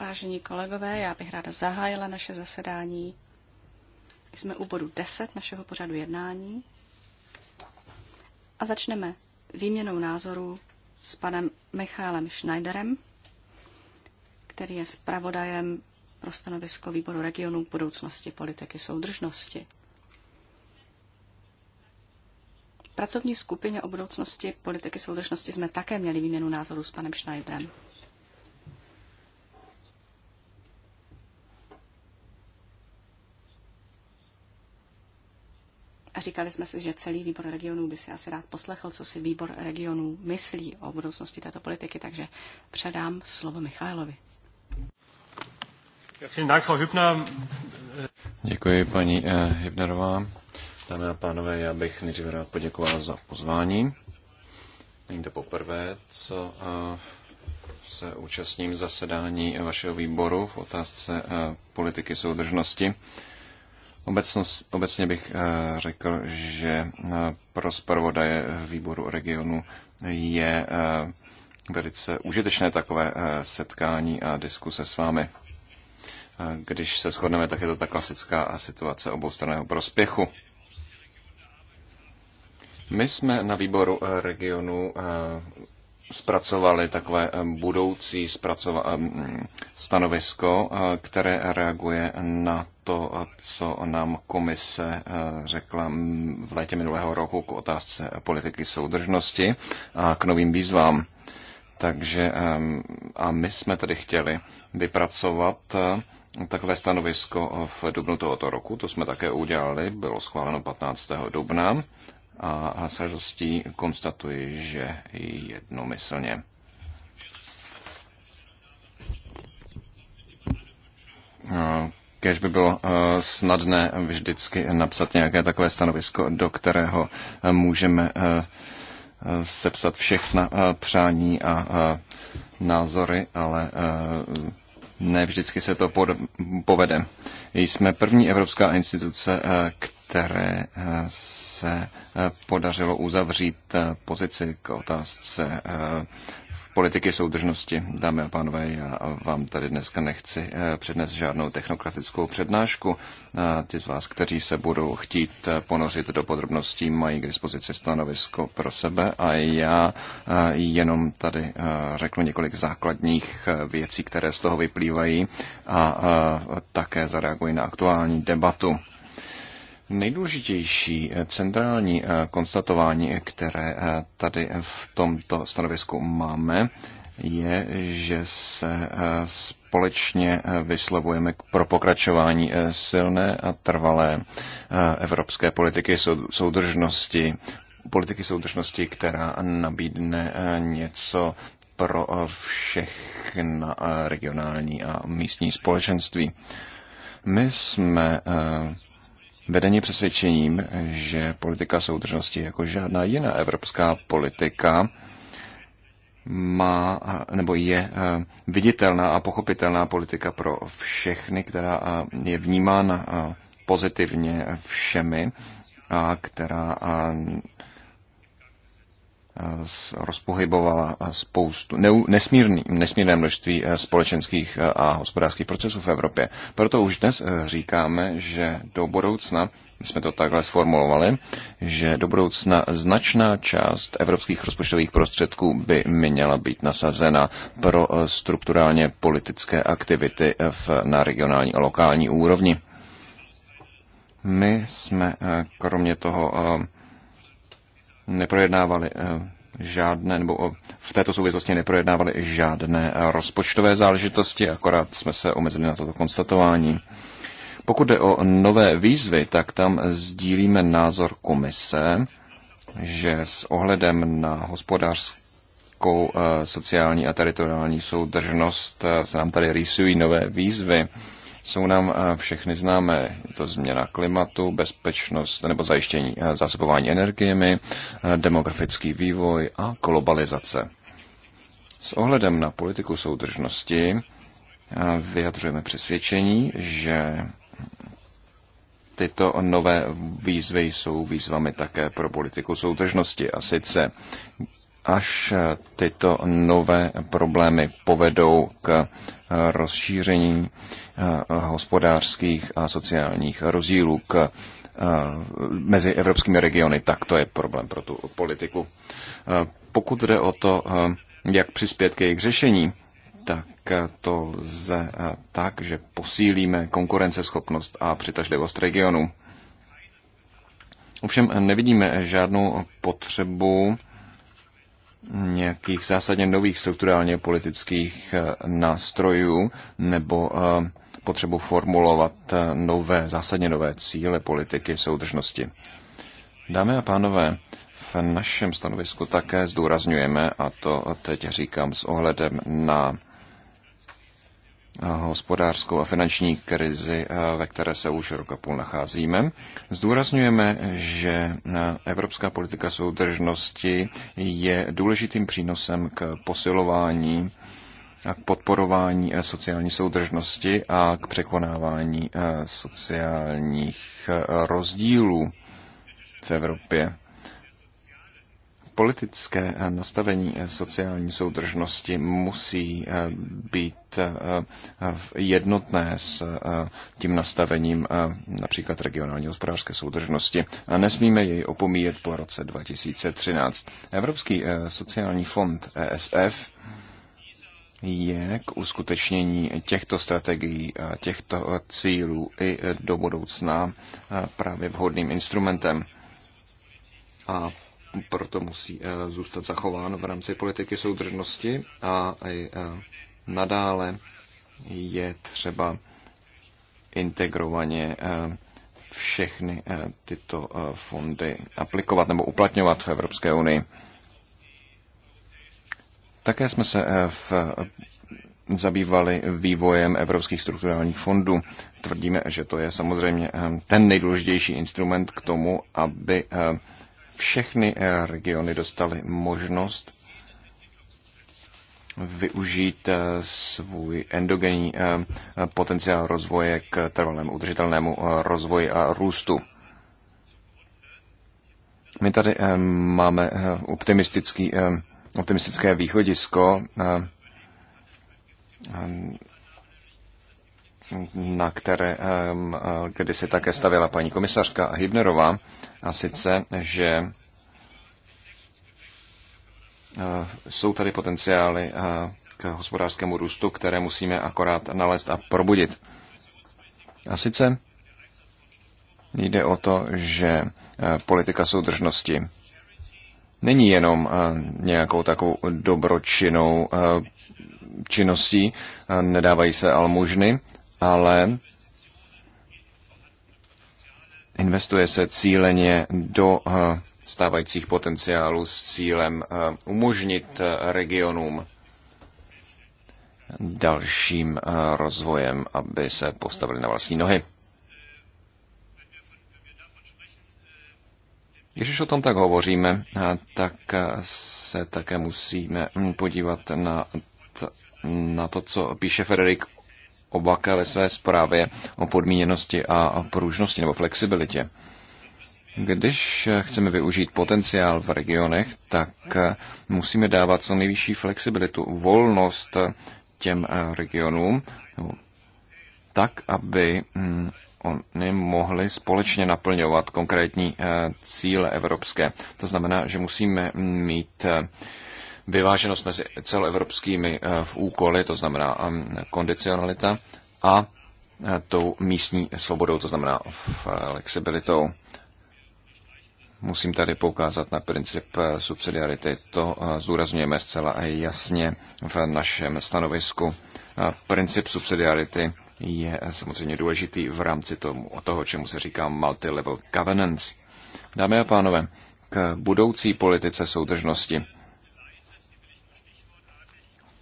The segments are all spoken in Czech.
Vážení kolegové, já bych ráda zahájila naše zasedání. Jsme u bodu 10 našeho pořadu jednání a začneme výměnou názorů s panem Michálem Schneiderem, který je zpravodajem pro stanovisko výboru regionů budoucnosti politiky soudržnosti. pracovní skupině o budoucnosti politiky soudržnosti jsme také měli výměnu názorů s panem Schneiderem. A říkali jsme si, že celý výbor regionů by si asi rád poslechl, co si výbor regionů myslí o budoucnosti této politiky, takže předám slovo Michailovi. Děkuji, paní Hybnerová. Eh, Dámy a pánové, já bych nejdříve rád poděkoval za pozvání. Není to poprvé, co se účastním zasedání vašeho výboru v otázce politiky soudržnosti. Obecnost, obecně bych řekl, že pro zpravodaje výboru regionu je velice užitečné takové setkání a diskuse s vámi. Když se shodneme, tak je to ta klasická situace oboustranného prospěchu. My jsme na výboru eh, regionu eh, zpracovali takové eh, budoucí mm, stanovisko, které reaguje na to, co nám komise řekla mm, v létě minulého roku k otázce politiky soudržnosti a k novým výzvám. Takže ehm, a my jsme tedy chtěli vypracovat takové stanovisko v dubnu tohoto roku, to jsme také udělali, bylo schváleno 15. dubna a s radostí konstatuji, že jednomyslně. Kež by bylo snadné vždycky napsat nějaké takové stanovisko, do kterého můžeme sepsat všechna přání a názory, ale ne vždycky se to povede. Jsme první evropská instituce, která které eh, se eh, podařilo uzavřít eh, pozici k otázce v politiky soudržnosti. Dámy a pánové, já vám tady dneska nechci přednes žádnou technokratickou přednášku. Ti z vás, kteří se budou chtít ponořit do podrobností, mají k dispozici stanovisko pro sebe a já jenom tady řeknu několik základních věcí, které z toho vyplývají a také zareaguji na aktuální debatu. Nejdůležitější eh, centrální eh, konstatování, které eh, tady v tomto stanovisku máme, je, že se společně vyslovujeme pro pokračování silné a trvalé evropské politiky soudržnosti, politiky soudržnosti, která nabídne něco pro všechna regionální a místní společenství. My jsme Vedení přesvědčením, že politika soudržnosti jako žádná jiná evropská politika má nebo je eh, viditelná a pochopitelná politika pro všechny, která eh, je vnímána eh, pozitivně všemi a která rozpohybovala spoustu, ne, nesmírný, nesmírné množství eh, společenských eh, a hospodářských procesů v Evropě. Proto už dnes eh, říkáme, že do budoucna, my jsme to takhle sformulovali, že do budoucna značná část evropských rozpočtových prostředků by měla být nasazena pro strukturálně politické aktivity v, na regionální a lokální úrovni. My jsme kromě toho neprojednávali žádné, nebo v této souvislosti neprojednávali žádné rozpočtové záležitosti, akorát jsme se omezili na toto konstatování. Pokud jde o nové výzvy, tak tam sdílíme názor komise, že s ohledem na hospodářskou, eh, sociální a teritoriální soudržnost eh, se nám tady rýsují nové výzvy jsou nám eh, všechny známé. Je to změna klimatu, bezpečnost nebo zajištění eh, zásobování energiemi, eh, demografický vývoj a globalizace. S ohledem na politiku soudržnosti vyjadřujeme přesvědčení, že tyto nové výzvy jsou výzvami také pro politiku soudržnosti. A sice až eh, tyto nové problémy povedou k eh, rozšíření eh, hospodářských a sociálních rozdílů k mezi evropskými regiony, tak to je problém pro tu politiku. Pokud jde o to, jak přispět k jejich řešení, tak to lze tak, že posílíme konkurenceschopnost a přitažlivost regionu. Ovšem nevidíme žádnou potřebu nějakých zásadně nových strukturálně politických eh, nástrojů nebo eh, potřebu formulovat eh, nové, zásadně nové cíle politiky soudržnosti. Dámy a pánové, v našem stanovisku také zdůrazňujeme, a to teď říkám s ohledem na hospodářskou a finanční krizi, eh, ve které se už rok a půl nacházíme. Zdůrazňujeme, že eh, evropská politika soudržnosti je důležitým přínosem k posilování a k podporování eh, sociální soudržnosti a k překonávání sociálních rozdílů v Evropě politické eh, nastavení eh, sociální soudržnosti musí eh, být jednotné s tím nastavením například regionální hospodářské soudržnosti a nesmíme jej opomíjet po roce 2013. Evropský sociální fond ESF je k uskutečnění těchto strategií a těchto cílů i do budoucna právě vhodným instrumentem. A proto musí eh, zůstat zachován v rámci politiky soudržnosti a i eh, nadále je třeba integrovaně eh, všechny tyto fondy aplikovat nebo uplatňovat v Evropské unii. Také jsme se v zabývali vývojem evropských strukturálních fondů. Tvrdíme, že to je samozřejmě ten nejdůležitější instrument k tomu, aby všechny eh, regiony dostaly možnost využít eh, svůj endogenní eh, potenciál rozvoje k trvalému udržitelnému rozvoji a růstu. My tady máme optimistický, optimistické východisko na které kdy se také stavěla paní komisařka Hybnerová, a sice, že eh, jsou tady potenciály eh, k hospodářskému růstu, které musíme akorát nalézt a probudit. A sice jde o to, že eh, politika soudržnosti není jenom nějakou takovou dobročinnou činností, nedávají se almužny, ale investuje se cíleně do eh, stávajících potenciálů s cílem eh, umožnit eh, regionům dalším rozvojem, aby se postavili na vlastní nohy. Když už o tom tak hovoříme, tak se také musíme hm, podívat na, na to, co píše Frederik Obaka ve své zprávě o podmíněnosti a pružnosti nebo flexibilitě. Když chceme využít potenciál v regionech, tak musíme dávat co nejvyšší flexibilitu, volnost těm regionům, tak, aby mm, oni mohli společně naplňovat konkrétní eh, cíle evropské. To znamená, že musíme mít eh, vyváženost mezi celoevropskými eh, v úkoly, to znamená kondicionalita, a eh, tou místní svobodou, to znamená flexibilitou. Musím tady poukázat na princip eh, subsidiarity. To zdůrazňujeme zcela jasně v našem stanovisku. Princip subsidiarity je samozřejmě důležitý v rámci tomu, toho, čemu se říká multilevel governance. Dámy a pánové, k budoucí politice soudržnosti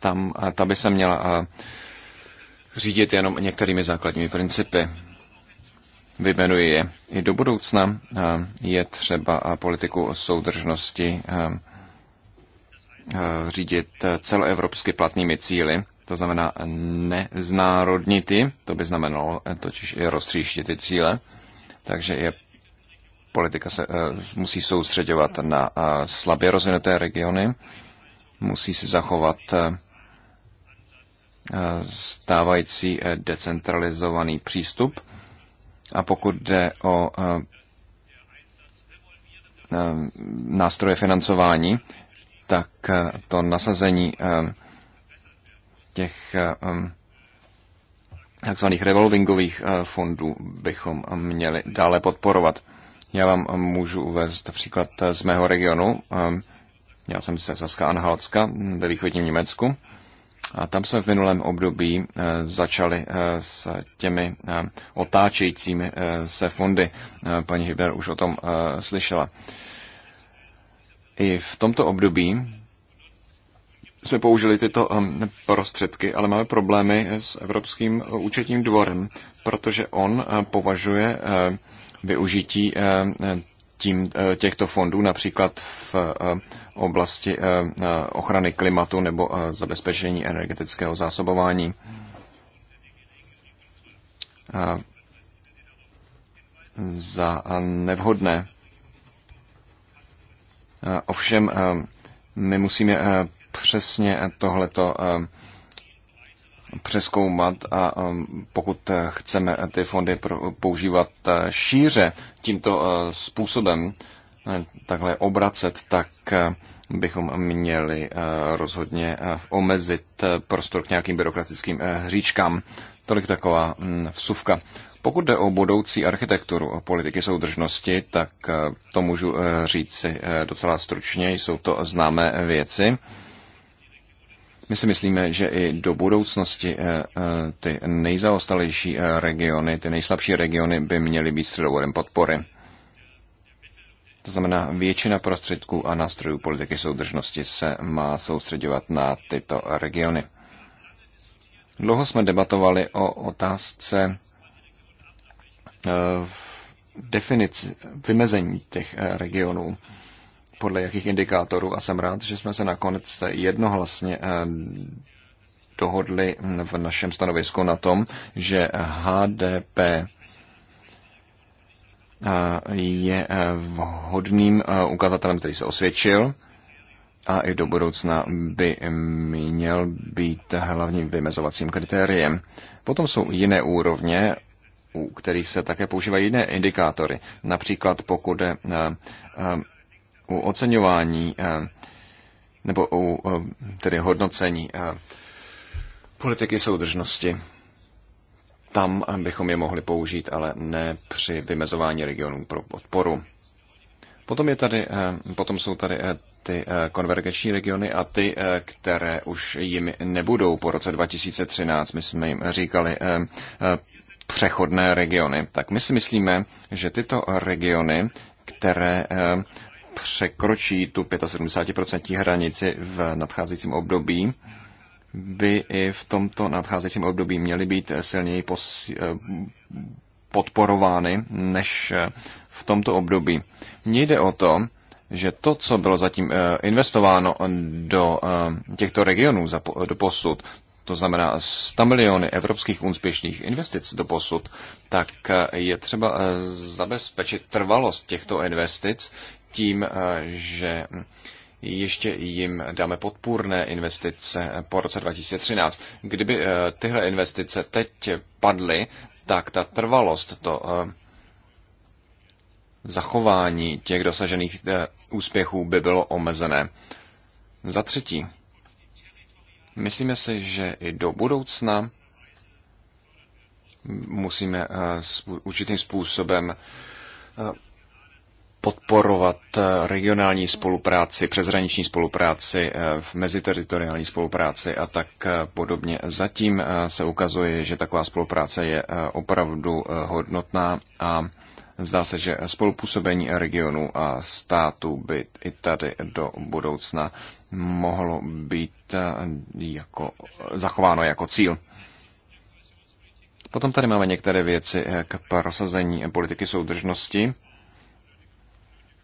tam, ta by se měla řídit jenom některými základními principy. Vyjmenuji je. I do budoucna je třeba politiku soudržnosti řídit celoevropsky platnými cíly, to znamená neznárodnit to by znamenalo totiž i roztříštit ty cíle, takže je politika se e, musí soustředovat na slabě rozvinuté regiony, musí si zachovat e, Eh, stávající eh, decentralizovaný přístup. A pokud jde o eh, nástroje financování, tak to nasazení těch takzvaných revolvingových fondů bychom měli dále podporovat. Já vám můžu uvést příklad z mého regionu. Já jsem se Saska Anhaltska ve východním Německu. A tam jsme v minulém období eh, začali eh, s těmi eh, otáčejícími se fondy. Paní Hybner už o tom slyšela. I v tomto období jsme použili tyto ehm, prostředky, ale máme problémy s Evropským účetním dvorem, protože on považuje využití tím, eh, těchto fondů, například v eh, oblasti eh, ochrany klimatu nebo zabezpečení energetického zásobování. Za nevhodné. Ovšem, my musíme přesně tohleto přeskoumat a pokud eh, chceme ty fondy používat eh, šíře tímto eh, způsobem, takhle obracet, tak bychom měli rozhodně omezit prostor k nějakým byrokratickým hříčkám. Tolik taková mm, vsuvka. Pokud jde o budoucí architekturu politiky soudržnosti, tak to můžu říct si docela stručně, jsou to známé věci. My si myslíme, že i do budoucnosti eh, eh, ty nejzaostalejší eh, regiony, ty nejslabší regiony by měly být středovodem podpory. To znamená, většina prostředků a nástrojů politiky soudržnosti se má soustředovat na tyto regiony. Dlouho jsme debatovali o otázce definici, vymezení těch regionů podle jakých indikátorů a jsem rád, že jsme se nakonec jednohlasně eh, dohodli v našem stanovisku na tom, že HDP eh, je eh, vhodným ukazatelem, který se osvědčil a i do budoucna by měl být hlavním vymezovacím kritériem. Potom jsou jiné úrovně, u kterých se také používají jiné indikátory. Například pokud je u oceňování eh, nebo u eh, tedy hodnocení eh, politiky soudržnosti. Tam bychom je mohli použít, ale ne při vymezování regionů pro podporu. Potom, je tady, potom jsou tady ty konvergenční regiony a ty, které už jimi nebudou po roce 2013, my jsme jim říkali přechodné regiony. Tak my si myslíme, že tyto regiony, které překročí tu 75% hranici v nadcházejícím období, by i v tomto nadcházejícím období měly být silněji eh, podporovány než eh, v tomto období. Mně jde o to, že to, co bylo zatím eh, investováno do těchto regionů do posud, to znamená 100 miliony evropských úspěšných investic do posud, tak je třeba zabezpečit trvalost těchto investic tím, eh, že ještě jim dáme podpůrné investice po roce 2013. Kdyby eh, tyhle investice teď padly, tak ta trvalost, to eh, zachování těch dosažených úspěchů by bylo omezené. Za třetí, myslíme si, že i do budoucna musíme určitým způsobem podporovat eh, regionální spolupráci, přezraniční spolupráci, eh, meziteritoriální spolupráci a tak eh, podobně. Zatím se ukazuje, že taková spolupráce je opravdu hodnotná a zdá se, že spolupůsobení regionu a státu by i tady do budoucna mohlo být jako, zachováno jako cíl. Potom tady máme některé věci k prosazení politiky soudržnosti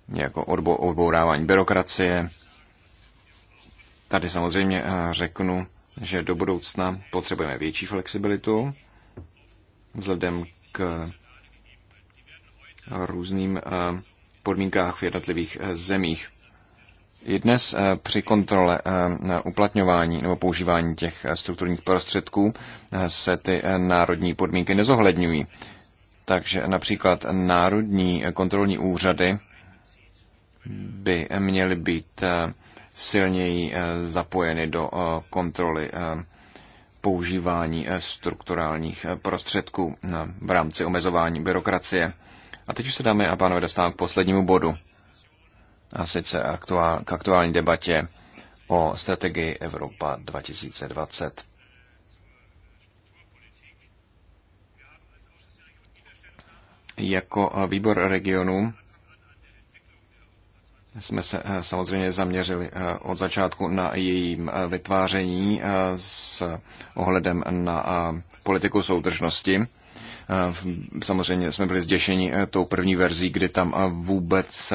jako odbo- odbourávání byrokracie. Tady samozřejmě eh, řeknu, že do budoucna potřebujeme větší flexibilitu vzhledem k různým eh, podmínkách v jednotlivých eh, zemích. I dnes při kontrole uplatňování nebo používání těch strukturních prostředků se ty národní podmínky nezohledňují. Takže například národní kontrolní úřady by měly být eh, silněji eh, zapojeny do eh, kontroly používání strukturálních prostředků v rámci omezování byrokracie. A teď už se dáme a pánové dostávám k poslednímu bodu, a sice aktuál, k aktuální debatě o strategii Evropa 2020. Jako výbor regionů jsme se eh, samozřejmě zaměřili eh, od začátku na jejím eh, vytváření s ohledem na politiku soudržnosti. Samozřejmě jsme byli zděšeni tou první verzí, kdy tam vůbec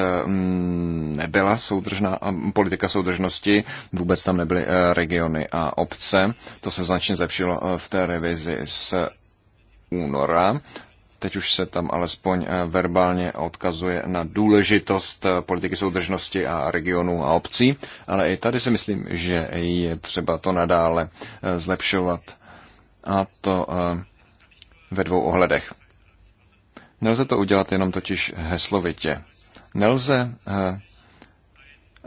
nebyla soudržná, politika soudržnosti, vůbec tam nebyly regiony a obce. To se značně zlepšilo v té revizi s února Teď už se tam alespoň eh, verbálně odkazuje na důležitost eh, politiky soudržnosti a regionů a obcí, ale i tady si myslím, že je třeba to nadále eh, zlepšovat a to ve dvou ohledech. Nelze to udělat jenom totiž heslovitě. Nelze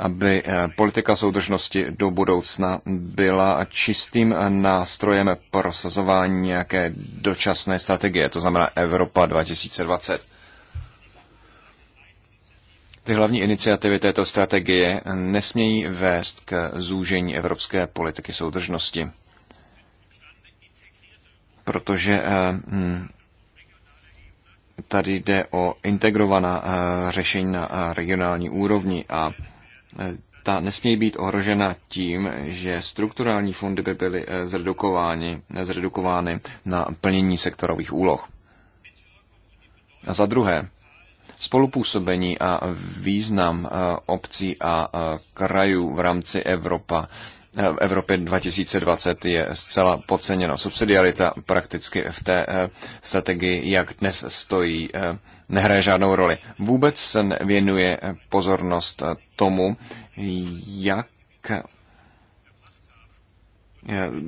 aby eh, politika soudržnosti do budoucna byla čistým eh, nástrojem prosazování nějaké dočasné strategie, to znamená Evropa 2020. Ty hlavní iniciativy této strategie eh, nesmějí vést k zúžení evropské politiky soudržnosti, protože hm, tady jde o integrovaná řešení na regionální úrovni a Eh, ta nesmí být ohrožena tím, že strukturální fondy by byly eh, zredukovány, eh, zredukovány na plnění sektorových úloh. A za druhé, spolupůsobení a význam obcí a krajů v rámci Evropa v Evropě 2020 je zcela podceněna. Subsidiarita prakticky v té eh, strategii, jak dnes stojí, eh, nehraje žádnou roli. Vůbec se věnuje eh, pozornost tomu, jak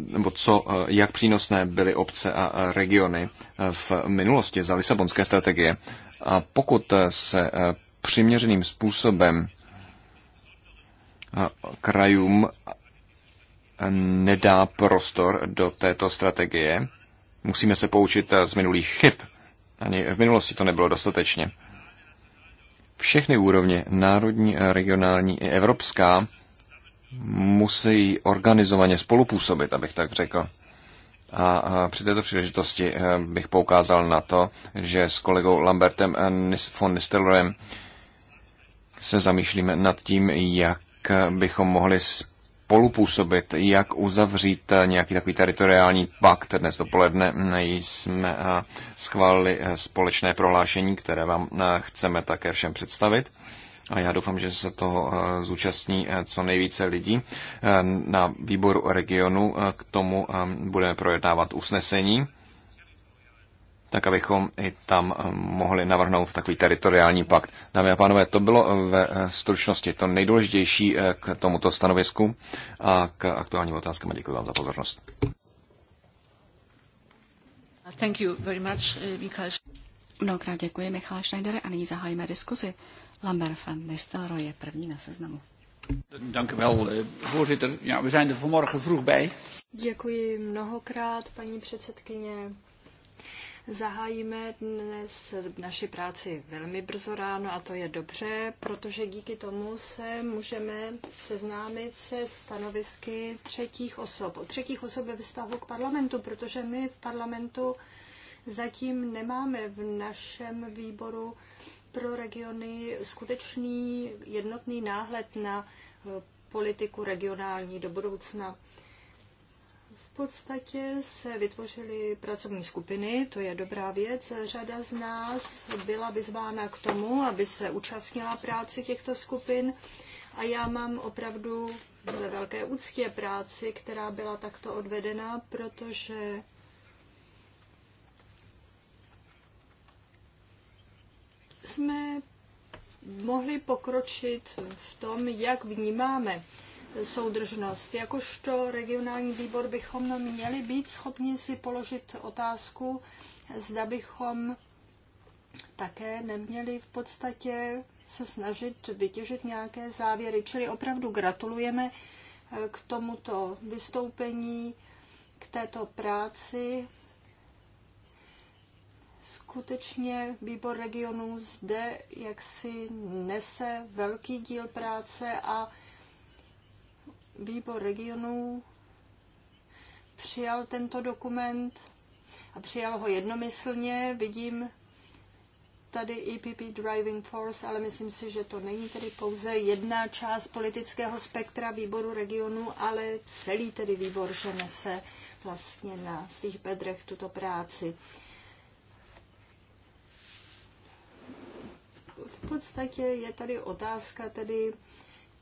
nebo co, jak přínosné byly obce a regiony v minulosti za Lisabonské strategie. A pokud se přiměřeným způsobem krajům nedá prostor do této strategie. Musíme se poučit eh, z minulých chyb. Ani v minulosti to nebylo dostatečně. Všechny úrovně, národní, eh, regionální i evropská, musí organizovaně spolupůsobit, abych tak řekl. A při této příležitosti eh, bych poukázal na to, že s kolegou Lambertem von Nistelroem se zamýšlíme nad tím, jak bychom mohli spolupůsobit, jak uzavřít nějaký takový teritoriální pakt. Dnes dopoledne jsme eh, schválili eh, společné prohlášení, které vám eh, chceme také všem představit a já doufám, že se toho zúčastní co nejvíce lidí. Na výboru regionu k tomu budeme projednávat usnesení tak abychom i tam eh, mohli navrhnout takový teritoriální pakt. Dámy a pánové, to bylo eh, ve eh, stručnosti to nejdůležitější k tomuto stanovisku a k aktuálním otázkám. Děkuji vám za pozornost. Thank you very much, Michael. Mnohokrát děkuji, Michal Schneider, a nyní zahájíme diskuzi. Lambert van Nistelro je první na seznamu. Er děkuji mnohokrát, paní předsedkyně. Zahájíme dnes naši práci velmi brzo ráno a to je dobře, protože díky tomu se můžeme seznámit se stanovisky třetích osob. O třetích osob ve vztahu k parlamentu, protože my v parlamentu zatím nemáme v našem výboru pro regiony skutečný jednotný náhled na eh, politiku regionální do budoucna podstatě se vytvořily pracovní skupiny, to je dobrá věc. Řada z nás byla vyzvána k tomu, aby se účastnila práci těchto skupin a já mám opravdu ve velké úctě práci, která byla takto odvedena, protože jsme mohli pokročit v tom, jak vnímáme soudržnost. Jakožto regionální výbor bychom měli být schopni si položit otázku, zda bychom také neměli v podstatě se snažit vytěžit nějaké závěry. Čili opravdu gratulujeme eh, k tomuto vystoupení, k této práci. Skutečně výbor regionů zde jaksi nese velký díl práce a výbor regionů přijal tento dokument a přijal ho jednomyslně. Vidím tady EPP Driving Force, ale myslím si, že to není tedy pouze jedna část politického spektra výboru regionu, ale celý tedy výbor, že nese vlastně na svých bedrech tuto práci. V podstatě je tady otázka tedy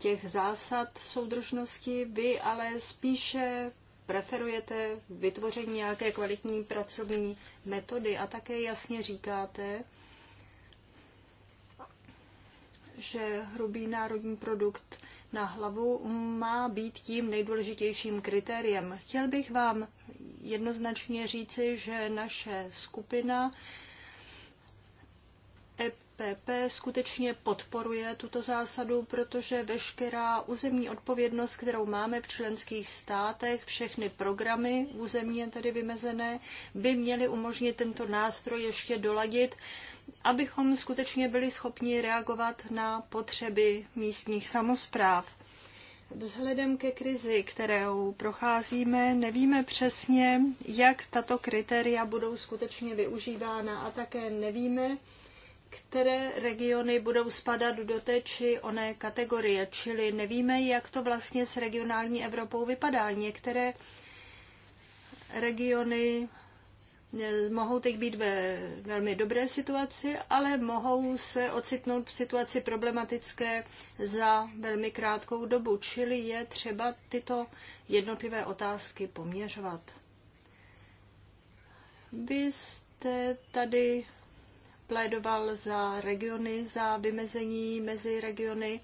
těch zásad soudržnosti, vy ale spíše preferujete vytvoření nějaké kvalitní pracovní metody a také jasně říkáte, že hrubý národní produkt na hlavu má být tím nejdůležitějším kritériem. Chtěl bych vám jednoznačně říci, že naše skupina EPP skutečně podporuje tuto zásadu, protože veškerá územní odpovědnost, kterou máme v členských státech, všechny programy územně tedy vymezené, by měly umožnit tento nástroj ještě doladit, abychom skutečně byli schopni reagovat na potřeby místních samozpráv. Vzhledem ke krizi, kterou procházíme, nevíme přesně, jak tato kritéria budou skutečně využívána a také nevíme, které regiony budou spadat do té či oné kategorie. Čili nevíme, jak to vlastně s regionální Evropou vypadá. Některé regiony eh, mohou teď být ve velmi dobré situaci, ale mohou se ocitnout v situaci problematické za velmi krátkou dobu. Čili je třeba tyto jednotlivé otázky poměřovat. Vy jste tady plédoval za regiony, za vymezení mezi regiony,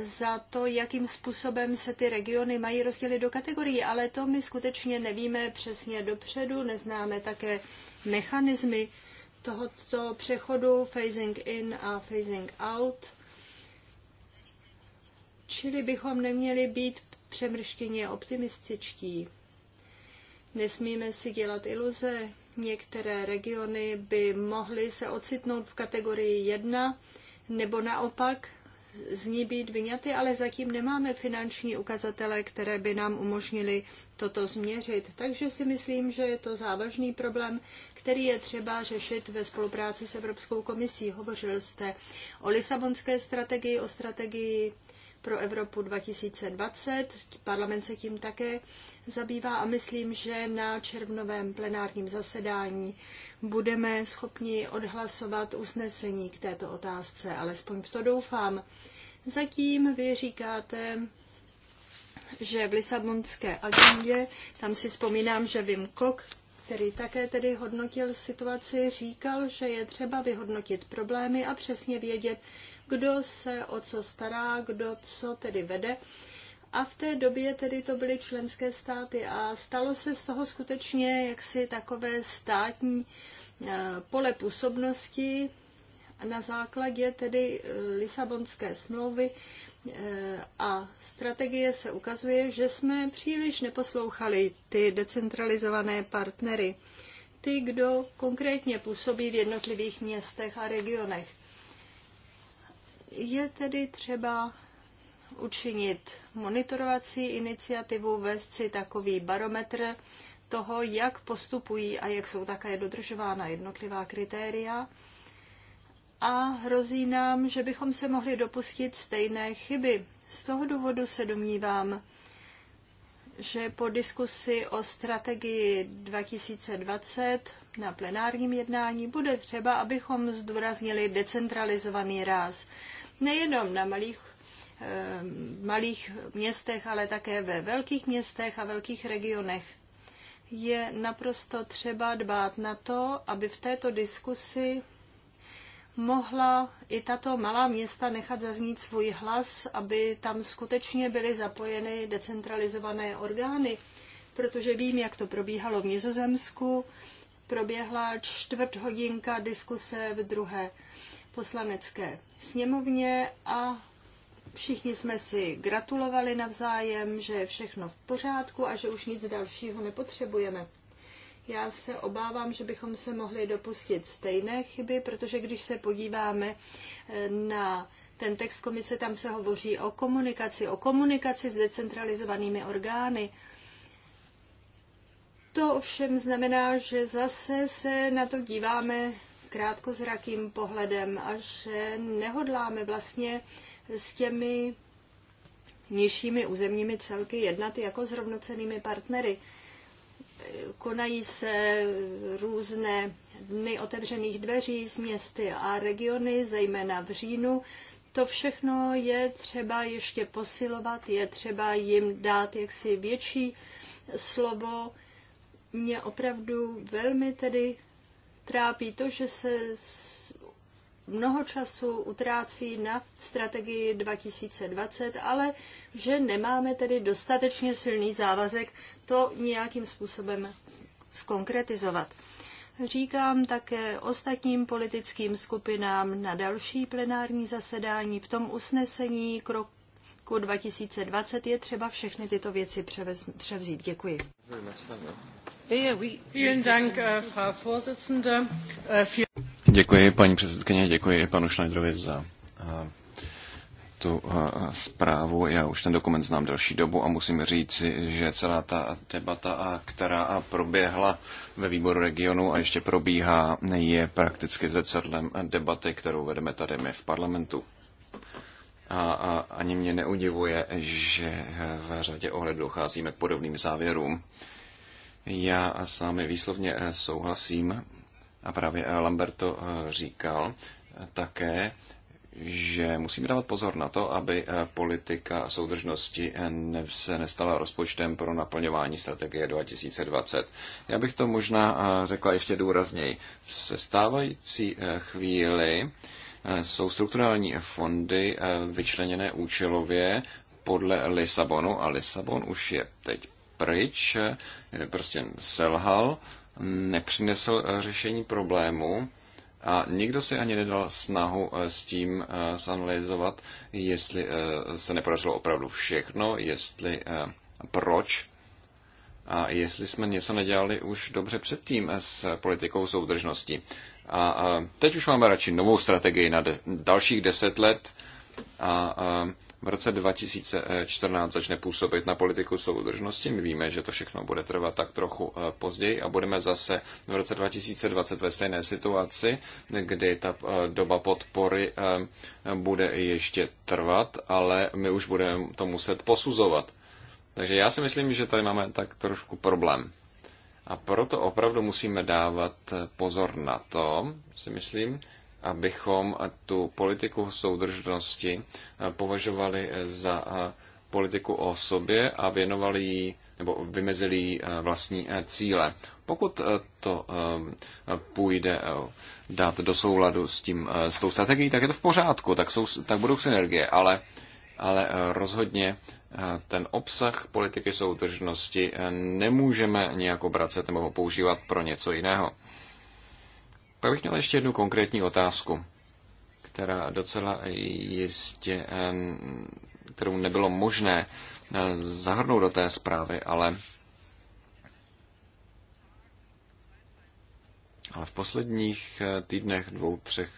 za to, jakým způsobem se ty regiony mají rozdělit do kategorií, ale to my skutečně nevíme přesně dopředu, neznáme také mechanismy tohoto přechodu phasing in a phasing out. Čili bychom neměli být přemrštěně optimističtí. Nesmíme si dělat iluze, Některé regiony by mohly se ocitnout v kategorii 1 nebo naopak z ní být vyňaty, ale zatím nemáme finanční ukazatele, které by nám umožnily toto změřit. Takže si myslím, že je to závažný problém, který je třeba řešit ve spolupráci s Evropskou komisí. Hovořil jste o Lisabonské strategii, o strategii pro Evropu 2020. Parlament se tím také zabývá a myslím, že na červnovém plenárním zasedání budeme schopni odhlasovat usnesení k této otázce, alespoň v to doufám. Zatím vy říkáte, že v Lisabonské agendě, tam si vzpomínám, že Wim Kok, který také tedy hodnotil situaci, říkal, že je třeba vyhodnotit problémy a přesně vědět, kdo se o co stará, kdo co tedy vede. A v té době tedy to byly členské státy a stalo se z toho skutečně jaksi takové státní e, pole působnosti na základě tedy e, Lisabonské smlouvy e, a strategie se ukazuje, že jsme příliš neposlouchali ty decentralizované partnery, ty, kdo konkrétně působí v jednotlivých městech a regionech. Je tedy třeba učinit monitorovací iniciativu, vést si takový barometr toho, jak postupují a jak jsou také dodržována jednotlivá kritéria. A hrozí nám, že bychom se mohli dopustit stejné chyby. Z toho důvodu se domnívám, že po diskusi o strategii 2020 na plenárním jednání bude třeba, abychom zdůraznili decentralizovaný ráz nejenom na malých eh, malých městech, ale také ve velkých městech a velkých regionech. Je naprosto třeba dbát na to, aby v této diskusi mohla i tato malá města nechat zaznít svůj hlas, aby tam skutečně byly zapojeny decentralizované orgány, protože vím, jak to probíhalo v Nizozemsku. Proběhla čtvrt hodinka diskuse v druhé poslanecké sněmovně a všichni jsme si gratulovali navzájem, že je všechno v pořádku a že už nic dalšího nepotřebujeme. Já se obávám, že bychom se mohli dopustit stejné chyby, protože když se podíváme eh, na ten text komise, tam se hovoří o komunikaci, o komunikaci s decentralizovanými orgány. To ovšem znamená, že zase se na to díváme krátkozrakým pohledem a že nehodláme vlastně s těmi nižšími územními celky jednat jako s rovnocenými partnery. Konají se různé dny otevřených dveří z městy a regiony, zejména v říjnu. To všechno je třeba ještě posilovat, je třeba jim dát jaksi větší slovo. Mě opravdu velmi tedy trápí to, že se mnoho času utrácí na strategii 2020, ale že nemáme tedy dostatečně silný závazek to nějakým způsobem skonkretizovat. Říkám také ostatním politickým skupinám na další plenární zasedání v tom usnesení krok roku 2020 je třeba všechny tyto věci převzít. Děkuji. Äh, äh, děkuji paní předsedkyně, děkuji panu Schneiderovi za äh, tu zprávu. Já už ten dokument znám delší dobu a musím říci, že celá ta debata, která proběhla ve výboru regionu a ještě probíhá, je prakticky zrcadlem debaty, kterou vedeme tady my v parlamentu. A, a ani mě neudivuje, že eh, v řadě ohledů docházíme k podobným závěrům. Já s námi výslovně eh, souhlasím a právě eh, Lamberto eh, říkal také, že musíme dávat pozor na to, aby politika soudržnosti se nestala rozpočtem pro naplňování strategie 2020. Já bych to možná řekla ještě důrazněji. Se stávající chvíli jsou strukturální fondy vyčleněné účelově podle Lisabonu a Lisabon už je teď pryč, eh, prostě selhal, nepřinesl eh, řešení problému a nikdo si ani nedal snahu eh, s tím zanalizovat, jestli se nepodařilo opravdu všechno, jestli proč a jestli jsme něco nedělali už dobře předtím s politikou soudržnosti. A teď už máme radši novou strategii na dalších deset let a v roce 2014 začne působit na politiku soudržnosti. My víme, že to všechno bude trvat tak trochu eh, později a budeme zase v roce 2020 ve stejné situaci, kdy ta eh, doba podpory eh, bude ještě trvat, ale my už budeme to muset posuzovat. Takže já si myslím, že tady máme tak trošku problém. A proto opravdu musíme dávat pozor na to, si myslím, abychom tu politiku soudržnosti eh, považovali eh, za eh, politiku o sobě a věnovali jí nebo vymezili jí vlastní cíle. Pokud to půjde dát do souladu s, tím, s tou strategií, tak je to v pořádku, tak, jsou, tak budou synergie, ale, ale rozhodně ten obsah politiky soudržnosti nemůžeme nějak obracet nebo ho používat pro něco jiného. Pak bych měl ještě jednu konkrétní otázku, která docela jistě, kterou nebylo možné eh, zahrnout do té zprávy, ale, ale v posledních eh, týdnech, dvou, třech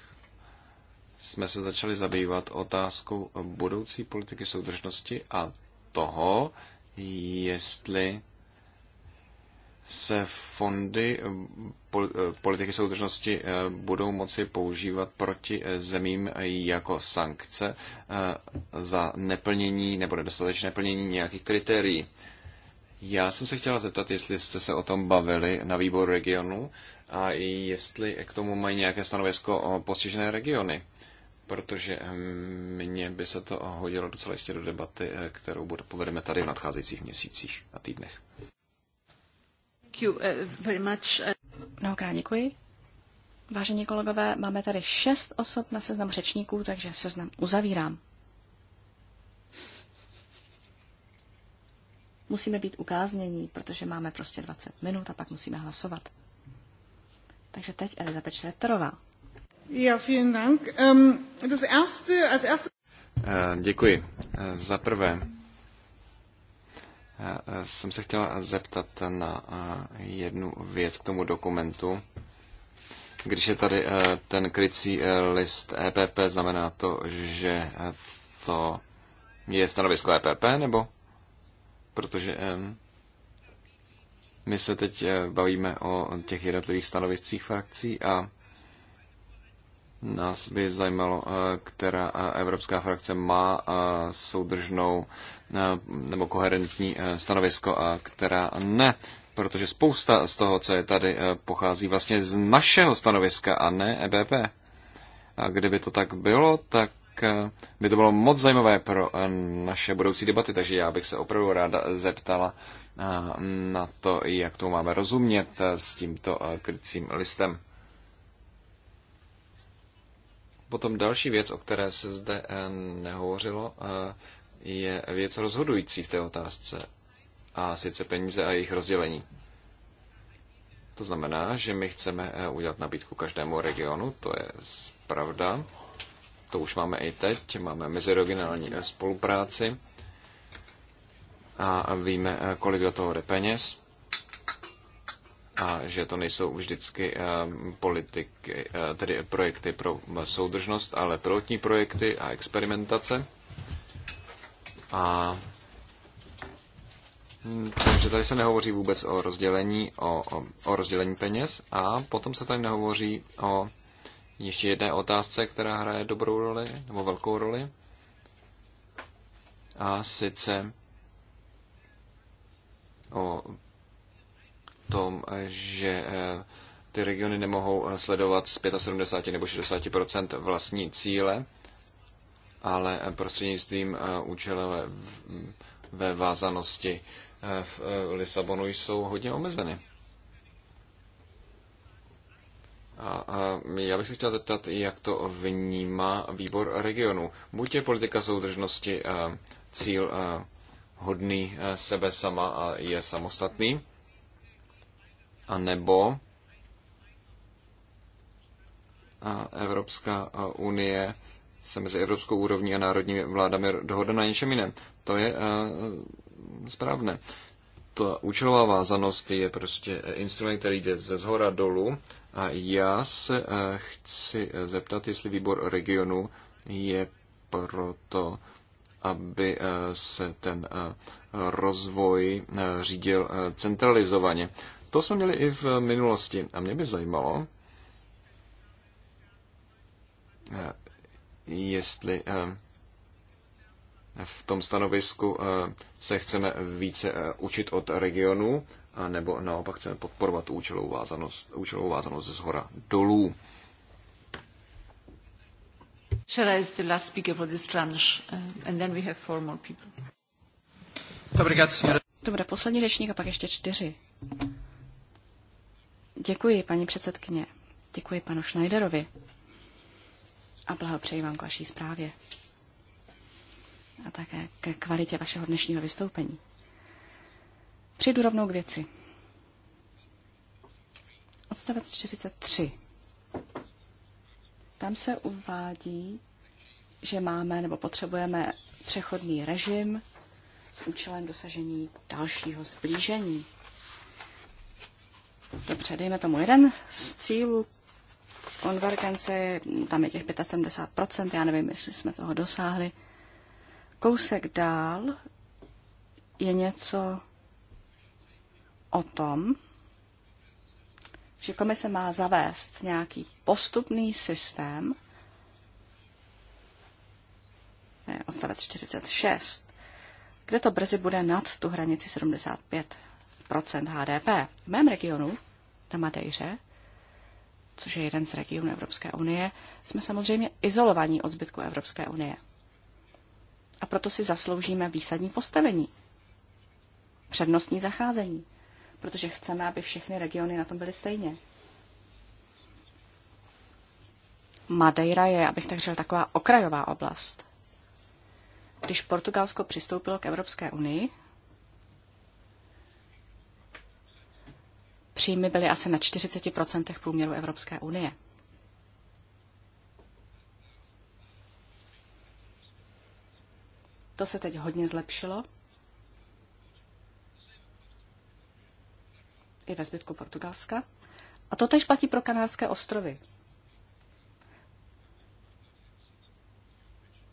jsme se začali zabývat otázkou budoucí politiky soudržnosti a toho, jestli se fondy Eh, politiky soudržnosti eh, budou moci používat proti eh, zemím jako sankce za neplnění nebo nedostatečné plnění nějakých kritérií. Já jsem se chtěla zeptat, jestli jste se o tom bavili na výboru regionu a jestli k tomu mají nějaké stanovisko postižené regiony, protože mně by se to hodilo docela jistě do debaty, kterou povedeme tady v nadcházejících měsících a týdnech. Mnohokrát děkuji. Vážení kolegové, máme tady šest osob na seznam řečníků, takže seznam uzavírám. Musíme být ukáznění, protože máme prostě 20 minut a pak musíme hlasovat. Takže teď Elizabeth Šreterová. Ja, vielen Dank. Um, das erste, als erste... Děkuji. Za prvé, Eh, jsem se chtěl zeptat na eh, jednu věc k tomu dokumentu. Když je tady eh, ten krycí list EPP, znamená to, že to je stanovisko EPP, nebo? Protože my se teď bavíme o těch jednotlivých stanoviscích frakcí a Nás by zajímalo, eh, která eh, evropská frakce má eh, soudržnou nebo koherentní stanovisko a která ne. Protože spousta z toho, co je tady, pochází vlastně z našeho stanoviska a ne EBP. A kdyby to tak bylo, tak by to bylo moc zajímavé pro naše budoucí debaty, takže já bych se opravdu ráda zeptala na to, jak to máme rozumět s tímto krycím listem. Potom další věc, o které se zde eh, nehovořilo, eh, je věc rozhodující v té otázce, a sice peníze a jejich rozdělení. To znamená, že my chceme eh, udělat nabídku každému regionu, to je pravda. To už máme i teď, máme meziregionální spolupráci a víme, kolik do toho jde peněz a že to nejsou vždycky eh, politiky, eh, tedy projekty pro soudržnost, ale pilotní projekty a experimentace. A hm, takže tady se nehovoří vůbec o rozdělení, o, o, o rozdělení peněz a potom se tady nehovoří o ještě jedné otázce, která hraje dobrou roli nebo velkou roli. A sice o tom, že eh, ty regiony nemohou eh, sledovat z 75 nebo 60 vlastní cíle, ale eh, prostřednictvím účelové ve vázanosti v Lisabonu jsou hodně omezeny. A, já bych se chtěl zeptat, jak to vnímá výbor regionu. Buď je politika soudržnosti cíl hodný sebe sama a je samostatný, a nebo a Evropská unie se mezi evropskou úrovní a národními vládami dohoda na něčem jiném. To je eh, správné. Ta účelová vázanost je prostě instrument, který jde ze zhora dolů a já se eh, chci zeptat, jestli výbor regionu je proto, aby eh, se ten rozvoj řídil centralizovaně. To jsme měli i v minulosti a mě by zajímalo, eh, jestli eh, v tom stanovisku eh, se chceme více učit od regionů, nebo naopak chceme podporovat účelovou vázanost, účelovou vázanost ze zhora dolů. Dobrý, poslední řečník a pak ještě čtyři. Děkuji, paní předsedkyně. Děkuji panu Schneiderovi. A blahopřeji vám k vaší zprávě. A také ke kvalitě vašeho dnešního vystoupení. Přijdu rovnou k věci. Odstavec 43. Tam se uvádí, že máme nebo potřebujeme přechodný režim s účelem dosažení dalšího zblížení Dobře, dejme tomu jeden z cílů konvergence, tam je těch 75%, já nevím, jestli jsme toho dosáhli. Kousek dál je něco o tom, že komise má zavést nějaký postupný systém, odstavec 46, kde to brzy bude nad tu hranici 75 Procent HDP. V mém regionu, na Madejře, což je jeden z regionů Evropské unie, jsme samozřejmě izolovaní od zbytku Evropské unie. A proto si zasloužíme výsadní postavení, přednostní zacházení, protože chceme, aby všechny regiony na tom byly stejně. Madeira je, abych tak řekl, taková okrajová oblast. Když Portugalsko přistoupilo k Evropské unii, příjmy byly asi na 40% průměru Evropské unie. To se teď hodně zlepšilo. I ve zbytku Portugalska. A to tež platí pro Kanárské ostrovy.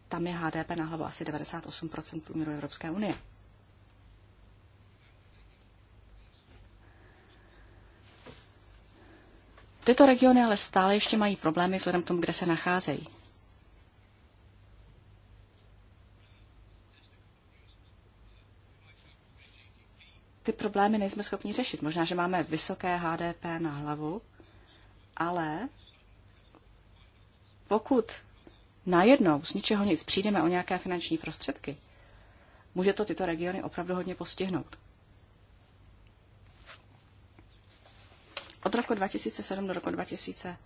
Tam je HDP na hlavu asi 98% průměru Evropské unie. Tyto regiony ale stále ještě mají problémy vzhledem k tomu, kde se nacházejí. Ty problémy nejsme schopni řešit. Možná, že máme vysoké HDP na hlavu, ale pokud najednou z ničeho nic přijdeme o nějaké finanční prostředky, může to tyto regiony opravdu hodně postihnout. Od roku 2007 do roku 2000,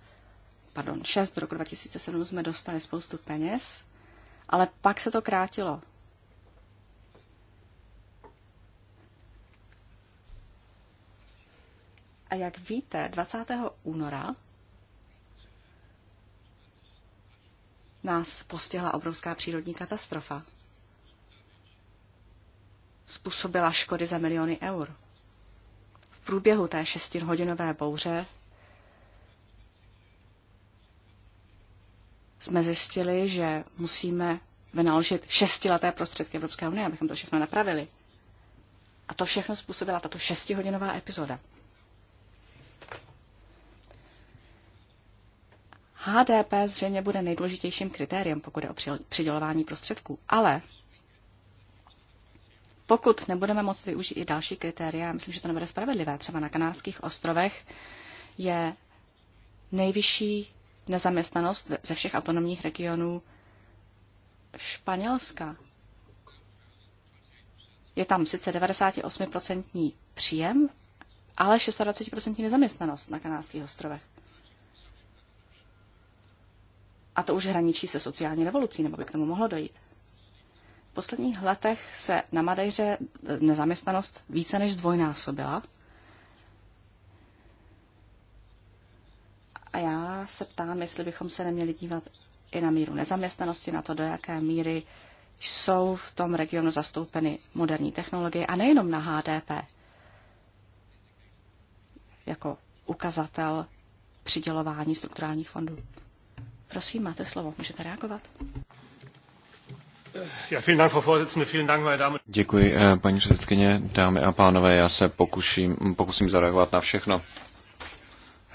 pardon, 6 do roku 2007 jsme dostali spoustu peněz, ale pak se to krátilo. A jak víte, 20. února nás postihla obrovská přírodní katastrofa. Způsobila škody za miliony eur průběhu té šestihodinové bouře jsme zjistili, že musíme vynaložit šestileté prostředky Evropské unie, abychom to všechno napravili. A to všechno způsobila tato šestihodinová epizoda. HDP zřejmě bude nejdůležitějším kritériem, pokud je o přidělování prostředků, ale pokud nebudeme moct využít i další kritéria, myslím, že to nebude spravedlivé, třeba na Kanárských ostrovech je nejvyšší nezaměstnanost ze všech autonomních regionů Španělska. Je tam sice 98% příjem, ale 26% nezaměstnanost na Kanárských ostrovech. A to už hraničí se sociální revolucí, nebo by k tomu mohlo dojít. V posledních letech se na Madejře eh, nezaměstnanost více než zdvojnásobila. A já se ptám, jestli bychom se neměli dívat i na míru nezaměstnanosti, na to, do jaké míry jsou v tom regionu zastoupeny moderní technologie a nejenom na HDP jako ukazatel přidělování strukturálních fondů. Prosím, máte slovo, můžete reagovat. Děkuji, eh, paní předsedkyně, dámy a pánové, já se pokuším, pokusím zareagovat na všechno.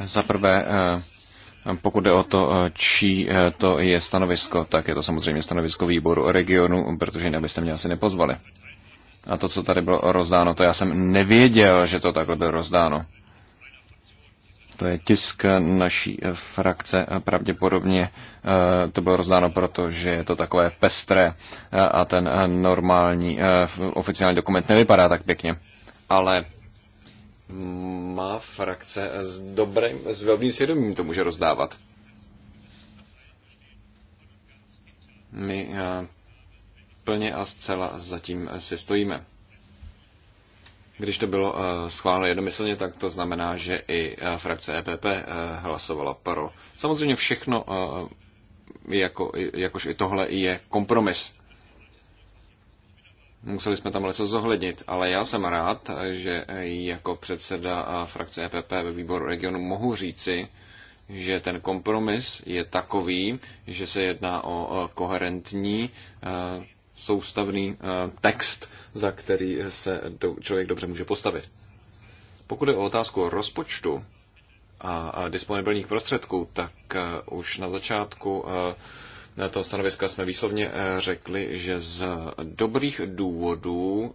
Za prvé, eh, pokud jde o to, eh, čí to je stanovisko, tak je to samozřejmě stanovisko výboru regionu, protože jinak byste mě asi nepozvali. A to, co tady bylo rozdáno, to já jsem nevěděl, že to takhle bylo rozdáno. To je tisk naší frakce. Pravděpodobně eh, to bylo rozdáno proto, že je to takové pestré eh, a ten eh, normální oficiální dokument nevypadá tak pěkně. Ale má frakce s, dobrým, s velmi svědomím to může rozdávat. My plně a zcela zatím si stojíme. Když to bylo eh, schváleno jednomyslně, tak to znamená, že i eh, frakce EPP eh, hlasovala pro. Samozřejmě všechno, jako, jakož i tohle, je kompromis. Museli jsme tam něco zohlednit, ale já jsem rád, že jako předseda frakce EPP ve výboru regionu mohu říci, že ten kompromis je takový, že se jedná o koherentní soustavný eh, text, za který se člověk dobře může postavit. Pokud je o otázku rozpočtu a disponibilních prostředků, tak eh, už na začátku na eh, toho stanoviska jsme výslovně řekli, že z dobrých důvodů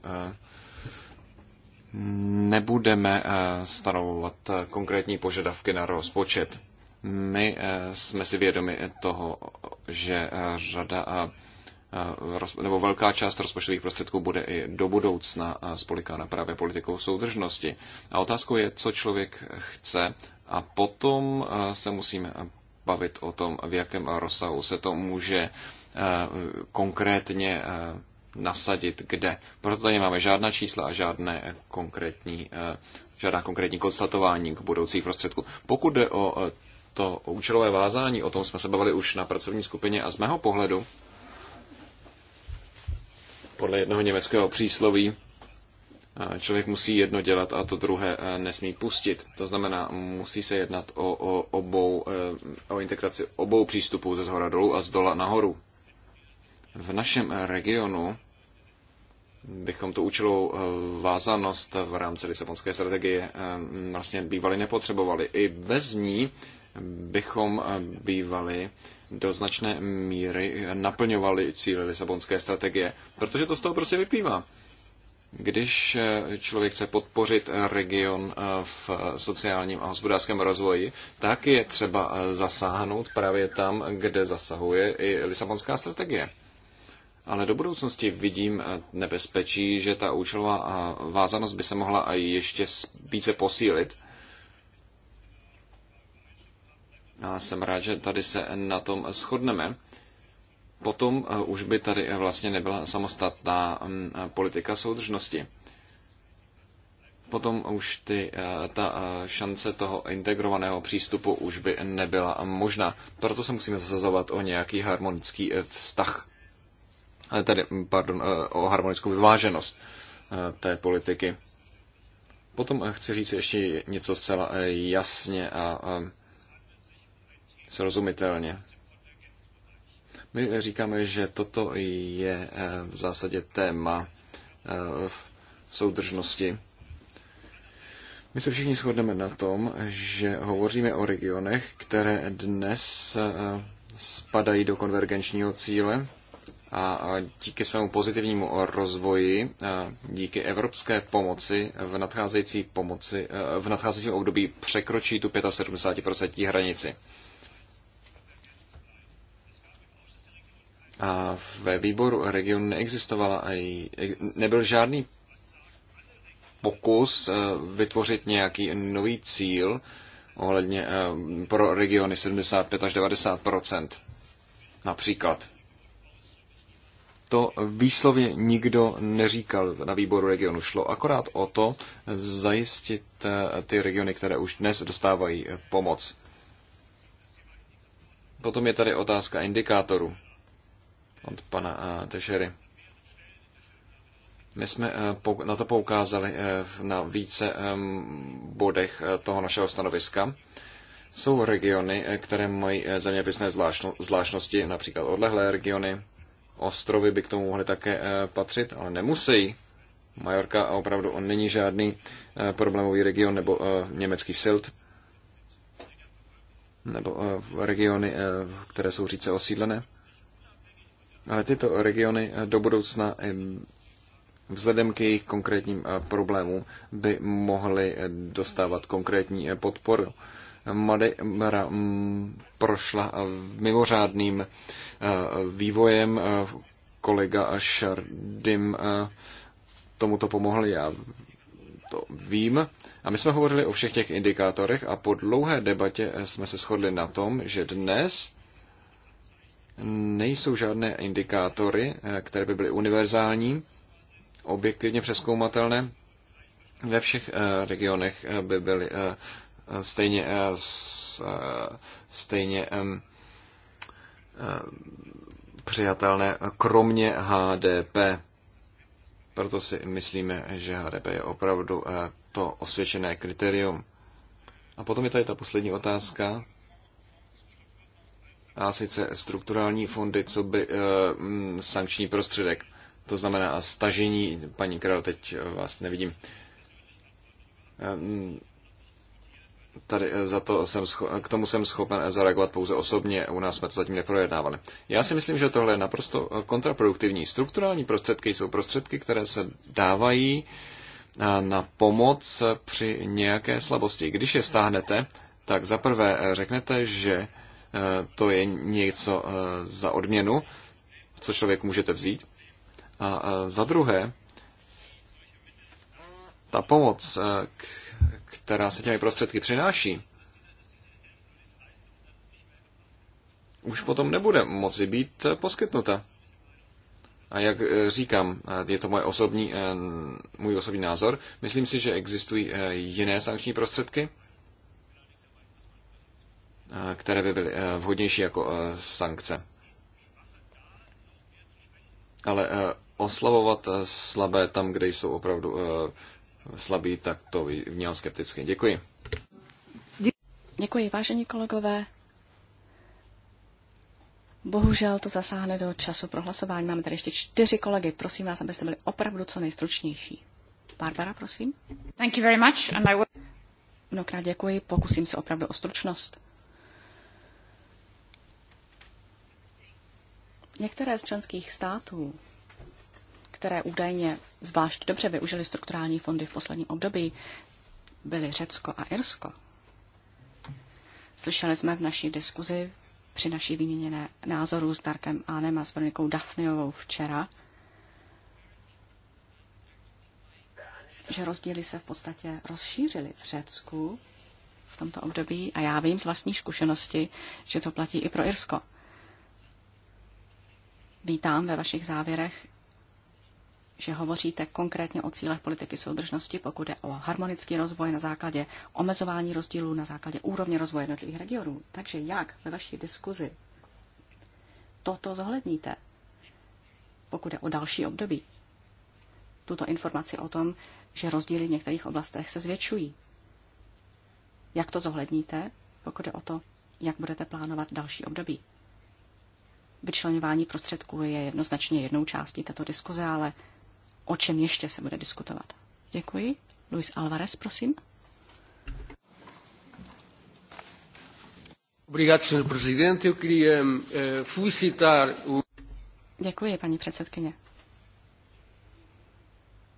nebudeme stanovovat konkrétní požadavky na rozpočet. My jsme si vědomi toho, že řada nebo velká část rozpočtových prostředků bude i do budoucna spolikána právě politikou soudržnosti. A otázkou je, co člověk chce a potom se musíme bavit o tom, v jakém rozsahu se to může konkrétně nasadit kde. Proto tady máme žádná čísla a žádné konkrétní, žádná konkrétní konstatování k budoucích prostředků. Pokud jde o to účelové vázání, o tom jsme se bavili už na pracovní skupině a z mého pohledu podle jednoho německého přísloví, člověk musí jedno dělat a to druhé e, nesmí pustit. To znamená, musí se jednat o, o, obou, e, o integraci obou přístupů ze zhora dolů a z dola nahoru. V našem e, regionu bychom tu účelovou vázanost v rámci Lisabonské strategie vlastně bývali nepotřebovali. I bez ní bychom bývali do značné míry naplňovaly cíle Lisabonské strategie, protože to z toho prostě vyplývá. Když eh, člověk chce podpořit eh, region eh, v sociálním a hospodářském rozvoji, tak je třeba zasáhnout právě tam, kde zasahuje i Lisabonská strategie. Ale do budoucnosti vidím nebezpečí, že ta účelová vázanost by se mohla ještě více posílit a jsem rád, že tady se na tom shodneme. Potom eh, už by tady eh, vlastně nebyla samostatná mm, eh, politika soudržnosti. Potom už ty, ta šance toho integrovaného přístupu už by nebyla možná. Proto se musíme zasazovat o nějaký harmonický vztah. Tedy, mm, pardon, o harmonickou vyváženost té politiky. Potom chci říct ještě něco zcela jasně a, a srozumitelně. My říkáme, že toto je eh, v zásadě téma eh, v soudržnosti. My se všichni shodneme na tom, že hovoříme o regionech, které dnes eh, spadají do konvergenčního cíle a díky svému pozitivnímu rozvoji, díky evropské pomoci v nadcházející pomoci, v nadcházejícím období překročí tu 75% hranici. A ve výboru regionu neexistovala a nebyl žádný pokus eh, vytvořit nějaký nový cíl ohledně eh, pro regiony 75 až 90 například. To výslovně nikdo neříkal na výboru regionu. Šlo akorát o to zajistit eh, ty regiony, které už dnes dostávají pomoc. Potom je tady otázka indikátorů od pana Dežery. Eh, My jsme eh, na to poukázali eh, na více ehm, bodech toho našeho stanoviska. Jsou regiony, které mají zeměpisné zvláštnosti, například odlehlé regiony. Ostrovy by k tomu mohly také patřit, ale nemusí. Majorka opravdu on není žádný problémový region nebo německý silt nebo regiony, které jsou říce osídlené. Ale tyto regiony eh, do budoucna eh, vzhledem k jejich konkrétním eh, problémům by mohly dostávat konkrétní podporu. Madeira mm, prošla mimořádným vývojem. Kolega Šardim tomuto pomohl, já to vím. A my jsme hovořili o všech těch indikátorech a po dlouhé debatě jsme se shodli na tom, že dnes nejsou žádné indikátory, eh, které by byly univerzální, objektivně přeskoumatelné. Ve všech eh, regionech eh, by byly stejně, stejně přijatelné, kromě HDP. Proto si myslíme, že HDP je opravdu to osvědčené kritérium. A potom je tady ta poslední otázka, a sice strukturální fondy, co by eh, mm, sankční prostředek. To znamená stažení, paní Král, teď vás nevidím. Ehm, tady eh, za to jsem, k tomu jsem schopen zareagovat pouze osobně, u nás jsme to zatím neprojednávali. Já si myslím, že tohle je naprosto eh, kontraproduktivní. Strukturální prostředky jsou prostředky, které se dávají na pomoc při nějaké slabosti. Když je stáhnete, tak zaprvé řeknete, že Eh, to je něco eh, za odměnu, co člověk můžete vzít. A eh, za druhé, ta pomoc, která se těmi prostředky přináší, už potom nebude moci být poskytnuta. A jak říkám, je to moje osobní, můj osobní názor, myslím si, že existují jiné sankční prostředky, Eh, které by byly eh, vhodnější jako eh, sankce. Ale oslavovat slabé tam, kde jsou opravdu slabí, tak to vnímám skepticky. Děkuji. Děkuji, vážení kolegové. Bohužel to zasáhne do času pro hlasování. Máme tady ještě čtyři kolegy. Prosím vás, abyste byli opravdu co nejstručnější. Barbara, prosím. Thank you very much and I will... Mnohokrát děkuji, pokusím se opravdu o stručnost. Některé z členských států, které údajně zvlášť dobře využili strukturální fondy v posledním období, byly Řecko a Irsko. Slyšeli jsme v naší diskuzi při naší výměně názorů s Darkem Anem a s Veronikou Dafniovou včera, že rozdíly se v podstatě rozšířily v Řecku v tomto období a já vím z vlastní zkušenosti, že to platí i pro Irsko. Vítám ve vašich závěrech, že hovoříte konkrétně o cílech politiky soudržnosti, pokud je o harmonický rozvoj na základě omezování rozdílů, na základě úrovně rozvoje jednotlivých regionů. Takže jak ve vaší diskuzi toto zohledníte, pokud je o další období? Tuto informaci o tom, že rozdíly v některých oblastech se zvětšují. Jak to zohledníte, pokud je o to, jak budete plánovat další období? Vyčlenování prostředků je jednoznačně jednou částí této diskuze, ale o čem ještě se bude diskutovat? Děkuji. Luis Alvarez, prosím. Eh, Děkuji, paní předsedkyně.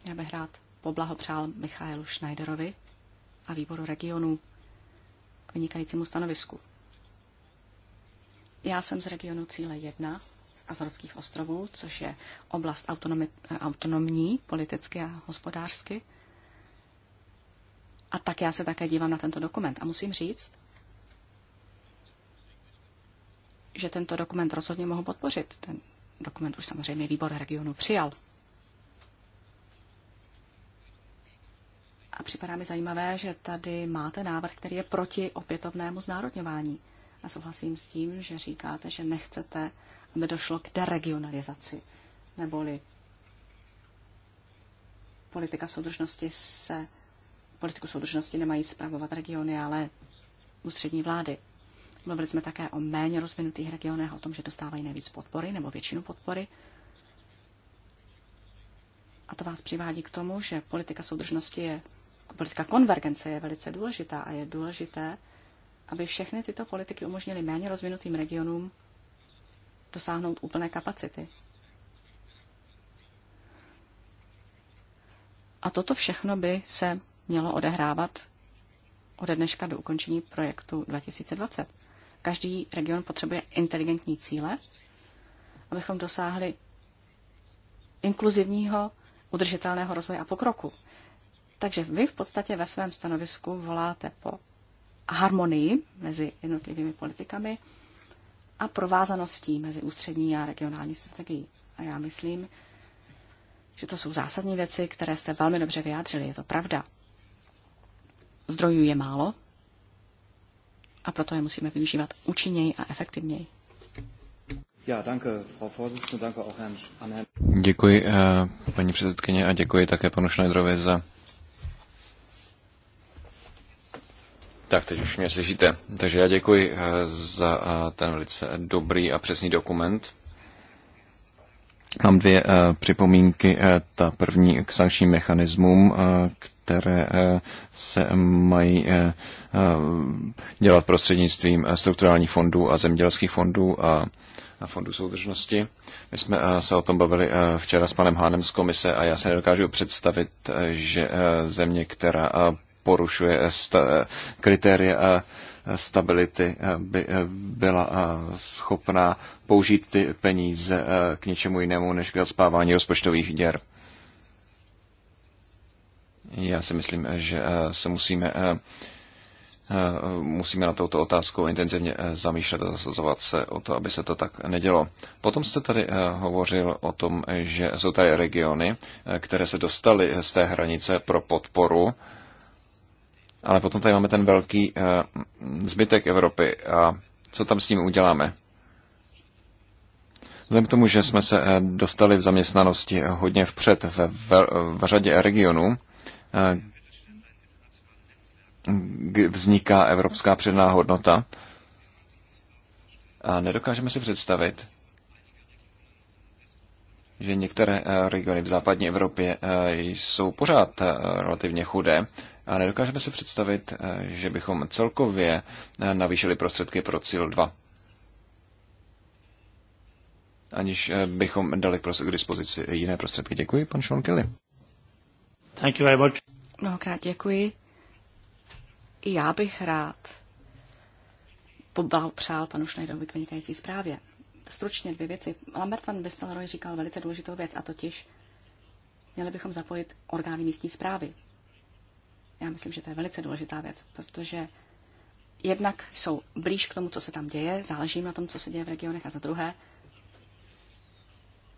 Já bych rád poblahopřál Michaelu Schneiderovi a výboru regionů k vynikajícímu stanovisku. Já jsem z regionu Cíle 1 z Azorských ostrovů, což je oblast autonomi, autonomní politicky a hospodářsky. A tak já se také dívám na tento dokument. A musím říct, že tento dokument rozhodně mohu podpořit. Ten dokument už samozřejmě výbor regionu přijal. A připadá mi zajímavé, že tady máte návrh, který je proti opětovnému znárodňování. A souhlasím s tím, že říkáte, že nechcete, aby došlo k deregionalizaci, neboli politika soudržnosti se, politiku soudržnosti nemají zpravovat regiony, ale ústřední vlády. Mluvili jsme také o méně rozvinutých regionech, o tom, že dostávají nejvíc podpory nebo většinu podpory. A to vás přivádí k tomu, že politika soudržnosti je, politika konvergence je velice důležitá a je důležité, aby všechny tyto politiky umožnily méně rozvinutým regionům dosáhnout úplné kapacity. A toto všechno by se mělo odehrávat ode dneška do ukončení projektu 2020. Každý region potřebuje inteligentní cíle, abychom dosáhli inkluzivního, udržitelného rozvoje a pokroku. Takže vy v podstatě ve svém stanovisku voláte po harmonii mezi jednotlivými politikami a provázaností mezi ústřední a regionální strategií. A já myslím, že to jsou zásadní věci, které jste velmi dobře vyjádřili. Je to pravda. Zdrojů je málo a proto je musíme využívat účinněji a efektivněji. Děkuji eh, paní předsedkyně a děkuji také panu Schneiderovi za Tak, teď už mě slyšíte. Takže já děkuji eh, za eh, ten velice dobrý a přesný dokument. Mám dvě eh, připomínky. Ta první k sankčním mechanismům, které se mají dělat prostřednictvím strukturálních fondů a zemědělských fondů a fondů soudržnosti. My jsme se o tom bavili včera s panem Hánem z komise a já se nedokážu představit, že země, která porušuje kritéria eh, stability, eh, by eh, byla schopná použít ty peníze k něčemu jinému než k zpávání rozpočtových děr. Já si myslím, že se musíme musíme na touto otázku intenzivně zamýšlet a zasazovat se o to, aby se to tak nedělo. Potom jste tady hovořil o tom, že jsou tady regiony, které se dostaly z té hranice pro podporu ale potom tady máme ten velký eh, zbytek Evropy a co tam s tím uděláme? Vzhledem k tomu, že jsme se eh, dostali v zaměstnanosti hodně vpřed ve, ve, v řadě regionů, eh, vzniká evropská předná hodnota a nedokážeme si představit, že některé regiony v západní Evropě jsou pořád relativně chudé a nedokážeme si představit, eh, že bychom celkově eh, navýšili prostředky pro cíl 2 aniž eh, bychom dali k dispozici jiné prostředky. Děkuji, pan Sean Kelly. Thank you very much. Mnohokrát děkuji. I já bych rád přál panu Schneiderovi k vynikající zprávě. Stručně dvě věci. Lambert van Vestelroy říkal velice důležitou věc, a totiž měli bychom zapojit orgány místní zprávy. Já myslím, že to je velice důležitá věc, protože jednak jsou blíž k tomu, co se tam děje, záleží na tom, co se děje v regionech, a za druhé,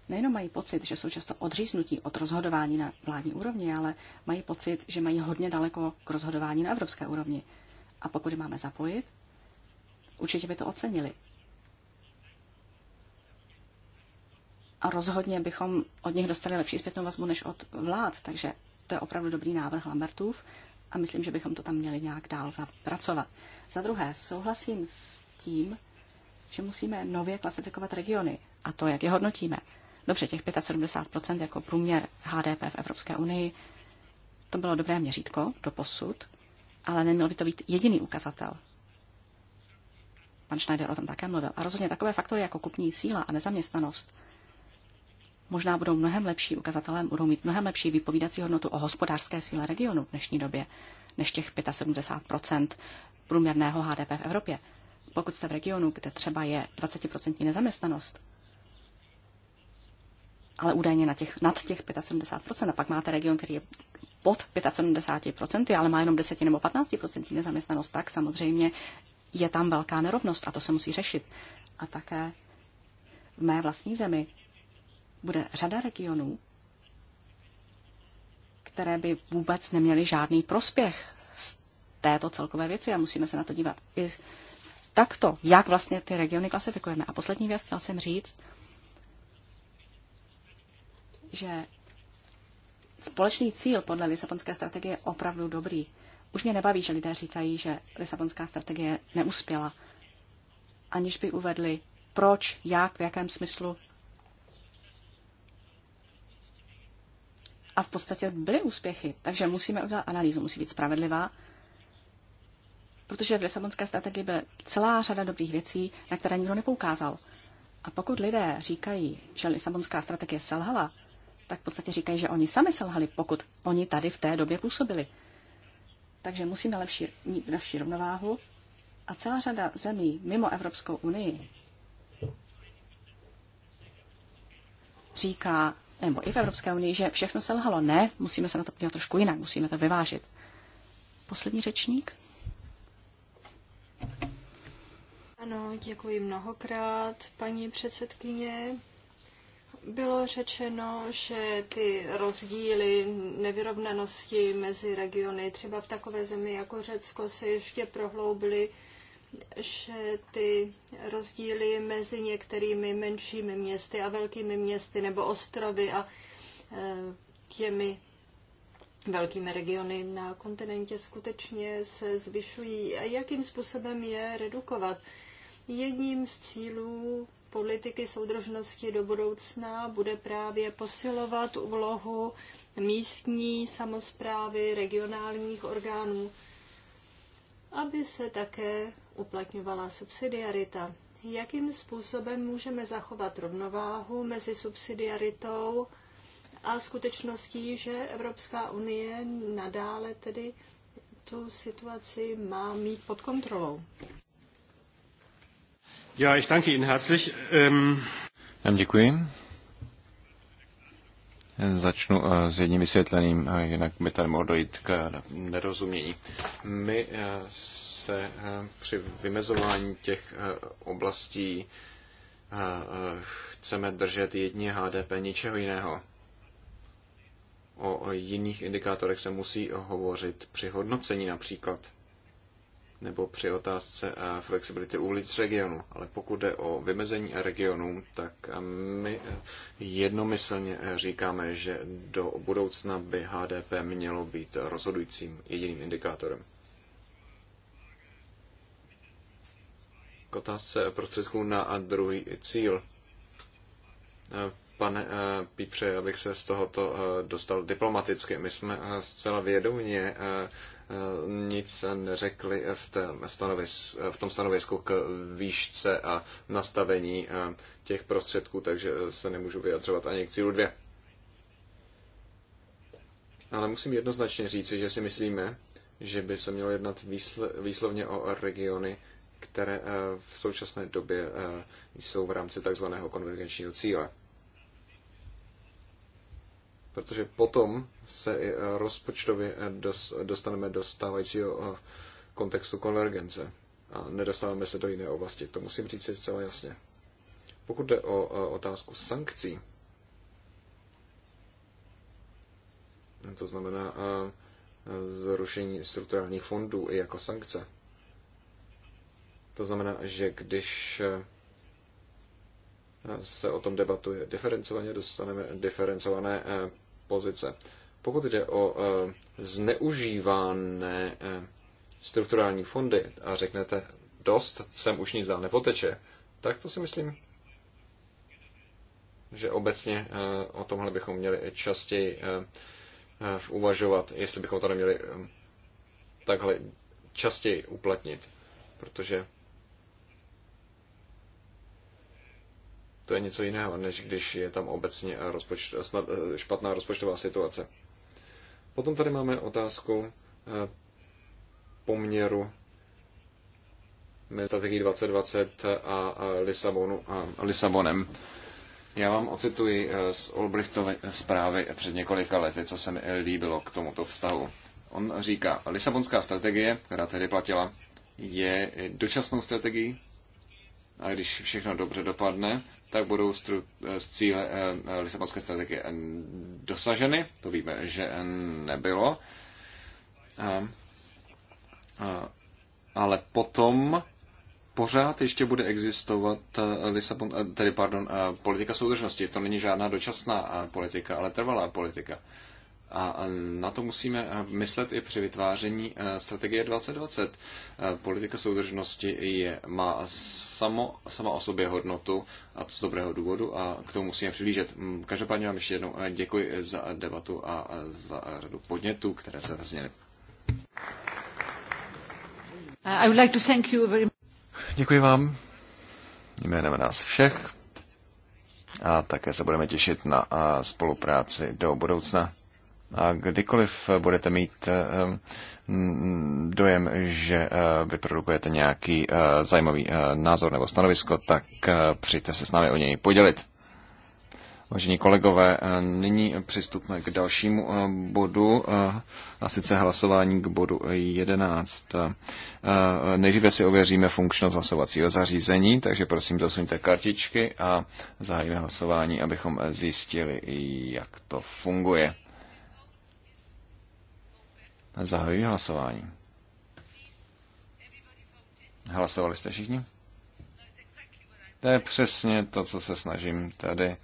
nejenom mají pocit, že jsou často odříznutí od rozhodování na vládní úrovni, ale mají pocit, že mají hodně daleko k rozhodování na evropské úrovni. A pokud je máme zapojit, určitě by to ocenili. A rozhodně bychom od nich dostali lepší zpětnou vazbu než od vlád, takže to je opravdu dobrý návrh Lambertův a myslím, že bychom to tam měli nějak dál zapracovat. Za druhé, souhlasím s tím, že musíme nově klasifikovat regiony a to, jak je hodnotíme. Dobře, těch 75% jako průměr HDP v Evropské unii, to bylo dobré měřítko do posud, ale neměl by to být jediný ukazatel. Pan Schneider o tom také mluvil. A rozhodně takové faktory jako kupní síla a nezaměstnanost – možná budou mnohem lepší ukazatelé, budou mít mnohem lepší vypovídací hodnotu o hospodářské síle regionu v dnešní době, než těch 75 průměrného HDP v Evropě. Pokud jste v regionu, kde třeba je 20% nezaměstnanost, ale údajně na těch, nad těch 75%, a pak máte region, který je pod 75%, ale má jenom 10 nebo 15% nezaměstnanost, tak samozřejmě je tam velká nerovnost a to se musí řešit. A také v mé vlastní zemi bude řada regionů, které by vůbec neměly žádný prospěch z této celkové věci a musíme se na to dívat i takto, jak vlastně ty regiony klasifikujeme. A poslední věc, chtěl jsem říct, že společný cíl podle Lisabonské strategie je opravdu dobrý. Už mě nebaví, že lidé říkají, že Lisabonská strategie neuspěla, aniž by uvedli, proč, jak, v jakém smyslu a v podstatě byly úspěchy. Takže musíme udělat analýzu, musí být spravedlivá, protože v Lisabonské strategii byla celá řada dobrých věcí, na které nikdo nepoukázal. A pokud lidé říkají, že Lisabonská strategie selhala, tak v podstatě říkají, že oni sami selhali, pokud oni tady v té době působili. Takže musíme lepší, mít lepší rovnováhu a celá řada zemí mimo Evropskou unii říká, nebo i v Evropské unii, že všechno se lhalo. Ne, musíme se na to podívat trošku jinak, musíme to vyvážit. Poslední řečník. Ano, děkuji mnohokrát, paní předsedkyně. Bylo řečeno, že ty rozdíly, nevyrovnanosti mezi regiony, třeba v takové zemi jako Řecko, se ještě prohloubily že ty rozdíly mezi některými menšími městy a velkými městy nebo ostrovy a e, těmi velkými regiony na kontinentě skutečně se zvyšují. A jakým způsobem je redukovat? Jedním z cílů politiky soudržnosti do budoucna bude právě posilovat úlohu místní samozprávy, regionálních orgánů, aby se také uplatňovala subsidiarita. Jakým způsobem můžeme zachovat rovnováhu mezi subsidiaritou a skutečností, že Evropská unie nadále tedy tu situaci má mít pod kontrolou? Ja, ich danke Ihnen herzlich. Ähm... Děkuji. Začnu eh, s jedním vysvětlením, eh, jinak by tady mohlo dojít k eh, nerozumění. My komise eh, při vymezování těch eh, oblastí eh, chceme držet jedině HDP, ničeho jiného. O jiných indikátorech se musí hovořit při hodnocení například, nebo při otázce flexibility ulic regionu. Ale pokud jde o vymezení regionů, tak my jednomyslně říkáme, že do budoucna by HDP mělo být rozhodujícím jediným indikátorem. k otázce prostředků na druhý cíl. Eh, Pane eh, Pípře, abych se z tohoto eh, dostal diplomaticky. My jsme zcela vědomně nic neřekli v, stanovis, v tom stanovisku k výšce a nastavení těch prostředků, takže se nemůžu vyjadřovat ani k cílu dvě. Ale musím jednoznačně říci, že si myslíme, že by se mělo jednat výslovně o regiony, které eh, v současné době eh, jsou v rámci takzvaného konvergenčního cíle. Protože potom se eh, rozpočtově dostaneme do stávajícího kontextu konvergence a nedostáváme se do jiné oblasti. To musím říct zcela jasně. Pokud jde o otázku sankcí, to znamená zrušení strukturálních fondů i jako sankce, to znamená, že když eh, se o tom debatuje diferencovaně, dostaneme diferencované eh, pozice. Pokud jde o eh, zneužívané strukturální fondy a řeknete dost, sem už nic dál nepoteče, tak to si myslím, že obecně o tomhle bychom měli častěji uvažovat, jestli bychom to neměli takhle častěji uplatnit, protože to je něco jiného, než když je tam obecně rozpočt, snad, eh, špatná rozpočtová situace. Potom tady máme otázku eh, poměru mezi strategií 2020 a Lisabonu a Lisabonem. Já vám ocituji eh, z Olbrichtovy zprávy před několika lety, co se mi líbilo k tomuto vztahu. On říká, Lisabonská strategie, která tedy platila, je dočasnou strategií a když všechno dobře dopadne, tak budou stru, eh, z cíle eh, Lisabonské strategie dosaženy. To víme, že nebylo. Ehm, eh, ale potom pořád ještě bude existovat Lisabon, tedy pardon, politika soudržnosti. To není žádná dočasná politika, ale trvalá politika. A na to musíme eh, myslet i při vytváření eh, strategie 2020. Eh, politika soudržnosti je, má samo, sama o sobě hodnotu a to z dobrého důvodu a k tomu musíme přilížet. Mm, každopádně vám ještě jednou děkuji za debatu a za radu podnětů, které se zazněly. to Děkuji vám jménem nás všech a také se budeme těšit na spolupráci do budoucna. A kdykoliv budete mít eh, dojem, že eh, vyprodukujete nějaký eh, zajímavý názor nebo stanovisko, tak přijďte se s námi o něj podělit. Vážení kolegové, nyní přistupme k dalšímu bodu, a sice hlasování k bodu 11. Nejdříve si ověříme funkčnost hlasovacího zařízení, takže prosím zasuňte kartičky a zahájíme hlasování, abychom zjistili, jak to funguje. Zahajuji hlasování. Hlasovali jste všichni? To je přesně to, co se snažím tady,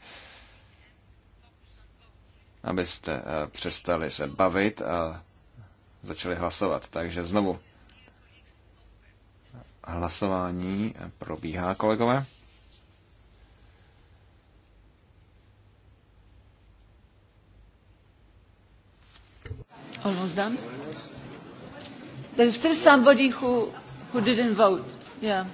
abyste eh, přestali se bavit a začali hlasovat. Takže znovu hlasování probíhá, kolegové. Almost done. There is still somebody who, who didn't vote. Yeah.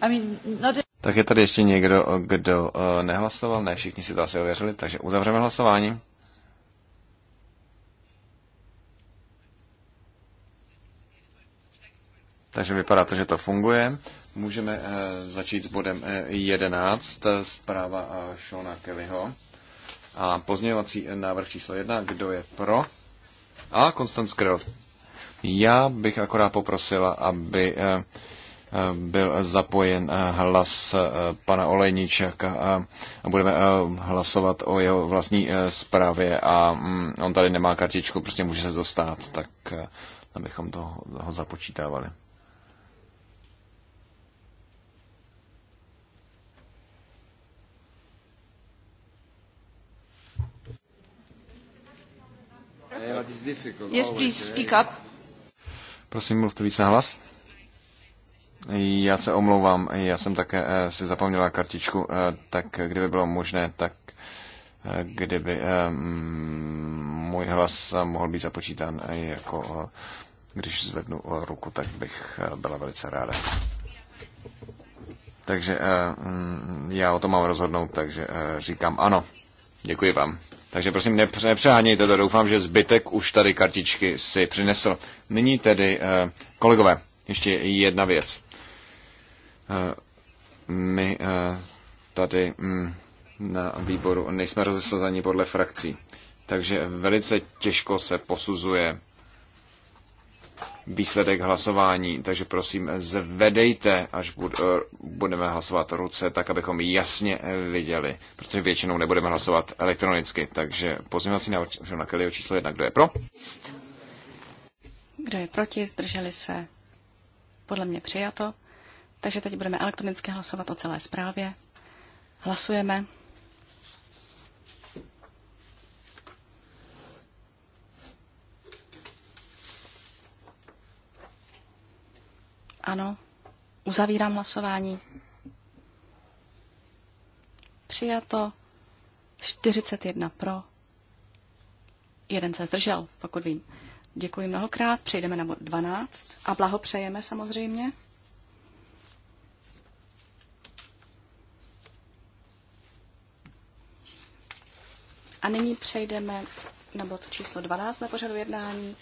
I mean, not a... Tak je tady ještě někdo, kdo uh, nehlasoval, ne všichni si to asi ověřili, takže uzavřeme hlasování. Takže vypadá to, že to funguje. Můžeme uh, začít s bodem uh, eh, 11, zpráva uh, Šona Kellyho. A pozměňovací návrh číslo jedna, kdo je pro? A Konstant Grill. Já bych akorát poprosila, aby eh, eh, byl zapojen eh, hlas pana Olejničaka a budeme hlasovat o jeho vlastní zprávě a mm, on tady nemá kartičku, prostě může se dostat, tak abychom to ho započítávali. Yes, please speak eh? up. Prosím, mluvte víc na hlas. Já se omlouvám, já jsem také eh, si zapomněla kartičku, eh, tak kdyby bylo možné, tak kdyby mm, můj hlas mohl být započítán jako když zvednu ruku, tak bych byla velice ráda. Takže mm, já o tom mám rozhodnout, takže říkám ano. Děkuji vám. Takže prosím, nepřehánějte to. Doufám, že zbytek už tady kartičky si přinesl. Nyní tedy, eh, kolegové, ještě jedna věc. Eh, my eh, tady mm, na výboru nejsme rozesazani podle frakcí, takže velice těžko se posuzuje výsledek hlasování. Takže prosím, zvedejte, až eh, budeme hlasovat ruce, tak abychom jasně eh, viděli, protože většinou nebudeme hlasovat elektronicky. Takže pozměňovací návrh na Kellyho číslo jedna. Kdo je pro? Kdo je proti? Zdrželi se? Podle mě přijato. Takže teď budeme elektronicky hlasovat o celé zprávě. Hlasujeme. Ano. Uzavírám hlasování. Přijato 41 pro. Jeden se zdržel, pokud vím. Děkuji mnohokrát, přejdeme na bod 12 a blahopřejeme samozřejmě. A nyní přejdeme na bod číslo 12 na pořadu jednání,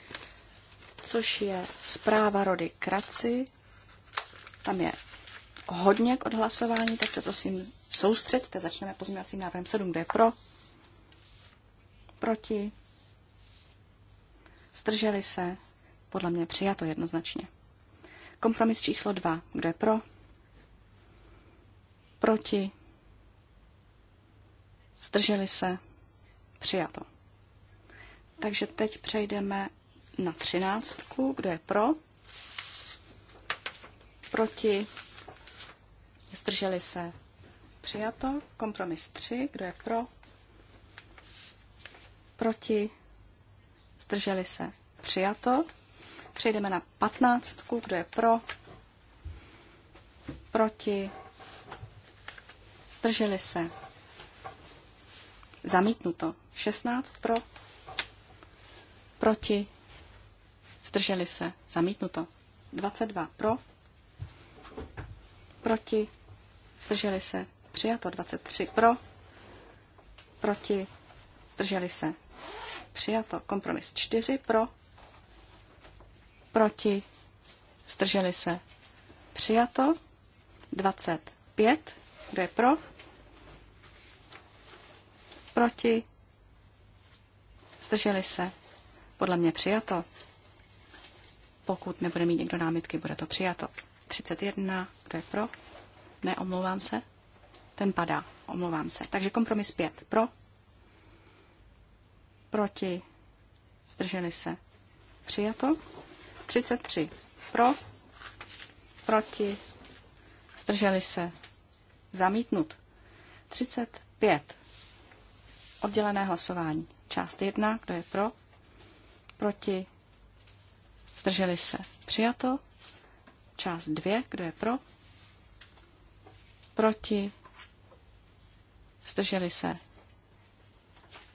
což je zpráva Rody Kraci, tam je hodně k odhlasování, tak se prosím soustředte. Začneme pozměňovacím návrhem 7, kde je pro, proti, zdrželi se, podle mě přijato jednoznačně. Kompromis číslo 2, kdo je pro, proti, zdrželi se, přijato. Takže teď přejdeme na třináctku, kdo je pro, Proti? Zdrželi se? Přijato. Kompromis 3. Kdo je pro? Proti? Zdrželi se? Přijato. Přejdeme na patnáctku. Kdo je pro? Proti? Zdrželi se? Zamítnuto. 16 pro. Proti? Zdrželi se? Zamítnuto. 22 pro proti, zdrželi se, přijato 23 pro, proti, zdrželi se, přijato kompromis 4 pro, proti, zdrželi se, přijato 25, kdo je pro, proti, zdrželi se, podle mě přijato. Pokud nebude mít někdo námitky, bude to přijato. 31, kdo je pro? Ne, omlouvám se. Ten padá, omlouvám se. Takže kompromis 5 pro, proti, zdrželi se. Přijato. 33 pro, proti, zdrželi se. Zamítnut. 35 oddělené hlasování. Část 1, kdo je pro, proti, zdrželi se. Přijato. Část dvě, kdo je pro? Proti? Zdrželi se?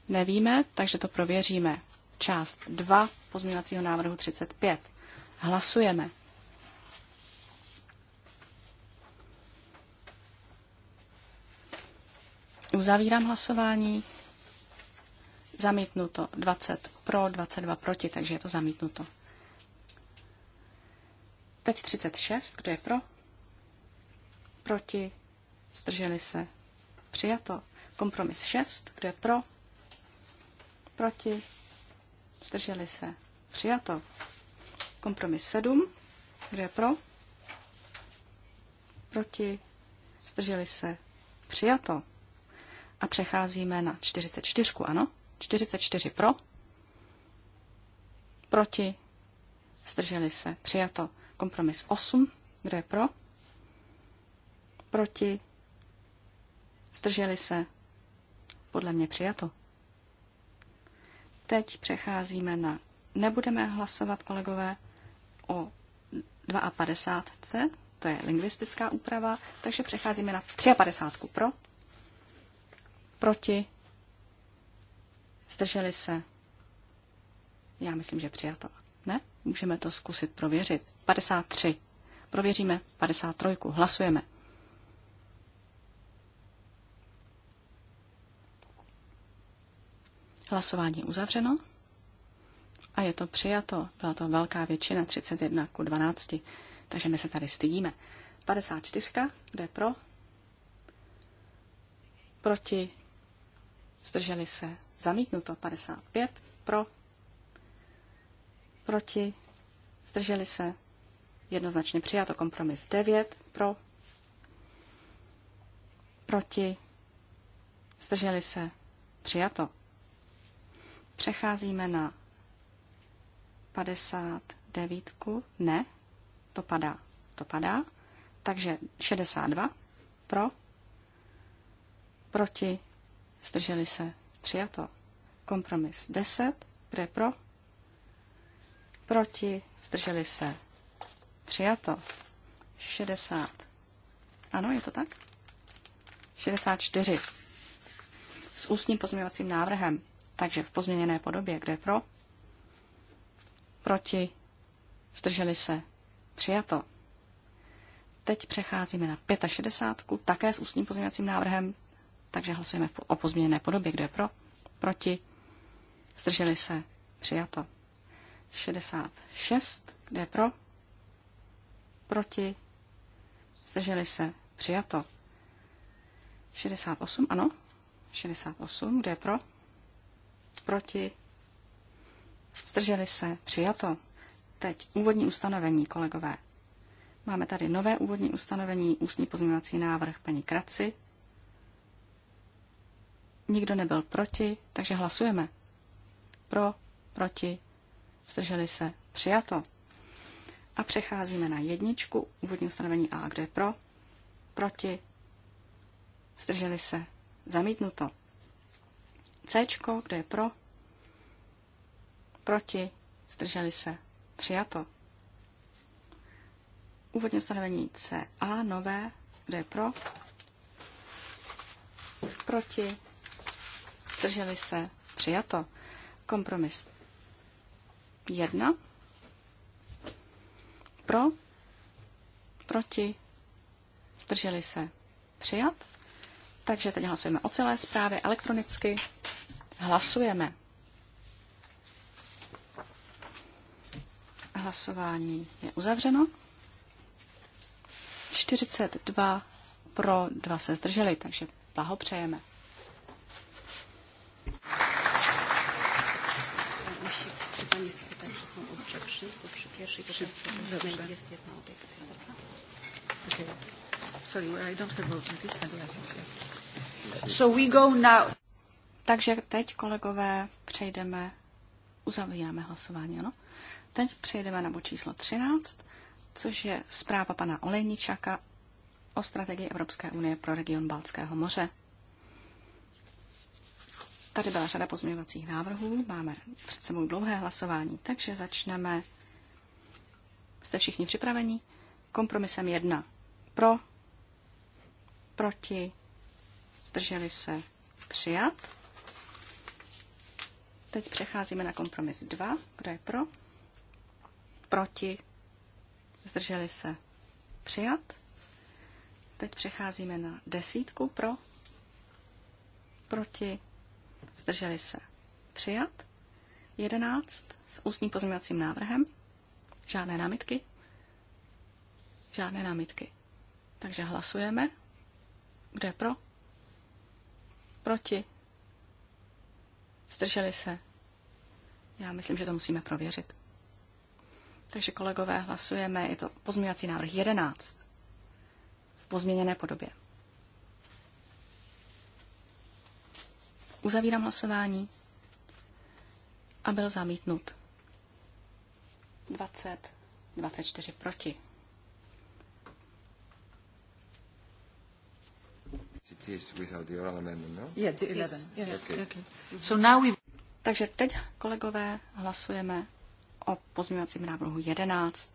Nevíme, takže to prověříme. Část 2 pozměňovacího návrhu 35. Hlasujeme. Uzavírám hlasování. Zamítnuto 20 pro, 22 proti, takže je to zamítnuto. Teď 36. Kdo je pro? Proti? Zdrželi se? Přijato. Kompromis 6. Kdo je pro? Proti? Zdrželi se? Přijato. Kompromis 7. Kdo je pro? Proti? Zdrželi se? Přijato. A přecházíme na 44. Ano? 44 pro? Proti? Zdrželi se. Přijato. Kompromis 8. Kdo je pro? Proti? Zdrželi se. Podle mě přijato. Teď přecházíme na... Nebudeme hlasovat, kolegové, o 52. To je lingvistická úprava, takže přecházíme na 53. Pro? Proti? Zdrželi se. Já myslím, že přijato. Můžeme to zkusit prověřit. 53. Prověříme 53. Hlasujeme. Hlasování uzavřeno a je to přijato. Byla to velká většina, 31 ku 12, takže my se tady stydíme. 54, kde je pro? Proti? Zdrželi se. Zamítnuto. 55 pro? proti, zdrželi se, jednoznačně přijato. Kompromis 9 pro, proti, zdrželi se, přijato. Přecházíme na 59. Ne, to padá, to padá. Takže 62 pro, proti, zdrželi se, přijato. Kompromis 10, kde pro, Proti. Zdrželi se. Přijato. 60. Ano, je to tak? 64. S ústním pozměňovacím návrhem. Takže v pozměněné podobě. Kde je pro? Proti. Zdrželi se. Přijato. Teď přecházíme na 65, také s ústním pozměňovacím návrhem, takže hlasujeme o pozměněné podobě. Kde je pro? Proti? Zdrželi se? Přijato. 66. Kde je pro? Proti? Zdrželi se? Přijato. 68, ano. 68. Kde je pro? Proti? Zdrželi se? Přijato. Teď úvodní ustanovení, kolegové. Máme tady nové úvodní ustanovení, ústní pozměňovací návrh paní Kraci. Nikdo nebyl proti, takže hlasujeme. Pro, proti, Zdrželi se? Přijato. A přecházíme na jedničku, úvodní ustanovení A, kde je pro, proti, zdrželi se, zamítnuto. C, kde je pro, proti, zdrželi se, přijato. Úvodní ustanovení C, A, nové, kde je pro, proti, zdrželi se, přijato. Kompromis 1. Pro, proti, zdrželi se, přijat. Takže teď hlasujeme o celé zprávě elektronicky. Hlasujeme. Hlasování je uzavřeno. 42 pro, 2 se zdrželi, takže blahopřejeme. Paní przy wszystko, przy pierwszej poprawce ustnej jest jedna obiekcja, dobra? Okay. Sorry, I don't have voting this, I have So we go now. Takže teď, kolegové, přejdeme, uzavíráme hlasování, ano? Teď přejdeme na bod číslo 13, což je zpráva pana Olejničaka o strategii Evropské unie pro region Baltského moře. Tady byla řada pozměňovacích návrhů, máme před sebou dlouhé hlasování, takže začneme. Jste všichni připraveni? Kompromisem jedna. Pro, proti, zdrželi se, přijat. Teď přecházíme na kompromis 2. Kdo je pro? Proti, zdrželi se, přijat. Teď přecházíme na desítku pro, proti, zdrželi se přijat. 11 s ústním pozměňovacím návrhem. Žádné námitky? Žádné námitky. Takže hlasujeme. Kdo je pro? Proti? Zdrželi se? Já myslím, že to musíme prověřit. Takže kolegové, hlasujeme, je to pozměňovací návrh 11 v pozměněné podobě. Uzavírám hlasování a byl zamítnut. 20, 24 proti. Takže teď, kolegové, hlasujeme o pozměňovacím návrhu 11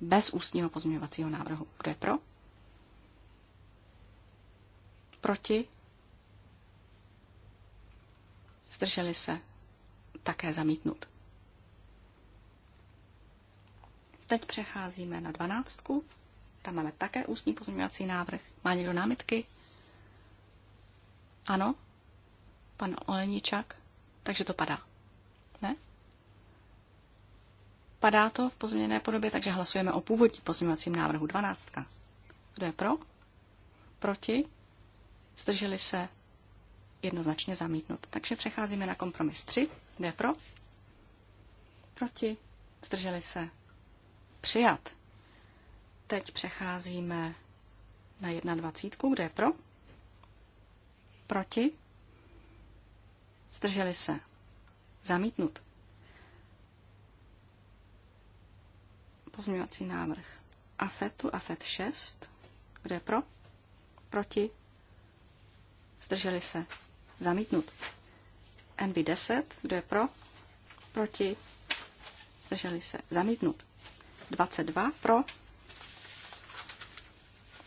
bez ústního pozměňovacího návrhu. Kdo je pro? Proti? Zdrželi se? Také zamítnut. Teď přecházíme na dvanáctku. Tam máme také ústní pozměňovací návrh. Má někdo námitky? Ano? Pan Oleničak? Takže to padá. Ne? Padá to v pozměněné podobě, takže hlasujeme o původním pozměňovacím návrhu Dvanáctka. Kdo je pro? Proti? Zdrželi se? jednoznačně zamítnut. Takže přecházíme na kompromis 3. Jde pro? Proti? Zdrželi se? Přijat. Teď přecházíme na 21. Kde je pro? Proti? Zdrželi se? Zamítnut. Pozměňovací návrh AFETu, AFET 6. Kde je pro? Proti? Zdrželi se? Zamítnut. NB10, kdo je pro? Proti? Zdrželi se. Zamítnut. 22 pro?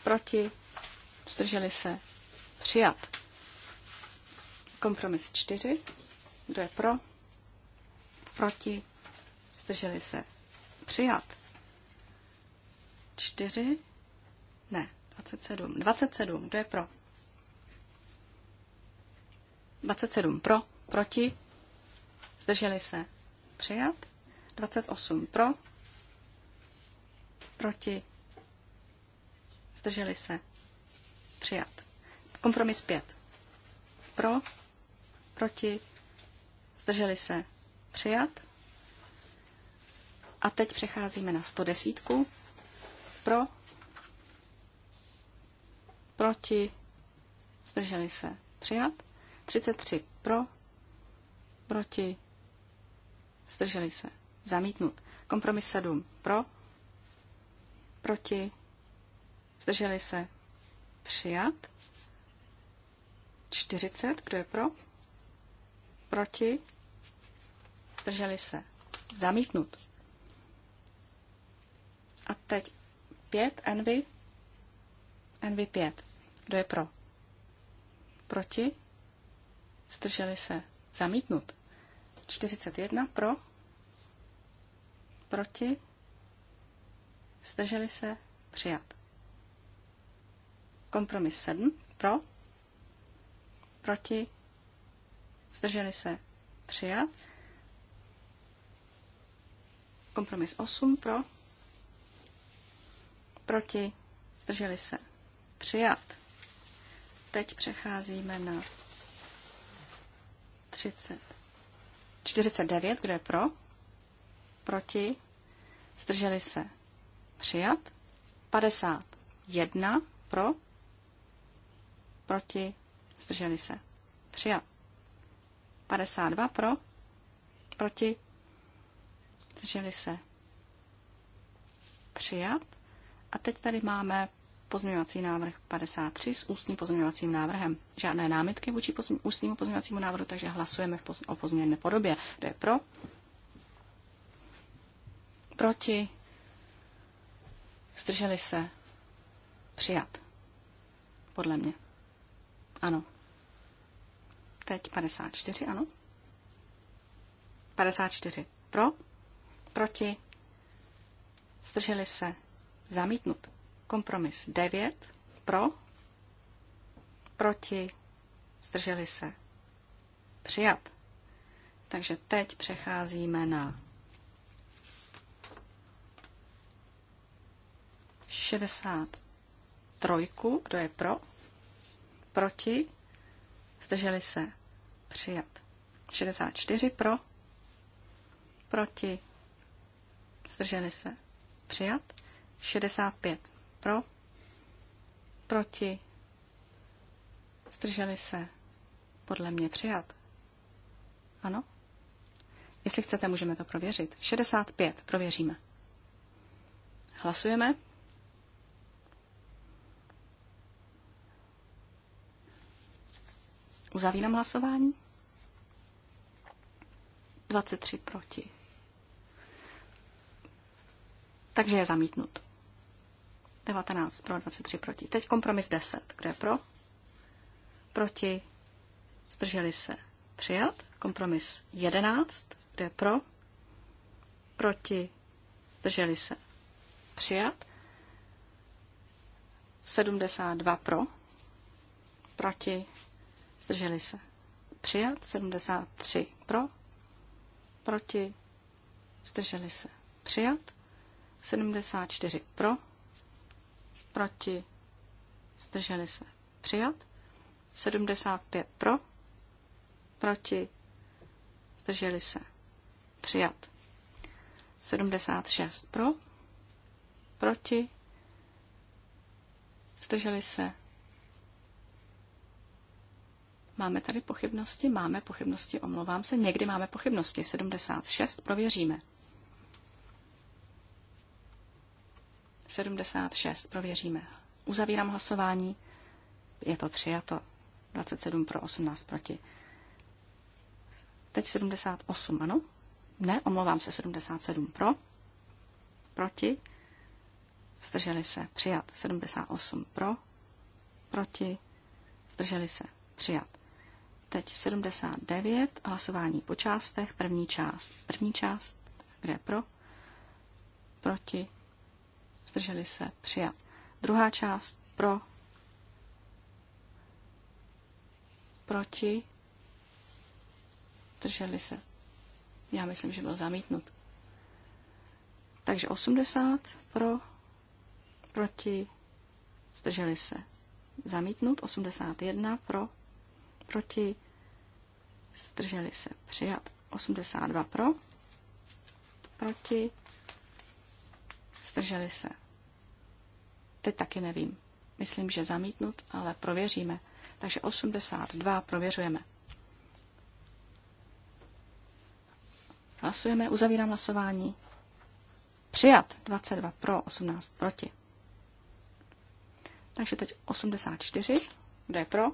Proti? Zdrželi se. Přijat. Kompromis 4. Kdo je pro? Proti? Zdrželi se. Přijat. 4. Ne, 27. 27. Kdo je pro? 27 pro, proti, zdrželi se, přijat. 28 pro, proti, zdrželi se, přijat. Kompromis 5 pro, proti, zdrželi se, přijat. A teď přecházíme na 110 pro, proti, zdrželi se, přijat. 33 pro, proti, zdrželi se, zamítnut. Kompromis 7 pro, proti, zdrželi se, přijat. 40, kdo je pro, proti, zdrželi se, zamítnut. A teď 5, envy, envy 5. Kdo je pro? Proti? Zdrželi se. Zamítnut. 41 pro. Proti. Zdrželi se. Přijat. Kompromis 7 pro. Proti. Zdrželi se. Přijat. Kompromis 8 pro. Proti. Zdrželi se. Přijat. Teď přecházíme na 30. 49, kdo je pro? Proti? Zdrželi se. Přijat. 51 pro? Proti? Zdrželi se. Přijat. 52 pro? Proti? Zdrželi se. Přijat. A teď tady máme Pozměňovací návrh 53 s ústním pozměňovacím návrhem. Žádné námitky vůči pozmě, ústnímu pozměňovacímu návrhu, takže hlasujeme v poz, o pozměněné podobě. Kdo je pro? Proti? Zdrželi se? Přijat. Podle mě. Ano. Teď 54, ano. 54. Pro? Proti? Zdrželi se? Zamítnut. Kompromis 9 pro, proti, zdrželi se. Přijat. Takže teď přecházíme na 63. Kdo je pro? Proti? Zdrželi se. Přijat. 64 pro? Proti? Zdrželi se. Přijat. 65 pro, proti, zdrželi se, podle mě přijat. Ano? Jestli chcete, můžeme to prověřit. 65, prověříme. Hlasujeme. Uzavírám hlasování. 23 proti. Takže je zamítnut. 19 pro, 23 proti. Teď kompromis 10. Kdo je pro? Proti. Zdrželi se. Přijat. Kompromis 11. Kdo je pro? Proti. Zdrželi se. Přijat. 72 pro. Proti. Zdrželi se. Přijat. 73 pro. Proti. Zdrželi se. Přijat. 74 pro proti, zdrželi se přijat, 75 pro, proti, zdrželi se přijat, 76 pro, proti, zdrželi se. Máme tady pochybnosti, máme pochybnosti, omlouvám se, někdy máme pochybnosti, 76 prověříme. 76. Prověříme. Uzavírám hlasování. Je to přijato. 27 pro 18 proti. Teď 78, ano? Ne, omlouvám se, 77 pro. Proti. Zdrželi se. Přijat. 78 pro. Proti. Zdrželi se. Přijat. Teď 79. Hlasování po částech. První část. První část. Kde pro? Proti zdrželi se, přijat. Druhá část pro, proti, zdrželi se. Já myslím, že byl zamítnut. Takže 80 pro, proti, zdrželi se. Zamítnut 81 pro, proti, zdrželi se. Přijat 82 pro, proti, Zdrželi se. Teď taky nevím. Myslím, že zamítnut, ale prověříme. Takže 82 prověřujeme. Hlasujeme, uzavírám hlasování. Přijat 22 pro, 18 proti. Takže teď 84, kdo je pro?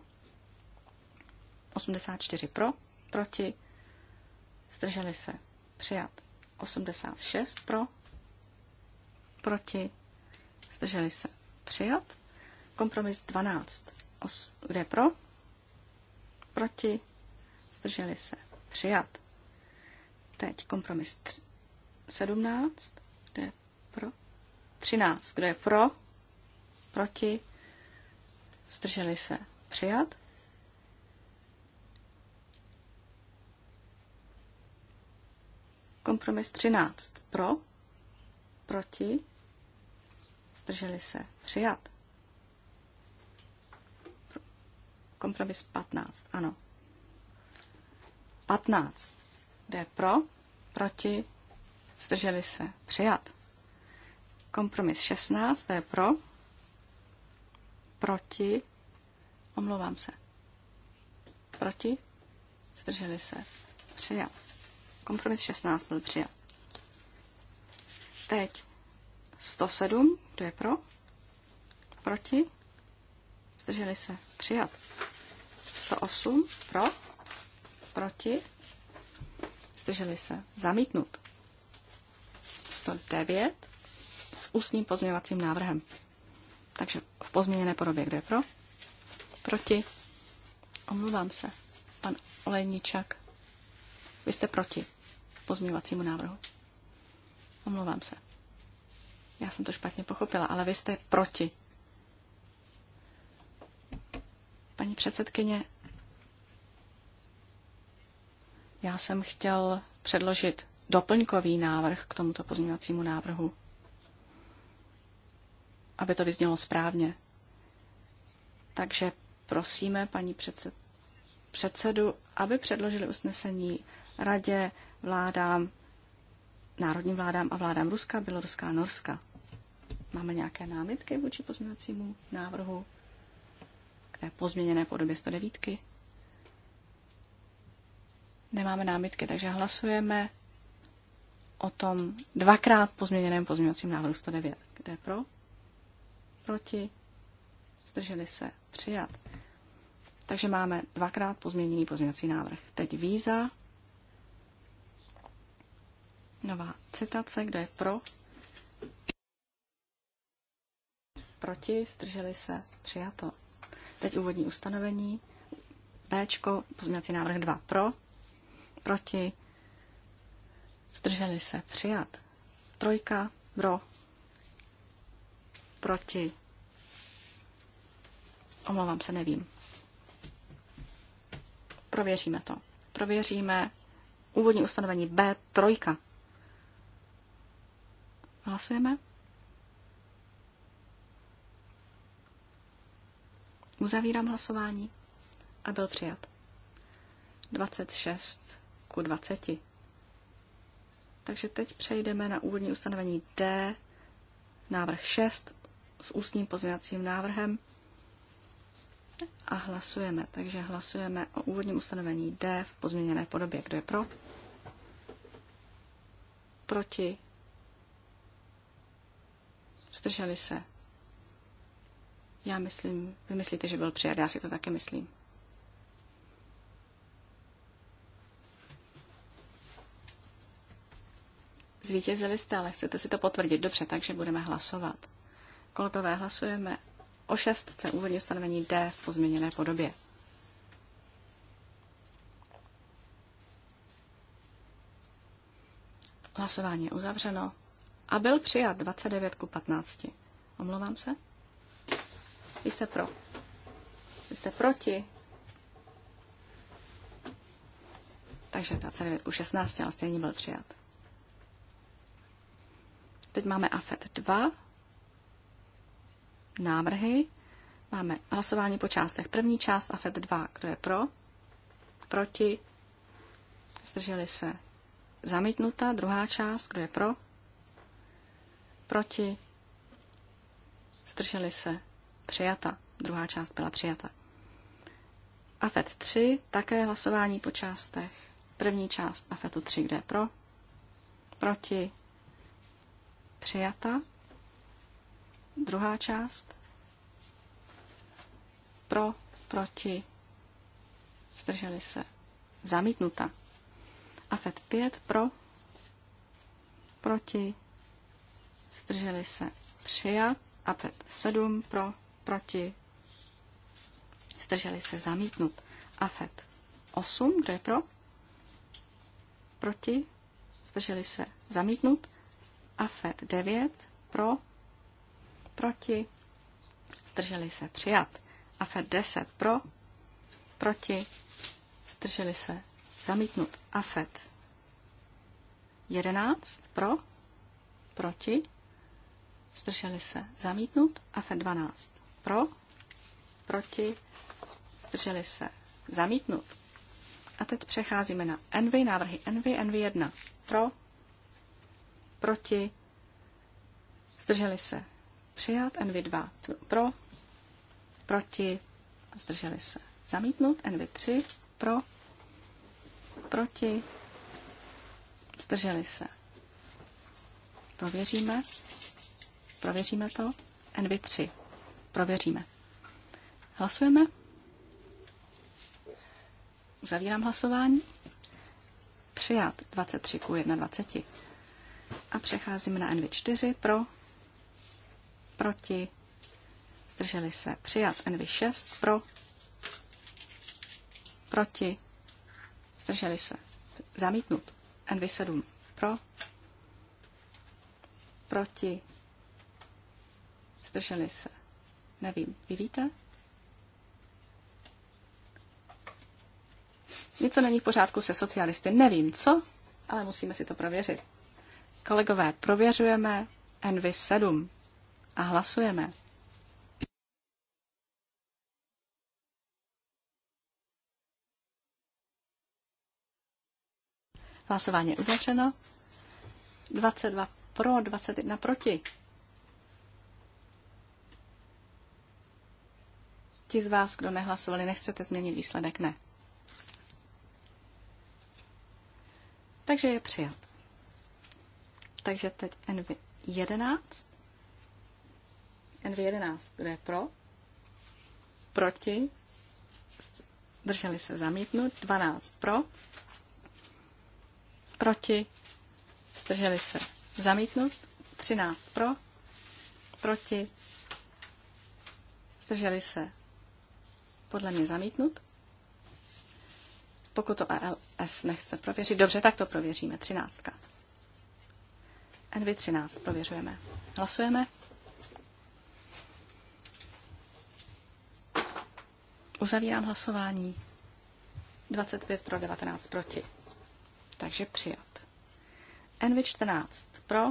84 pro, proti, zdrželi se, přijat. 86 pro, proti, zdrželi se přijat. Kompromis 12, os, kde pro, proti, zdrželi se přijat. Teď kompromis 17, kde je pro, 13, kde je pro, proti, zdrželi se přijat. Kompromis 13 pro, proti, zdrželi se, přijat. Kompromis 15, ano. 15. Jde pro, proti, zdrželi se, přijat. Kompromis 16, jde je pro, proti, omlouvám se, proti, zdrželi se, přijat. Kompromis 16 byl přijat. Teď 107, kdo je pro? Proti? Zdrželi se. Přijat. 108 pro? Proti? Zdrželi se. Zamítnut. 109 s ústním pozměňovacím návrhem. Takže v pozměněné podobě, Kdo je pro? Proti? Omluvám se. Pan Olejničak. Vy jste proti pozměňovacímu návrhu. Omlouvám se. Já jsem to špatně pochopila, ale vy jste proti. Paní předsedkyně, já jsem chtěl předložit doplňkový návrh k tomuto pozměňovacímu návrhu, aby to vyznělo správně. Takže prosíme paní předsed, předsedu, aby předložili usnesení radě, vládám, národním vládám a vládám Ruska, Běloruska a Norska. Máme nějaké námitky vůči pozměňovacímu návrhu k té pozměněné podobě 109? Nemáme námitky, takže hlasujeme o tom dvakrát pozměněném pozměňovacím návrhu 109. Kde pro? Proti? Zdrželi se? Přijat. Takže máme dvakrát pozměněný pozměňovací návrh. Teď víza. Nová citace, kdo je pro, proti, zdrželi se, přijato. Teď úvodní ustanovení. B, pozměňovací návrh 2 pro, proti, zdrželi se, přijat. Trojka pro, proti, omlouvám se, nevím. Prověříme to. Prověříme úvodní ustanovení B, trojka. Hlasujeme. Uzavírám hlasování a byl přijat. 26 ku 20. Takže teď přejdeme na úvodní ustanovení D, návrh 6 s ústním pozměňovacím návrhem a hlasujeme. Takže hlasujeme o úvodním ustanovení D v pozměněné podobě. Kdo je pro? Proti? Zdrželi se? Já myslím, vy myslíte, že byl přijat, já si to také myslím. Zvítězili jste, ale chcete si to potvrdit. Dobře, takže budeme hlasovat. Kolegové, hlasujeme o šestce úvodní ustanovení D v pozměněné podobě. Hlasování je uzavřeno a byl přijat 29 ku 15. Omlouvám se? Vy jste pro. Vy jste proti. Takže 29 ku 16, ale stejně byl přijat. Teď máme AFET 2. Návrhy. Máme hlasování po částech. První část AFET 2. Kdo je pro? Proti? Zdrželi se. Zamítnuta. Druhá část. Kdo je pro? Proti? Zdrželi se přijata. Druhá část byla přijata. AFET 3, také hlasování po částech. První část AFETu 3, kde je pro, proti, přijata. Druhá část, pro, proti, zdrželi se, zamítnuta. AFET 5, pro, proti, zdrželi se, přijat. AFET 7, pro, proti, zdrželi se zamítnut. AFET 8, kdo je pro, proti, zdrželi se zamítnut. AFET 9, pro, proti, zdrželi se přijat. AFET 10, pro, proti, zdrželi se zamítnut. AFET 11, pro, proti, zdrželi se zamítnut. AFET 12, pro, proti, drželi se, zamítnut. A teď přecházíme na NV, návrhy NV, NV1. Pro, proti, zdrželi se, přijat, NV2 pro, proti, zdrželi se, zamítnut, NV3 pro, proti, zdrželi se. Prověříme, prověříme to, NV3. Prověříme. Hlasujeme. Uzavírám hlasování. Přijat 23 ku 21. A přecházíme na NV4 pro, proti, zdrželi se. Přijat NV6 pro, proti, zdrželi se. Zamítnut. NV7 pro, proti, zdrželi se. Nevím, vidíte? Něco není v pořádku se socialisty, nevím co, ale musíme si to prověřit. Kolegové, prověřujeme NV7 a hlasujeme. Hlasování je uzavřeno. 22 pro, 21 proti. Ti z vás, kdo nehlasovali, nechcete změnit výsledek? Ne. Takže je přijat. Takže teď NV11. NV11, kdo je pro? Proti? Drželi se zamítnut. 12 pro? Proti? Zdrželi se zamítnut. 13 pro? Proti? Zdrželi se podle mě zamítnut. Pokud to ALS nechce prověřit, dobře, tak to prověříme. 13. NV13 prověřujeme. Hlasujeme. Uzavírám hlasování. 25 pro, 19 proti. Takže přijat. NV14 pro,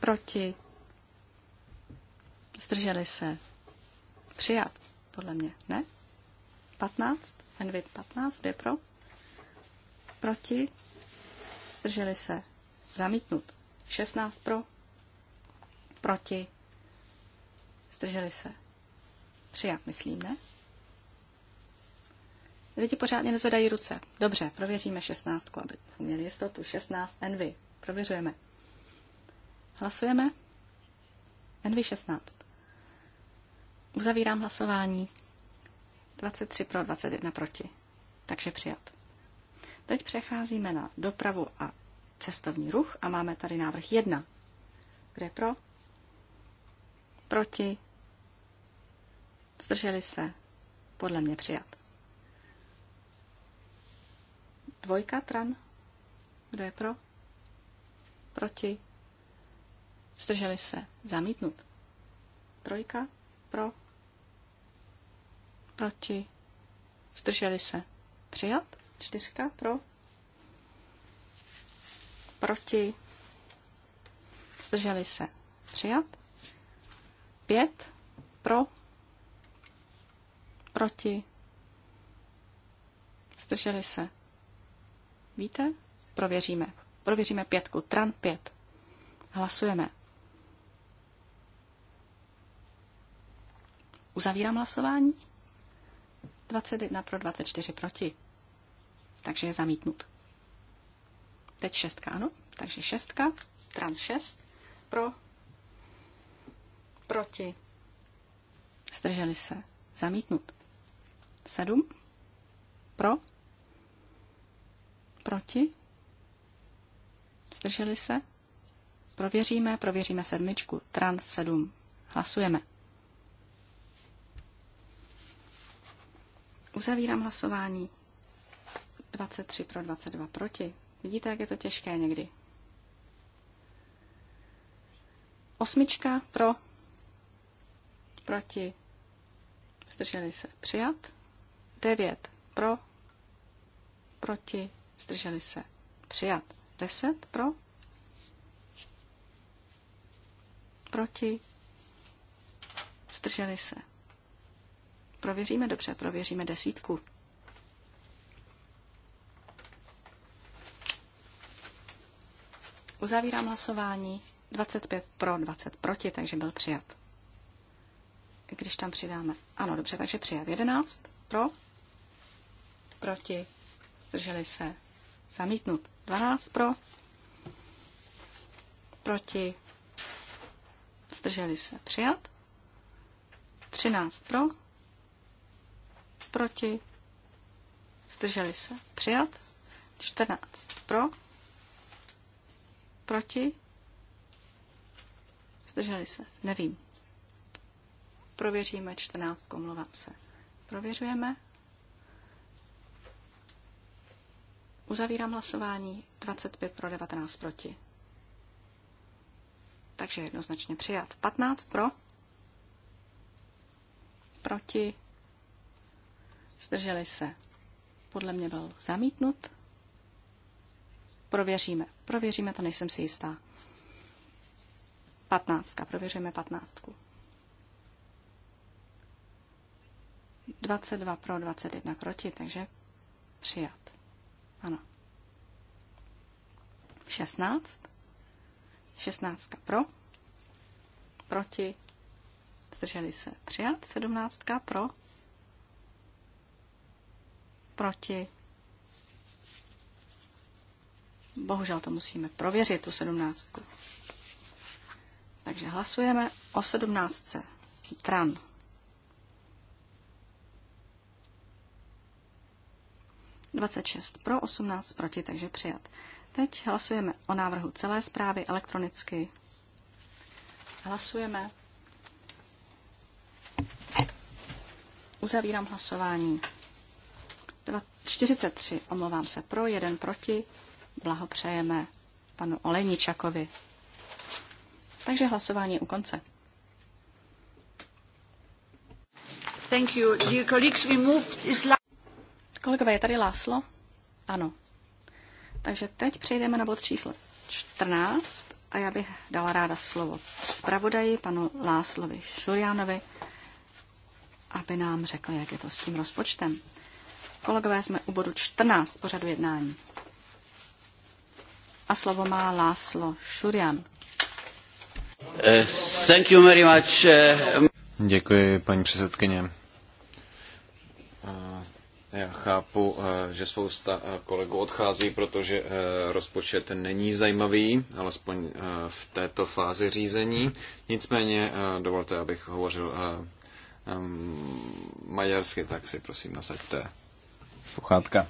proti, zdrželi se, přijat podle mě. Ne? 15? NV 15, kde pro? Proti? Zdrželi se. Zamítnut. 16 pro? Proti? Zdrželi se. Přijat, myslím, ne? Lidi pořádně nezvedají ruce. Dobře, prověříme 16, aby měli jistotu. 16 NV. Prověřujeme. Hlasujeme. NV 16. Uzavírám hlasování. 23 pro, 21 proti. Takže přijat. Teď přecházíme na dopravu a cestovní ruch a máme tady návrh 1. Kde pro? Proti? Zdrželi se? Podle mě přijat. Dvojka tran? Kdo je pro? Proti? Zdrželi se? Zamítnut. Trojka? Pro? proti, zdrželi se, přijat. Čtyřka pro, proti, zdrželi se, přijat. Pět pro, proti, zdrželi se. Víte? Prověříme. Prověříme pětku. Tran pět. Hlasujeme. Uzavírám hlasování. 21 pro 24 proti. Takže je zamítnut. Teď šestka, ano. Takže šestka, tran 6 pro, proti, zdrželi se, zamítnut. 7 pro, proti, zdrželi se, prověříme, prověříme sedmičku, tran 7, hlasujeme. Uzavírám hlasování. 23 pro 22 proti. Vidíte, jak je to těžké někdy. Osmička pro, proti, zdrželi se přijat. Devět pro, proti, zdrželi se přijat. Deset pro, proti, zdrželi se Prověříme dobře, prověříme desítku. Uzavírám hlasování 25 pro, 20 proti, takže byl přijat. Když tam přidáme. Ano, dobře, takže přijat 11 pro, proti, zdrželi se, zamítnut 12 pro, proti, zdrželi se, přijat 13 pro, proti, zdrželi se, přijat. 14 pro, proti, zdrželi se, nevím. Prověříme 14, omlouvám se. Prověřujeme. Uzavírám hlasování 25 pro 19 proti. Takže jednoznačně přijat. 15 pro, proti, Zdrželi se. Podle mě byl zamítnut. Prověříme. Prověříme to, nejsem si jistá. Patnáctka. Prověřujeme patnáctku. 22 pro, 21 proti, takže přijat. Ano. 16. 16 pro, proti, zdrželi se přijat, 17 pro, Proti? Bohužel to musíme prověřit, tu sedmnáctku. Takže hlasujeme o sedmnáctce. Tran. Dvacet šest pro, osmnáct proti, takže přijat. Teď hlasujeme o návrhu celé zprávy elektronicky. Hlasujeme. Uzavírám hlasování. 43, omlouvám se, pro, jeden proti. Blahopřejeme panu Olejničakovi. Takže hlasování u konce. Thank you, dear colleagues. We moved Islam. Kolegové, je tady Láslo? Ano. Takže teď přejdeme na bod číslo 14 a já bych dala ráda slovo zpravodaji panu Láslovi Šurianovi, aby nám řekl, jak je to s tím rozpočtem. Kolegové, jsme u bodu 14 pořadu jednání. A slovo má Láslo Šurian. Eh, thank you very much. Eh, Děkuji, paní předsedkyně. Eh, já chápu, že spousta kolegů odchází, protože rozpočet není zajímavý, alespoň v této fázi řízení. Nicméně dovolte, abych hovořil maďarsky, tak si prosím nasaďte sluchátka.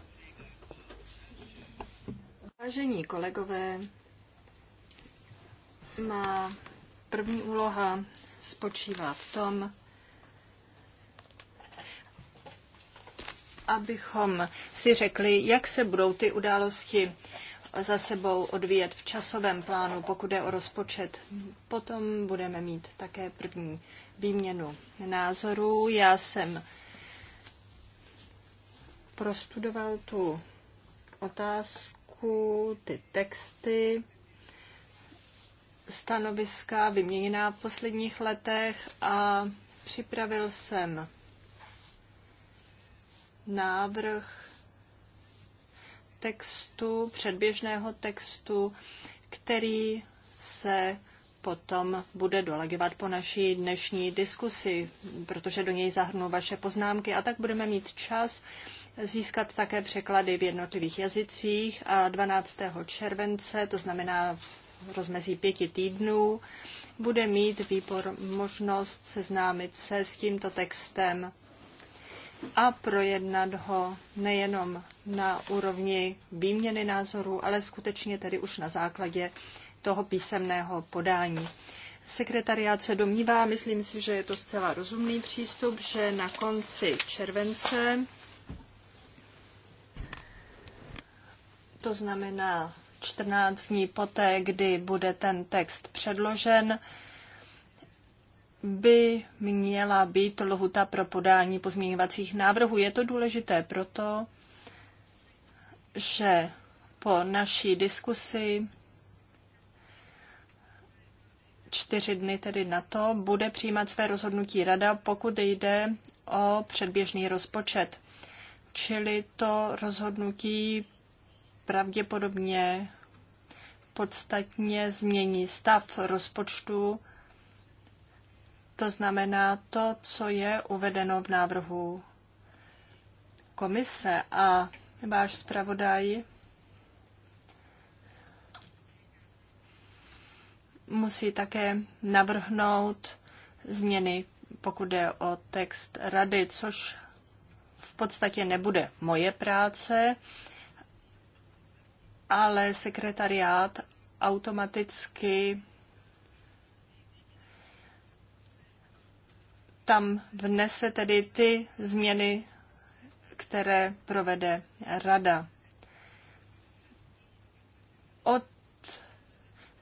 Vážení kolegové, má první úloha spočívá v tom, abychom si řekli, jak se budou ty události za sebou odvíjet v časovém plánu, pokud je o rozpočet. Potom budeme mít také první výměnu názorů. Já jsem prostudoval tu otázku, ty texty, stanoviska vyměněná v posledních letech a připravil jsem návrh textu, předběžného textu, který se potom bude dolegovat po naší dnešní diskusi, protože do něj zahrnu vaše poznámky a tak budeme mít čas získat také překlady v jednotlivých jazycích a 12. července, to znamená v rozmezí pěti týdnů, bude mít výbor možnost seznámit se s tímto textem a projednat ho nejenom na úrovni výměny názorů, ale skutečně tedy už na základě toho písemného podání. Sekretariát se domnívá, myslím si, že je to zcela rozumný přístup, že na konci července To znamená 14 dní poté, kdy bude ten text předložen, by měla být lhuta pro podání pozměňovacích návrhů. Je to důležité proto, že po naší diskusi čtyři dny tedy na to bude přijímat své rozhodnutí rada, pokud jde o předběžný rozpočet. Čili to rozhodnutí pravděpodobně podstatně změní stav rozpočtu, to znamená to, co je uvedeno v návrhu komise a váš zpravodaj musí také navrhnout změny, pokud jde o text rady, což v podstatě nebude moje práce ale sekretariát automaticky tam vnese tedy ty změny, které provede rada. Od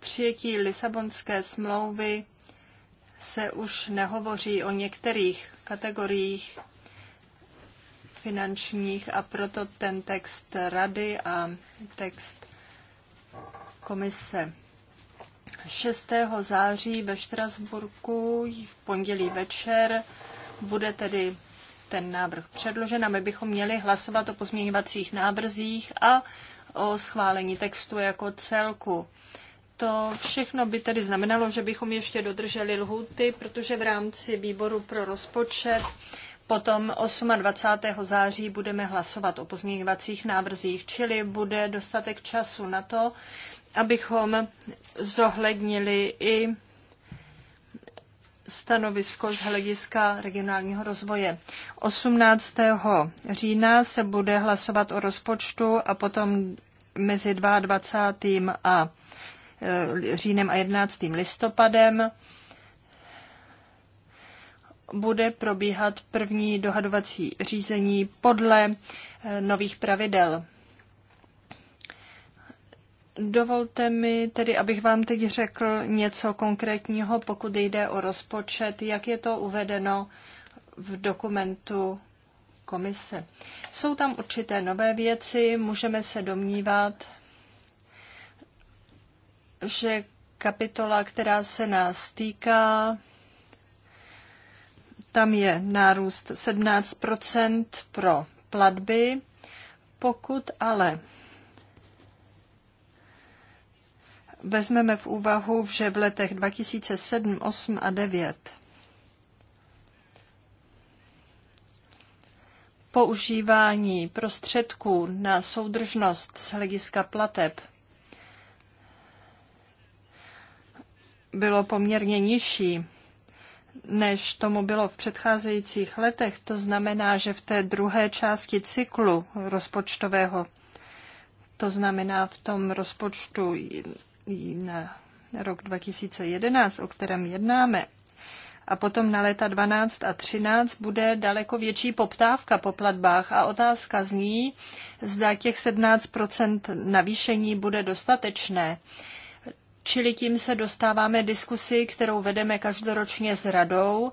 přijetí Lisabonské smlouvy se už nehovoří o některých kategoriích finančních a proto ten text rady a text komise. 6. září ve Štrasburku v pondělí večer bude tedy ten návrh předložen a my bychom měli hlasovat o pozměňovacích návrzích a o schválení textu jako celku. To všechno by tedy znamenalo, že bychom ještě dodrželi lhuty, protože v rámci výboru pro rozpočet Potom 28. září budeme hlasovat o pozměňovacích návrzích, čili bude dostatek času na to, abychom zohlednili i stanovisko z hlediska regionálního rozvoje. 18. října se bude hlasovat o rozpočtu a potom mezi 22. a e, říjnem a 11. listopadem bude probíhat první dohadovací řízení podle eh, nových pravidel. Dovolte mi tedy, abych vám teď řekl něco konkrétního, pokud jde o rozpočet, jak je to uvedeno v dokumentu komise. Jsou tam určité nové věci, můžeme se domnívat, že kapitola, která se nás týká, tam je nárůst 17 pro platby. Pokud ale vezmeme v úvahu, že v letech 2007, 8 a 9 používání prostředků na soudržnost z hlediska plateb bylo poměrně nižší, než tomu bylo v předcházejících letech. To znamená, že v té druhé části cyklu rozpočtového, to znamená v tom rozpočtu na rok 2011, o kterém jednáme, a potom na léta 12 a 13 bude daleko větší poptávka po platbách a otázka zní, zda těch 17 navýšení bude dostatečné. Čili tím se dostáváme diskusi, kterou vedeme každoročně s radou.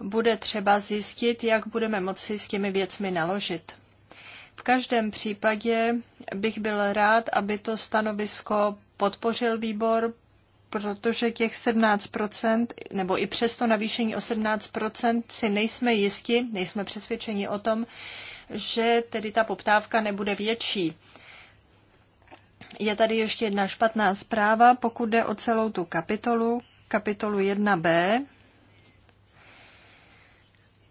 Bude třeba zjistit, jak budeme moci s těmi věcmi naložit. V každém případě bych byl rád, aby to stanovisko podpořil výbor, protože těch 17% nebo i přesto navýšení o 17% si nejsme jisti, nejsme přesvědčeni o tom, že tedy ta poptávka nebude větší je tady ještě jedna špatná zpráva, pokud jde o celou tu kapitolu, kapitolu 1b.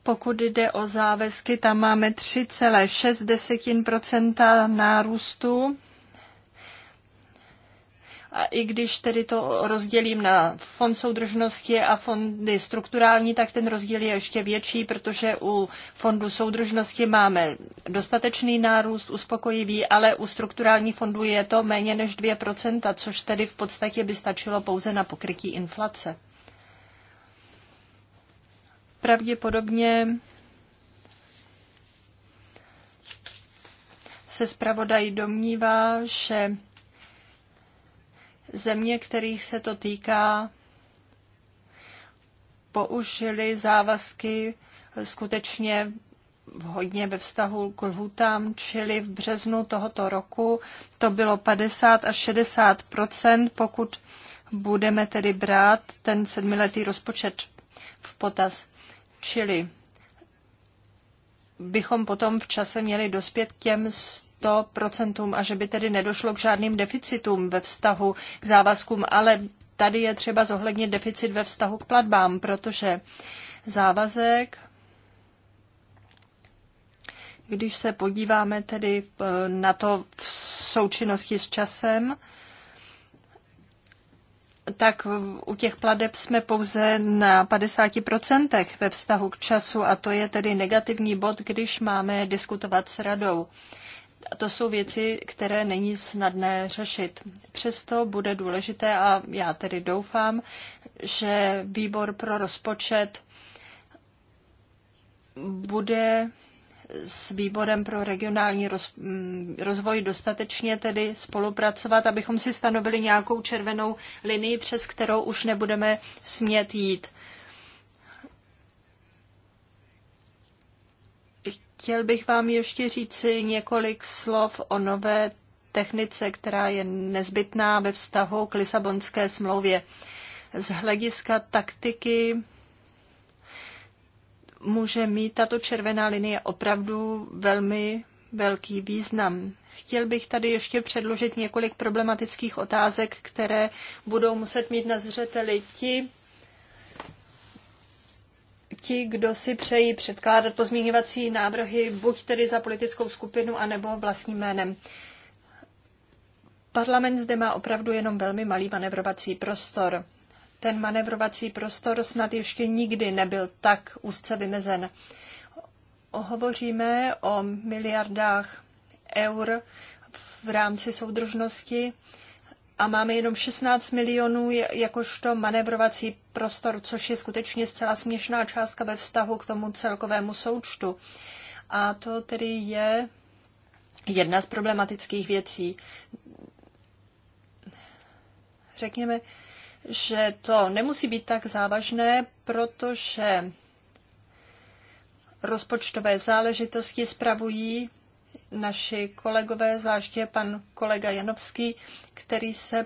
Pokud jde o závazky, tam máme 3,6 nárůstu a i když tedy to rozdělím na fond soudržnosti a fondy strukturální, tak ten rozdíl je ještě větší, protože u fondu soudržnosti máme dostatečný nárůst, uspokojivý, ale u strukturální fondů je to méně než 2%, což tedy v podstatě by stačilo pouze na pokrytí inflace. Pravděpodobně se zpravodaj domnívá, že země, kterých se to týká, použili závazky skutečně hodně ve vztahu k lhutám, čili v březnu tohoto roku to bylo 50 až 60 pokud budeme tedy brát ten sedmiletý rozpočet v potaz. Čili bychom potom v čase měli dospět k těm to procentum a že by tedy nedošlo k žádným deficitům ve vztahu k závazkům, ale tady je třeba zohlednit deficit ve vztahu k platbám, protože závazek, když se podíváme tedy eh, na to v součinnosti s časem, tak u těch pladeb jsme pouze na 50% ve vztahu k času a to je tedy negativní bod, když máme diskutovat s radou to jsou věci, které není snadné řešit. Přesto bude důležité a já tedy doufám, že výbor pro rozpočet bude s výborem pro regionální roz, mm, rozvoj dostatečně tedy spolupracovat, abychom si stanovili nějakou červenou linii, přes kterou už nebudeme smět jít. Chtěl bych vám ještě říci několik slov o nové technice, která je nezbytná ve vztahu k Lisabonské smlouvě. Z hlediska taktiky může mít tato červená linie opravdu velmi velký význam. Chtěl bych tady ještě předložit několik problematických otázek, které budou muset mít na zřeteli ti, ti, kdo si přejí předkládat pozměňovací návrhy, buď tedy za politickou skupinu, anebo vlastním jménem. Parlament zde má opravdu jenom velmi malý manevrovací prostor. Ten manevrovací prostor snad ještě nikdy nebyl tak úzce vymezen. Hovoříme o miliardách eur v rámci soudržnosti a máme jenom 16 milionů jakožto manevrovací prostor, což je skutečně zcela směšná částka ve vztahu k tomu celkovému součtu. A to tedy je jedna z problematických věcí. Řekněme, že to nemusí být tak závažné, protože rozpočtové záležitosti spravují naši kolegové, zvláště pan kolega Janovský, který se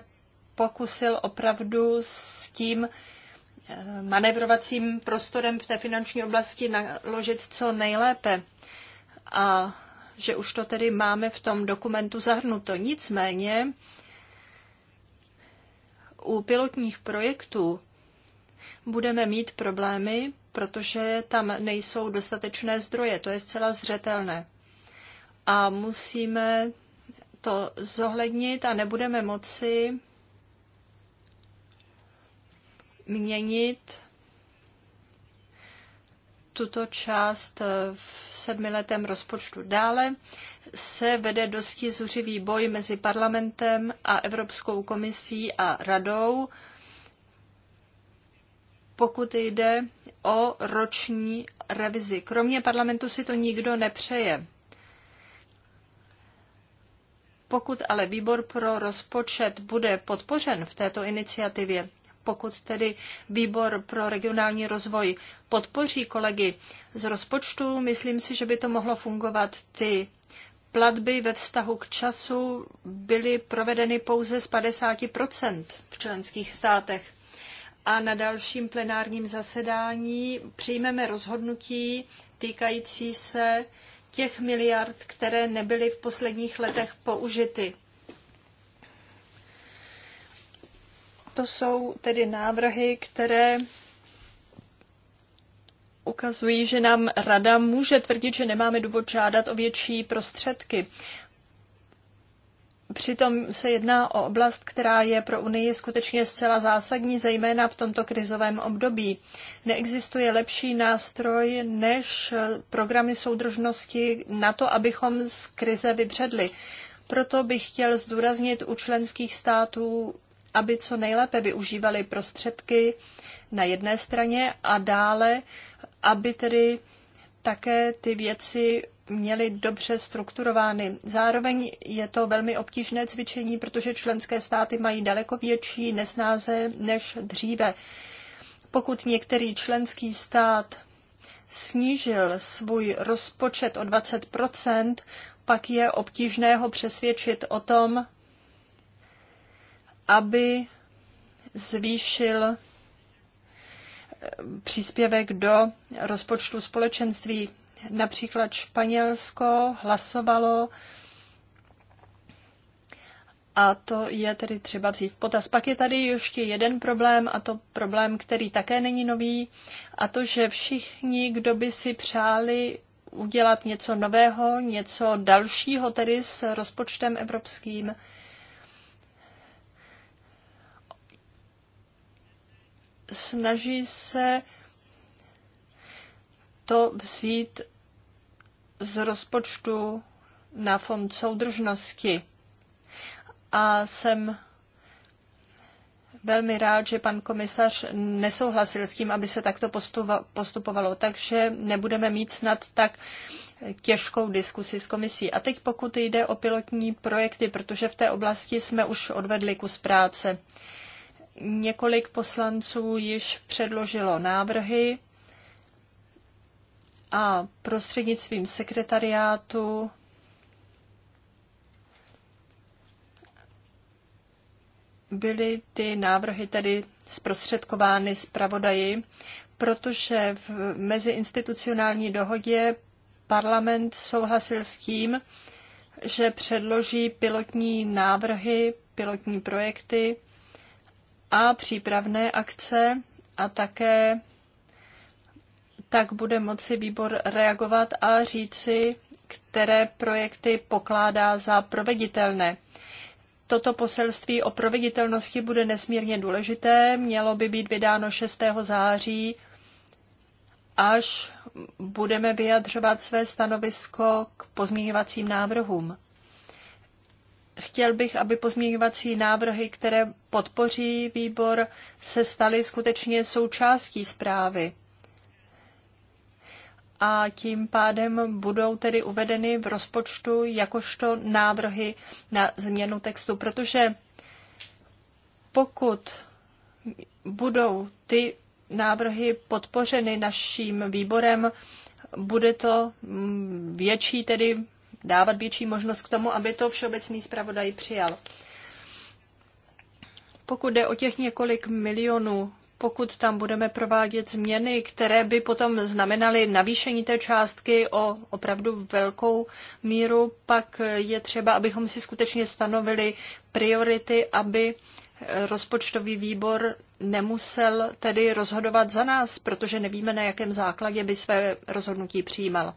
pokusil opravdu s tím eh, manevrovacím prostorem v té finanční oblasti naložit co nejlépe. A že už to tedy máme v tom dokumentu zahrnuto. Nicméně u pilotních projektů budeme mít problémy, protože tam nejsou dostatečné zdroje. To je zcela zřetelné a musíme to zohlednit a nebudeme moci měnit tuto část v sedmiletém rozpočtu. Dále se vede dosti zuřivý boj mezi parlamentem a Evropskou komisí a radou, pokud jde o roční revizi. Kromě parlamentu si to nikdo nepřeje. Pokud ale výbor pro rozpočet bude podpořen v této iniciativě, pokud tedy výbor pro regionální rozvoj podpoří kolegy z rozpočtu, myslím si, že by to mohlo fungovat. Ty platby ve vztahu k času byly provedeny pouze z 50 v členských státech. A na dalším plenárním zasedání přijmeme rozhodnutí týkající se těch miliard, které nebyly v posledních letech použity. To jsou tedy návrhy, které ukazují, že nám rada může tvrdit, že nemáme důvod žádat o větší prostředky. Přitom se jedná o oblast, která je pro Unii skutečně zcela zásadní, zejména v tomto krizovém období. Neexistuje lepší nástroj než programy soudržnosti na to, abychom z krize vybředli. Proto bych chtěl zdůraznit u členských států, aby co nejlépe využívali prostředky na jedné straně a dále, aby tedy také ty věci měli dobře strukturovány. Zároveň je to velmi obtížné cvičení, protože členské státy mají daleko větší nesnáze než dříve. Pokud některý členský stát snížil svůj rozpočet o 20 pak je obtížné ho přesvědčit o tom, aby zvýšil eh, příspěvek do rozpočtu společenství. Například Španělsko hlasovalo a to je tedy třeba vzít v potaz. Pak je tady ještě jeden problém, a to problém, který také není nový, a to, že všichni, kdo by si přáli udělat něco nového, něco dalšího tedy s rozpočtem evropským, snaží se to vzít z rozpočtu na fond soudržnosti. A jsem velmi rád, že pan komisař nesouhlasil s tím, aby se takto postupovalo, takže nebudeme mít snad tak těžkou diskusi s komisí. A teď pokud jde o pilotní projekty, protože v té oblasti jsme už odvedli kus práce. Několik poslanců již předložilo návrhy a prostřednictvím sekretariátu byly ty návrhy tedy zprostředkovány zpravodaji, protože v meziinstitucionální dohodě parlament souhlasil s tím, že předloží pilotní návrhy, pilotní projekty a přípravné akce a také tak bude moci výbor reagovat a říci, které projekty pokládá za proveditelné. Toto poselství o proveditelnosti bude nesmírně důležité, mělo by být vydáno 6. září, až budeme vyjadřovat své stanovisko k pozměňovacím návrhům. Chtěl bych, aby pozměňovací návrhy, které podpoří výbor, se staly skutečně součástí zprávy a tím pádem budou tedy uvedeny v rozpočtu jakožto návrhy na změnu textu, protože pokud budou ty návrhy podpořeny naším výborem, bude to mm, větší, tedy dávat větší možnost k tomu, aby to všeobecný zpravodaj přijal. Pokud jde o těch několik milionů pokud tam budeme provádět změny, které by potom znamenaly navýšení té částky o opravdu velkou míru, pak je třeba, abychom si skutečně stanovili priority, aby rozpočtový výbor nemusel tedy rozhodovat za nás, protože nevíme, na jakém základě by své rozhodnutí přijímal.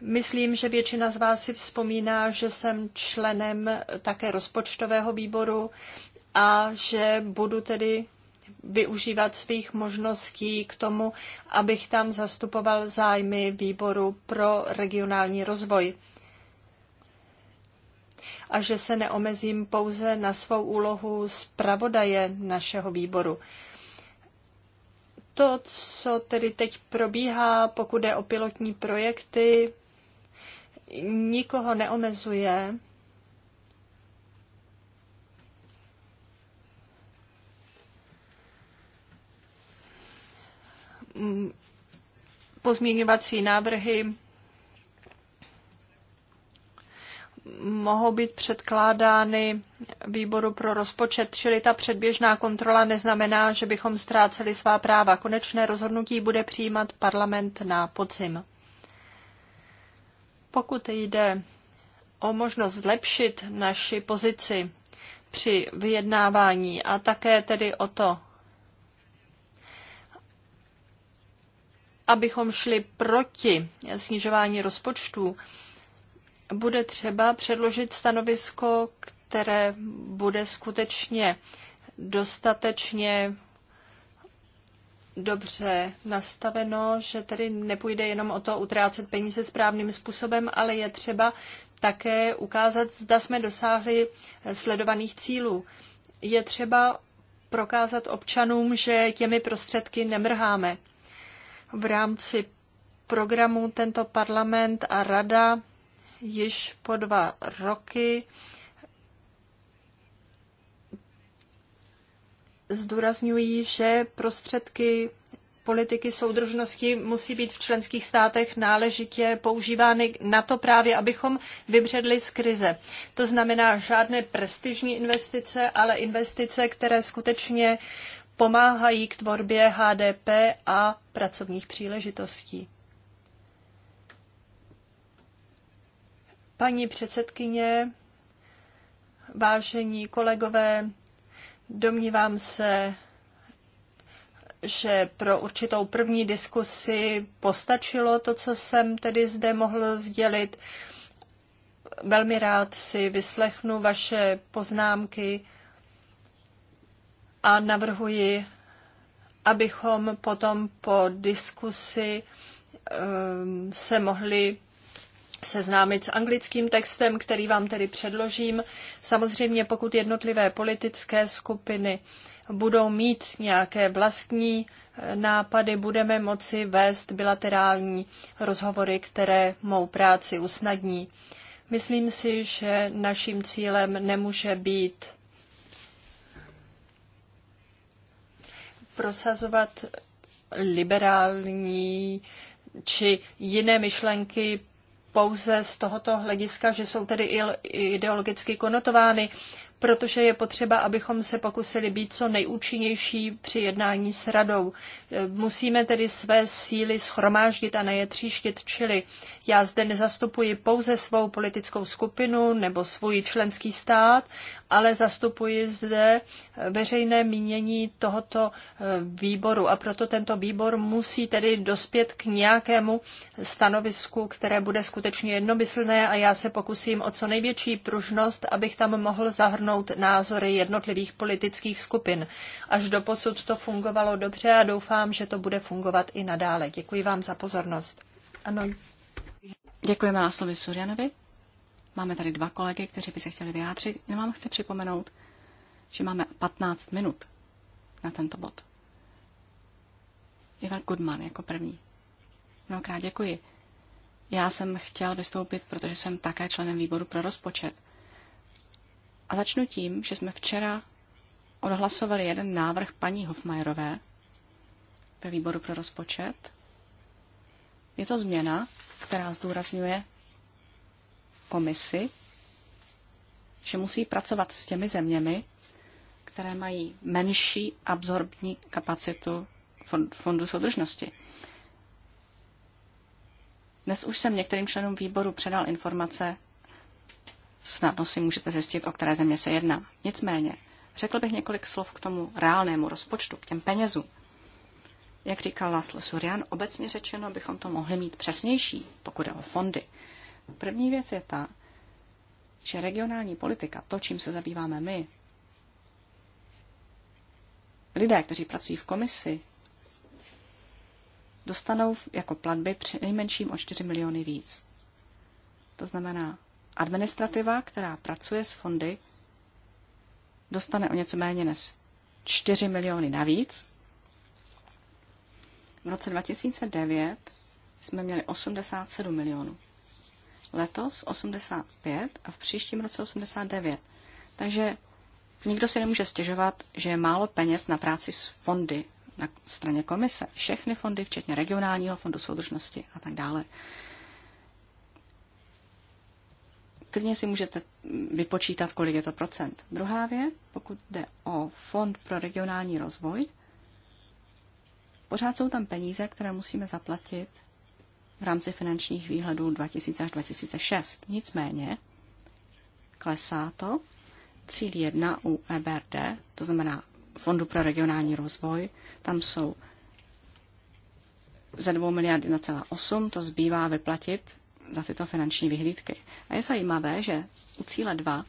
Myslím, že většina z vás si vzpomíná, že jsem členem také rozpočtového výboru a že budu tedy využívat svých možností k tomu, abych tam zastupoval zájmy výboru pro regionální rozvoj. A že se neomezím pouze na svou úlohu zpravodaje našeho výboru. To, co tedy teď probíhá, pokud je o pilotní projekty, nikoho neomezuje Mm, pozměňovací návrhy mohou být předkládány výboru pro rozpočet, čili ta předběžná kontrola neznamená, že bychom ztráceli svá práva. Konečné rozhodnutí bude přijímat parlament na podzim. Pokud jde o možnost zlepšit naši pozici při vyjednávání a také tedy o to abychom šli proti snižování rozpočtů, bude třeba předložit stanovisko, které bude skutečně dostatečně dobře nastaveno, že tedy nepůjde jenom o to utrácet peníze správným způsobem, ale je třeba také ukázat, zda jsme dosáhli sledovaných cílů. Je třeba prokázat občanům, že těmi prostředky nemrháme. V rámci programu tento parlament a rada již po dva roky zdůrazňují, že prostředky politiky soudržnosti musí být v členských státech náležitě používány na to právě, abychom vybředli z krize. To znamená žádné prestižní investice, ale investice, které skutečně pomáhají k tvorbě HDP a pracovních příležitostí. Paní předsedkyně, vážení kolegové, domnívám se, že pro určitou první diskusi postačilo to, co jsem tedy zde mohl sdělit. Velmi rád si vyslechnu vaše poznámky a navrhuji, abychom potom po diskusi ehm, se mohli seznámit s anglickým textem, který vám tedy předložím. Samozřejmě, pokud jednotlivé politické skupiny budou mít nějaké vlastní eh, nápady, budeme moci vést bilaterální rozhovory, které mou práci usnadní. Myslím si, že naším cílem nemůže být prosazovat liberální či jiné myšlenky pouze z tohoto hlediska, že jsou tedy ideologicky konotovány, protože je potřeba, abychom se pokusili být co nejúčinnější při jednání s radou. Musíme tedy své síly schromáždit a nejetříštit, čili já zde nezastupuji pouze svou politickou skupinu nebo svůj členský stát, ale zastupuji zde veřejné mínění tohoto eh, výboru a proto tento výbor musí tedy dospět k nějakému stanovisku, které bude skutečně jednomyslné a já se pokusím o co největší pružnost, abych tam mohl zahrnout názory jednotlivých politických skupin. Až do posud to fungovalo dobře a doufám, že to bude fungovat i nadále. Děkuji vám za pozornost. Ano. Děkujeme Láslovi Surjanovi. Máme tady dva kolegy, kteří by se chtěli vyjádřit. Jenom vám chci připomenout, že máme 15 minut na tento bod. Ivan Goodman jako první. Mnohokrát děkuji. Já jsem chtěl vystoupit, protože jsem také členem výboru pro rozpočet. A začnu tím, že jsme včera odhlasovali jeden návrh paní Hofmajerové ve výboru pro rozpočet. Je to změna, která zdůrazňuje komisi, že musí pracovat s těmi zeměmi, které mají menší absorbní kapacitu fondu soudržnosti. Dnes už jsem některým členům výboru předal informace, snadno si můžete zjistit, o které země se jedná. Nicméně, řekl bych několik slov k tomu reálnému rozpočtu, k těm penězům. Jak říkal Laslo Surian, obecně řečeno bychom to mohli mít přesnější, pokud je o fondy. První věc je ta, že regionální politika, to, čím se zabýváme my, lidé, kteří pracují v komisi, dostanou jako platby při nejmenším o 4 miliony víc. To znamená, administrativa, která pracuje s fondy, dostane o něco méně než 4 miliony navíc. V roce 2009 jsme měli 87 milionů letos 85 a v příštím roce 89. Takže nikdo si nemůže stěžovat, že je málo peněz na práci s fondy na straně komise. Všechny fondy, včetně regionálního fondu soudržnosti a tak dále. Klidně si můžete vypočítat, kolik je to procent. Druhá věc, pokud jde o Fond pro regionální rozvoj, pořád jsou tam peníze, které musíme zaplatit v rámci finančních výhledů 2000 až 2006. Nicméně klesá to. Cíl 1 u EBRD, to znamená Fondu pro regionální rozvoj, tam jsou za 2 miliardy na celá 8, to zbývá vyplatit za tyto finanční vyhlídky. A je zajímavé, že u cíle 2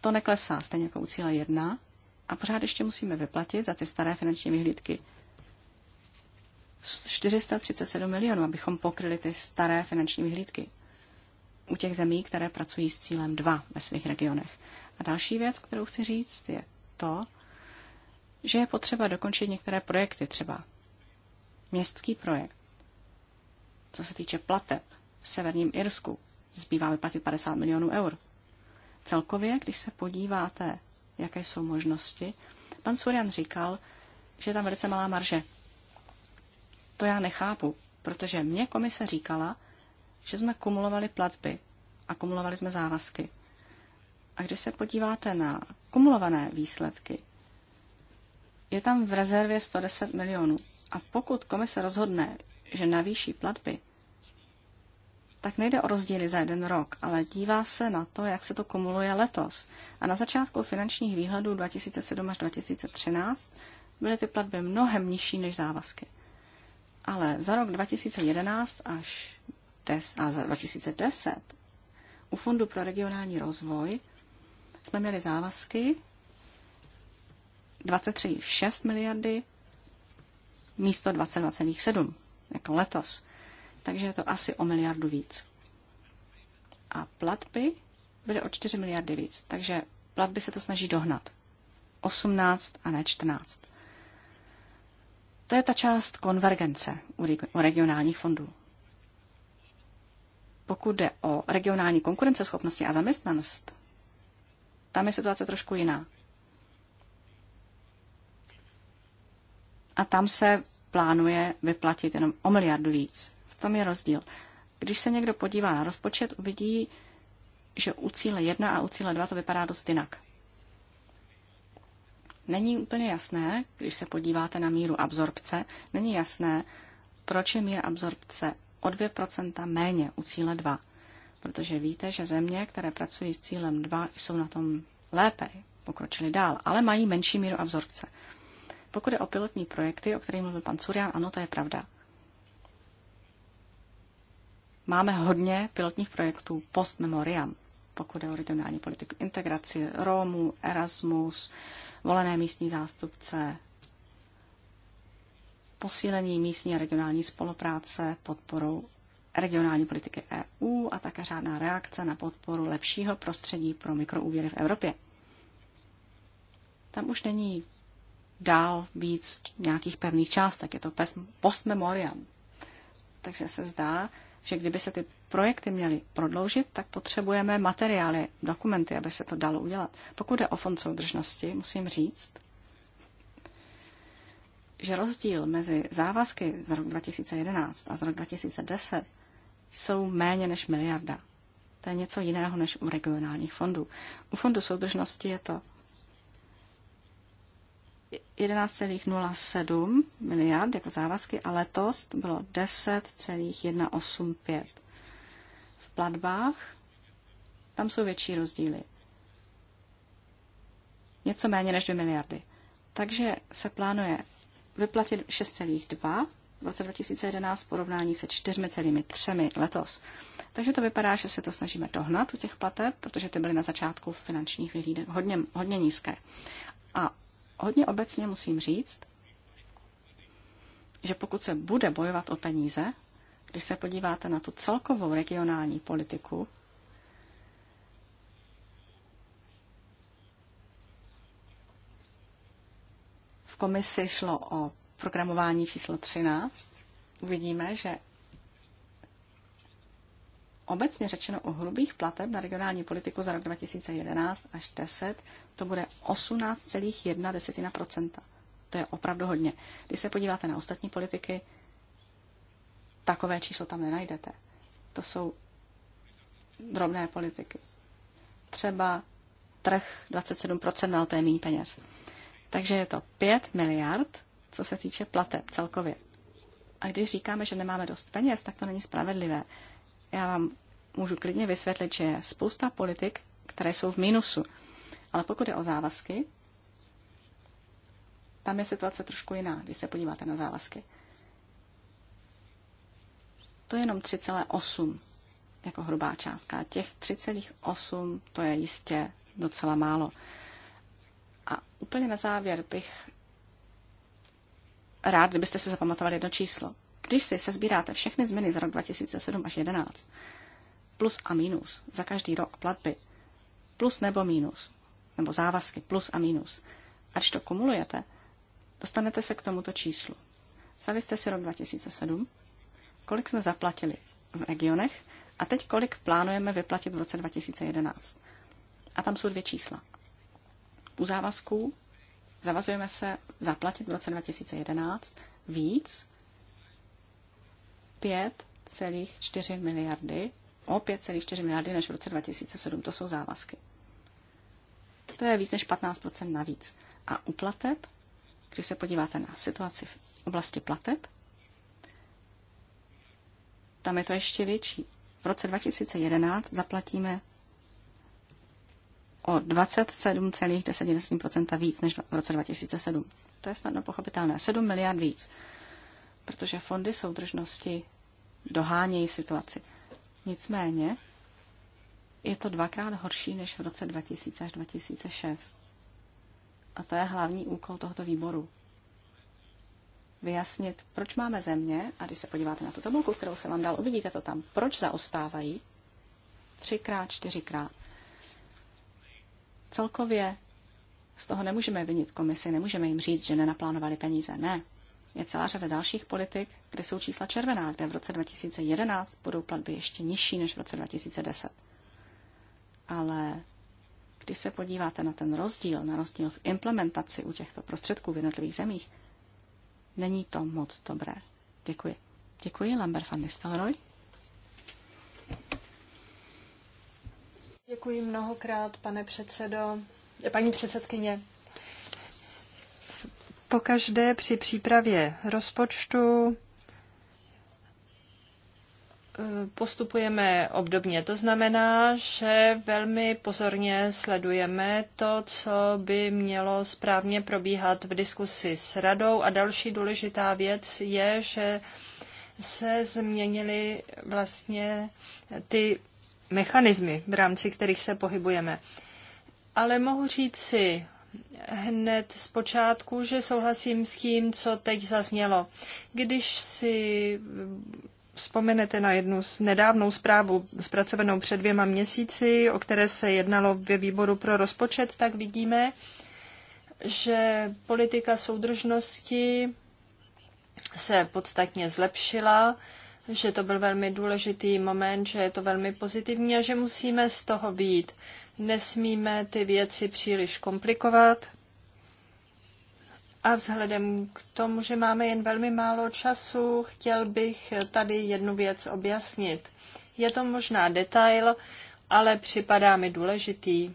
to neklesá, stejně jako u cíle 1, a pořád ještě musíme vyplatit za ty staré finanční vyhlídky 437 milionů, abychom pokryli ty staré finanční vyhlídky u těch zemí, které pracují s cílem 2 ve svých regionech. A další věc, kterou chci říct, je to, že je potřeba dokončit některé projekty, třeba městský projekt. Co se týče plateb v severním Irsku, zbývá vyplatit 50 milionů eur. Celkově, když se podíváte, jaké jsou možnosti, pan Surian říkal, že je tam velice malá marže to já nechápu, protože mě komise říkala, že jsme kumulovali platby a kumulovali jsme závazky. A když se podíváte na kumulované výsledky, je tam v rezervě 110 milionů. A pokud komise rozhodne, že navýší platby, tak nejde o rozdíly za jeden rok, ale dívá se na to, jak se to kumuluje letos. A na začátku finančních výhledů 2007 až 2013 byly ty platby mnohem nižší než závazky. Ale za rok 2011 až des, a za 2010 u Fondu pro regionální rozvoj jsme měli závazky 23,6 miliardy místo 22,7, jako letos. Takže je to asi o miliardu víc. A platby byly o 4 miliardy víc, takže platby se to snaží dohnat. 18 a ne 14. To je ta část konvergence u regionálních fondů. Pokud jde o regionální konkurenceschopnosti a zaměstnanost, tam je situace trošku jiná. A tam se plánuje vyplatit jenom o miliardu víc. V tom je rozdíl. Když se někdo podívá na rozpočet, uvidí, že u cíle 1 a u cíle 2 to vypadá dost jinak. Není úplně jasné, když se podíváte na míru absorpce, není jasné, proč je míra absorpce o 2% méně u cíle 2. Protože víte, že země, které pracují s cílem 2, jsou na tom lépe, pokročili dál, ale mají menší míru absorpce. Pokud je o pilotní projekty, o kterých mluvil pan Curian, ano, to je pravda. Máme hodně pilotních projektů post memoriam, pokud je o regionální politiku, integraci Rómů, Erasmus, volené místní zástupce, posílení místní a regionální spolupráce podporou regionální politiky EU a také řádná reakce na podporu lepšího prostředí pro mikroúvěry v Evropě. Tam už není dál víc nějakých pevných částek, je to post memoriam. Takže se zdá, že kdyby se ty projekty měly prodloužit, tak potřebujeme materiály, dokumenty, aby se to dalo udělat. Pokud je o fond soudržnosti, musím říct, že rozdíl mezi závazky z roku 2011 a z roku 2010 jsou méně než miliarda. To je něco jiného než u regionálních fondů. U fondu soudržnosti je to 11,07 miliard jako závazky a letos to bylo 10,185. V platbách tam jsou větší rozdíly. Něco méně než 2 miliardy. Takže se plánuje vyplatit 6,2 v roce 2011 v porovnání se 4,3 letos. Takže to vypadá, že se to snažíme dohnat u těch plateb, protože ty byly na začátku finančních vyhlídek hodně, hodně nízké. A hodně obecně musím říct, že pokud se bude bojovat o peníze, když se podíváte na tu celkovou regionální politiku, v komisi šlo o programování číslo 13, uvidíme, že Obecně řečeno u hrubých plateb na regionální politiku za rok 2011 až 10 to bude 18,1%. To je opravdu hodně. Když se podíváte na ostatní politiky, takové číslo tam nenajdete. To jsou drobné politiky. Třeba trh 27%, ale to je méně peněz. Takže je to 5 miliard, co se týče plateb celkově. A když říkáme, že nemáme dost peněz, tak to není spravedlivé. Já vám můžu klidně vysvětlit, že je spousta politik, které jsou v mínusu. Ale pokud je o závazky, tam je situace trošku jiná, když se podíváte na závazky. To je jenom 3,8 jako hrubá částka. Těch 3,8 to je jistě docela málo. A úplně na závěr bych rád, kdybyste si zapamatovali jedno číslo. Když si sezbíráte všechny změny z rok 2007 až 2011, plus a minus za každý rok platby. Plus nebo minus. Nebo závazky plus a minus. A když to kumulujete, dostanete se k tomuto číslu. Vzali jste si rok 2007, kolik jsme zaplatili v regionech a teď kolik plánujeme vyplatit v roce 2011. A tam jsou dvě čísla. U závazků zavazujeme se zaplatit v roce 2011 víc 5,4 miliardy o 5,4 miliardy než v roce 2007. To jsou závazky. To je víc než 15 navíc. A u plateb, když se podíváte na situaci v oblasti plateb, tam je to ještě větší. V roce 2011 zaplatíme o 27,10% víc než v roce 2007. To je snadno pochopitelné. 7 miliard víc, protože fondy soudržnosti dohánějí situaci. Nicméně je to dvakrát horší než v roce 2000 až 2006. A to je hlavní úkol tohoto výboru. Vyjasnit, proč máme země, a když se podíváte na tu tabulku, kterou se vám dal, uvidíte to tam, proč zaostávají třikrát, čtyřikrát. Celkově z toho nemůžeme vinit komisi, nemůžeme jim říct, že nenaplánovali peníze. Ne je celá řada dalších politik, kde jsou čísla červená, kde v roce 2011 budou platby ještě nižší než v roce 2010. Ale když se podíváte na ten rozdíl, na rozdíl v implementaci u těchto prostředků v jednotlivých zemích, není to moc dobré. Děkuji. Děkuji, Lambert van Nistelrooy. Děkuji mnohokrát, pane předsedo, paní předsedkyně pokaždé při přípravě rozpočtu eh, postupujeme obdobně. To znamená, že velmi pozorně sledujeme to, co by mělo správně probíhat v diskusi s radou. A další důležitá věc je, že se změnily vlastně ty mechanismy, v rámci kterých se pohybujeme. Ale mohu říct si hned z počátku, že souhlasím s tím, co teď zaznělo. Když si vzpomenete na jednu z nedávnou zprávu zpracovanou před dvěma měsíci, o které se jednalo ve výboru pro rozpočet, tak vidíme, že politika soudržnosti se podstatně zlepšila že to byl velmi důležitý moment, že je to velmi pozitivní a že musíme z toho být. Nesmíme ty věci příliš komplikovat. A vzhledem k tomu, že máme jen velmi málo času, chtěl bych tady jednu věc objasnit. Je to možná detail, ale připadá mi důležitý.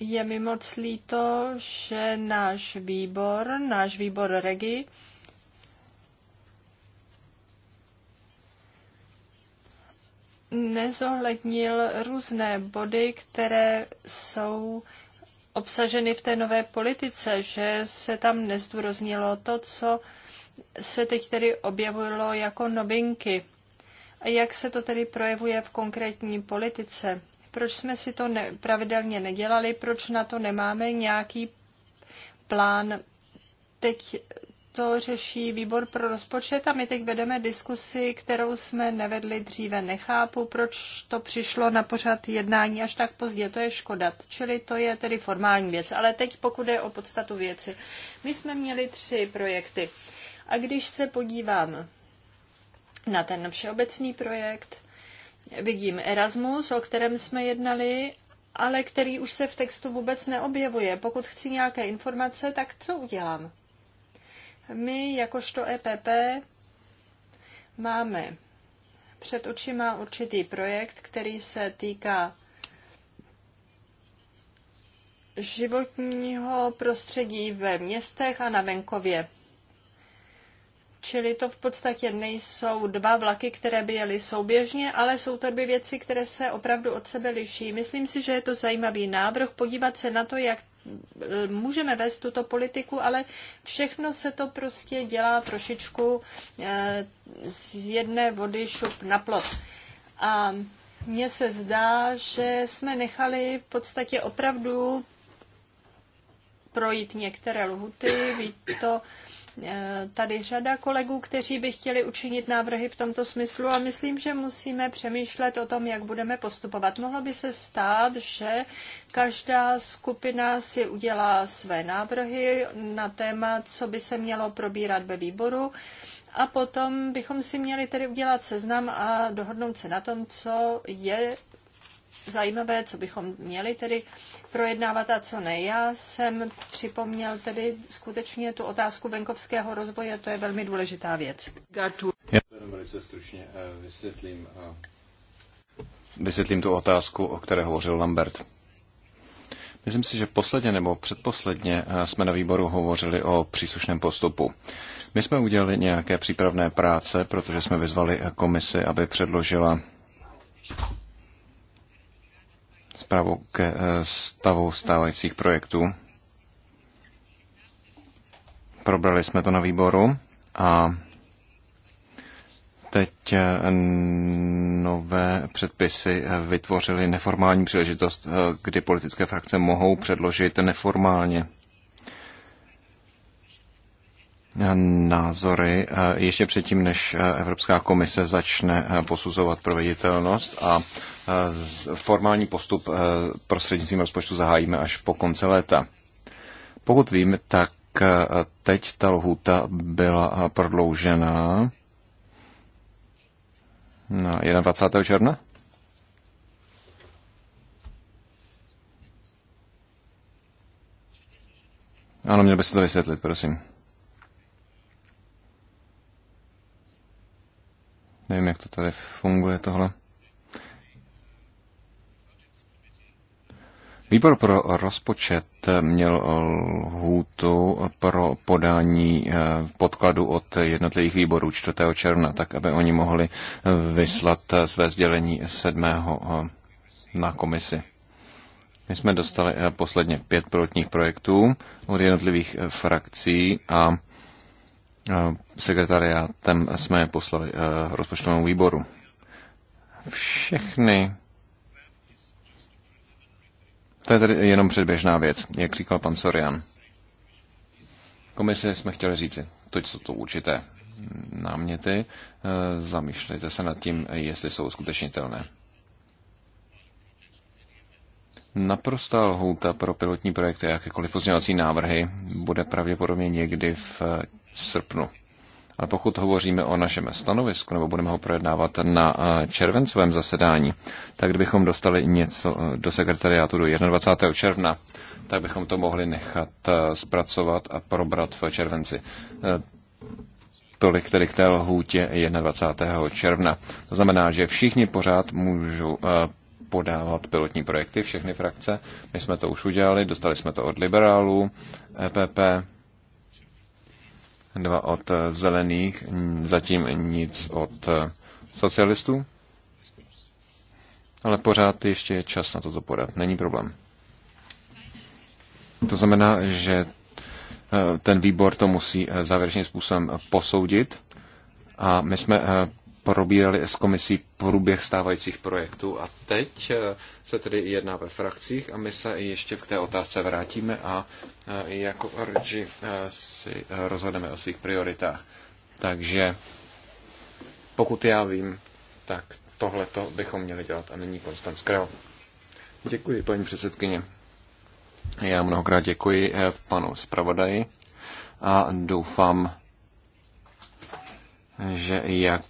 Je mi moc líto, že náš výbor, náš výbor Regi, nezohlednil různé body, které jsou obsaženy v té nové politice, že se tam nezdůraznilo to, co se teď tedy objevilo jako novinky. A jak se to tedy projevuje v konkrétní politice? Proč jsme si to ne- pravidelně nedělali? Proč na to nemáme nějaký plán? Teď to řeší výbor pro rozpočet a my teď vedeme diskusi, kterou jsme nevedli dříve. Nechápu, proč to přišlo na pořad jednání až tak pozdě. To je škoda. Čili to je tedy formální věc. Ale teď pokud je o podstatu věci. My jsme měli tři projekty. A když se podívám na ten všeobecný projekt, vidím Erasmus, o kterém jsme jednali, ale který už se v textu vůbec neobjevuje. Pokud chci nějaké informace, tak co udělám? My, jakožto EPP, máme před očima určitý projekt, který se týká životního prostředí ve městech a na venkově. Čili to v podstatě nejsou dva vlaky, které by jeli souběžně, ale jsou to dvě věci, které se opravdu od sebe liší. Myslím si, že je to zajímavý návrh podívat se na to, jak můžeme vést tuto politiku, ale všechno se to prostě dělá trošičku eh, z jedné vody šup na plot. A mně se zdá, že jsme nechali v podstatě opravdu projít některé lhuty. ví to Eh, tady řada kolegů, kteří by chtěli učinit návrhy v tomto smyslu a myslím, že musíme přemýšlet o tom, jak budeme postupovat. Mohlo by se stát, že každá skupina si udělá své návrhy na téma, co by se mělo probírat ve výboru a potom bychom si měli tedy udělat seznam a dohodnout se na tom, co je zajímavé, co bychom měli tedy projednávat a co ne. Já jsem připomněl tedy skutečně tu otázku venkovského rozvoje, to je velmi důležitá věc. Já jenom velice stručně eh, vysvětlím, eh, vysvětlím tu otázku, o které hovořil Lambert. Myslím si, že posledně nebo předposledně eh, jsme na výboru hovořili o příslušném postupu. My jsme udělali nějaké přípravné práce, protože jsme vyzvali komisi, aby předložila zprávu k eh, stavu stávajících projektů. Probrali jsme to na výboru a teď eh, nové předpisy eh, vytvořily neformální příležitost, kdy politické frakce mohou předložit neformálně názory ještě předtím, než Evropská komise začne posuzovat proveditelnost a Eh, formální postup eh, prostřednictvím rozpočtu zahájíme až po konce léta. Pokud vím, tak eh, teď ta lhůta byla prodloužena na 21. června? Ano, měl byste to vysvětlit, prosím. Nevím, jak to tady funguje tohle. Výbor pro rozpočet měl lhůtu pro podání eh, podkladu od jednotlivých výborů 4. června, tak aby oni mohli eh, vyslat eh, své sdělení 7. na komisi. My jsme dostali posledně pět pilotních projektů od jednotlivých frakcí a sekretariátem jsme je poslali rozpočtovému výboru. Všechny je tedy jenom předběžná věc, jak říkal pan Sorian. Komise jsme chtěli říci, to jsou to určité náměty, eh, zamýšlejte se nad tím, jestli jsou skutečnitelné. Naprostá lhouta pro pilotní projekty a jakékoliv pozměňovací návrhy bude pravděpodobně někdy v eh, srpnu. Ale pokud hovoříme o našem stanovisku, nebo budeme ho projednávat na eh, červencovém zasedání, tak kdybychom dostali něco eh, do sekretariátu do 21. června, tak bychom to mohli nechat eh, zpracovat a probrat v červenci. Tolik tedy k té lhůtě 21. června. To znamená, že všichni pořád můžou podávat pilotní projekty, všechny frakce. My jsme to už udělali, dostali jsme to od liberálů, EPP, dva od eh, zelených, zatím nic od eh, socialistů. Ale pořád ještě je čas na toto podat. Není problém. To znamená, že eh, ten výbor to musí závěrečným způsobem posoudit. A my jsme probírali s komisí průběh stávajících projektů. A teď eh, se tedy jedná ve frakcích a my se ještě k té otázce vrátíme a eh, jako Regi eh, si rozhodneme o svých prioritách. Takže pokud já vím, tak tohle to bychom měli dělat a není Konstant Krell. Děkuji, paní předsedkyně. Já mnohokrát děkuji panu zpravodaji a doufám, že jak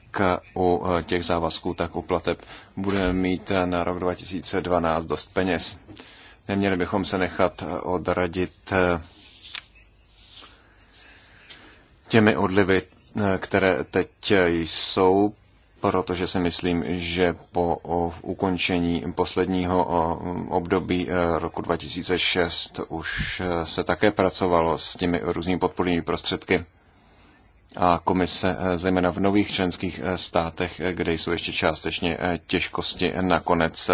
u eh, těch závazků, tak u plateb budeme mít eh, na rok 2012 dost peněz. Neměli bychom se nechat eh, odradit těmi odlivy, které teď jsou, protože si myslím, že po ukončení posledního období roku 2006 už se také pracovalo s těmi různými podpůrnými prostředky a komise, eh, zejména v nových členských eh, státech, eh, kde jsou ještě částečně těžkosti, nakonec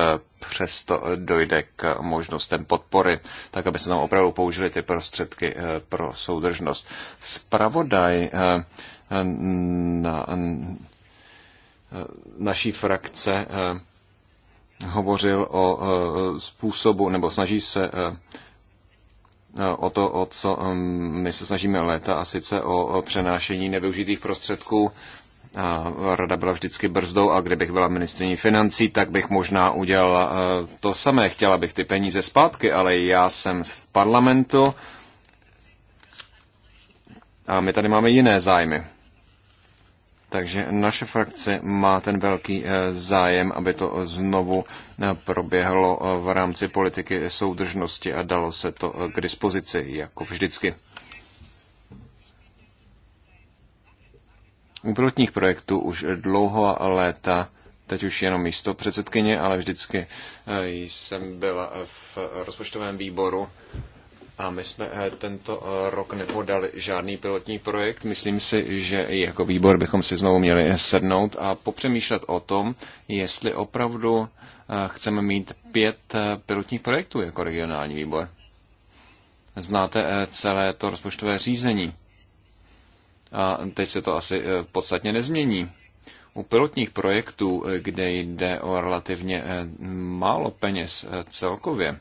přesto dojde k možnostem podpory, tak aby se tam opravdu použily ty prostředky pro soudržnost. Spravodaj na naší frakce hovořil o způsobu, nebo snaží se o to, o co um, my se snažíme léta, a sice o přenášení nevyužitých prostředků. Rada byla vždycky brzdou a kdybych byla ministrní financí, tak bych možná udělala uh, to samé. Chtěla bych ty peníze zpátky, ale já jsem v parlamentu a my tady máme jiné zájmy. Takže naše frakce má ten velký eh, zájem, aby to znovu eh, proběhlo eh, v rámci politiky soudržnosti a dalo se to k dispozici, jako vždycky. U pilotních projektů už dlouho léta, teď už jenom místo předsedkyně, ale vždycky jsem byla v rozpočtovém výboru a my jsme eh, tento eh, rok nepodali žádný pilotní projekt. Myslím si, že i jako výbor bychom si znovu měli sednout a popřemýšlet o tom, jestli opravdu eh, chceme mít pět pilotních projektů jako regionální výbor. Znáte celé to rozpočtové řízení. A teď se to asi podstatně nezmění. U pilotních projektů, kde jde o relativně málo peněz celkově,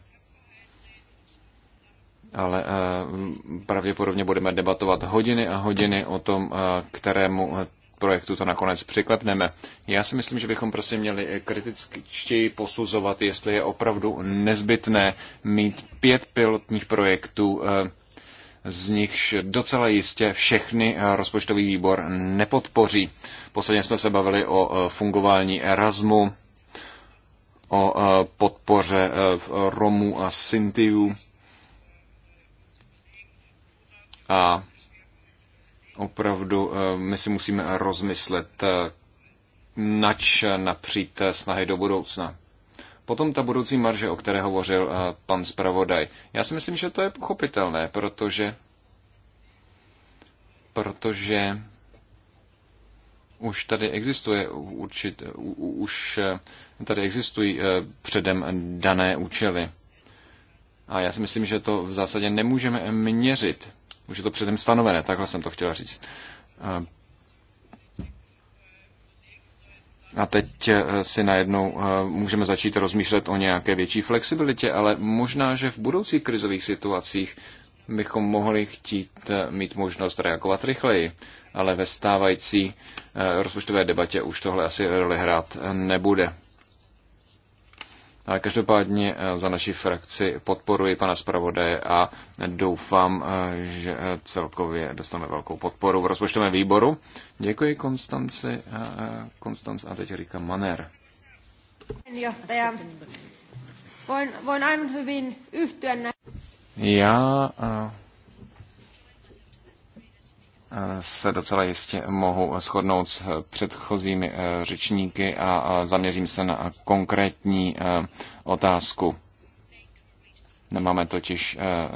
ale eh, pravděpodobně budeme debatovat hodiny a hodiny o tom, eh, kterému eh, projektu to nakonec přiklepneme. Já si myslím, že bychom prostě měli kritičtěji posuzovat, jestli je opravdu nezbytné mít pět pilotních projektů, z nichž docela jistě všechny rozpočtový výbor nepodpoří. Posledně jsme se bavili o fungování Erasmu, o podpoře Romů a Sintiů a opravdu eh, my si musíme rozmyslet, eh, nač napřít eh, snahy do budoucna. Potom ta budoucí marže, o které hovořil pan zpravodaj. Já si myslím, že to je pochopitelné, protože protože už tady existuje určit, už tady existují předem dané účely. A já si myslím, že to v zásadě nemůžeme měřit. Už je to předem stanovené, takhle jsem to chtěla říct. A teď eh, si najednou eh, můžeme začít rozmýšlet o nějaké větší flexibilitě, ale možná, že v budoucích krizových situacích bychom mohli chtít eh, mít možnost reagovat rychleji, ale ve stávající rozpočtové debatě už tohle asi roli hrát nebude. Každopádně eh, za naši frakci podporuji pana zpravodaje a doufám, eh, že eh, celkově dostaneme velkou podporu v rozpočtovém výboru. Děkuji Konstanci a, Konstanc a teď říkám Maner. Já se docela jistě mohu shodnout s předchozími eh, řečníky a zaměřím se na konkrétní eh, otázku. Nemáme totiž eh,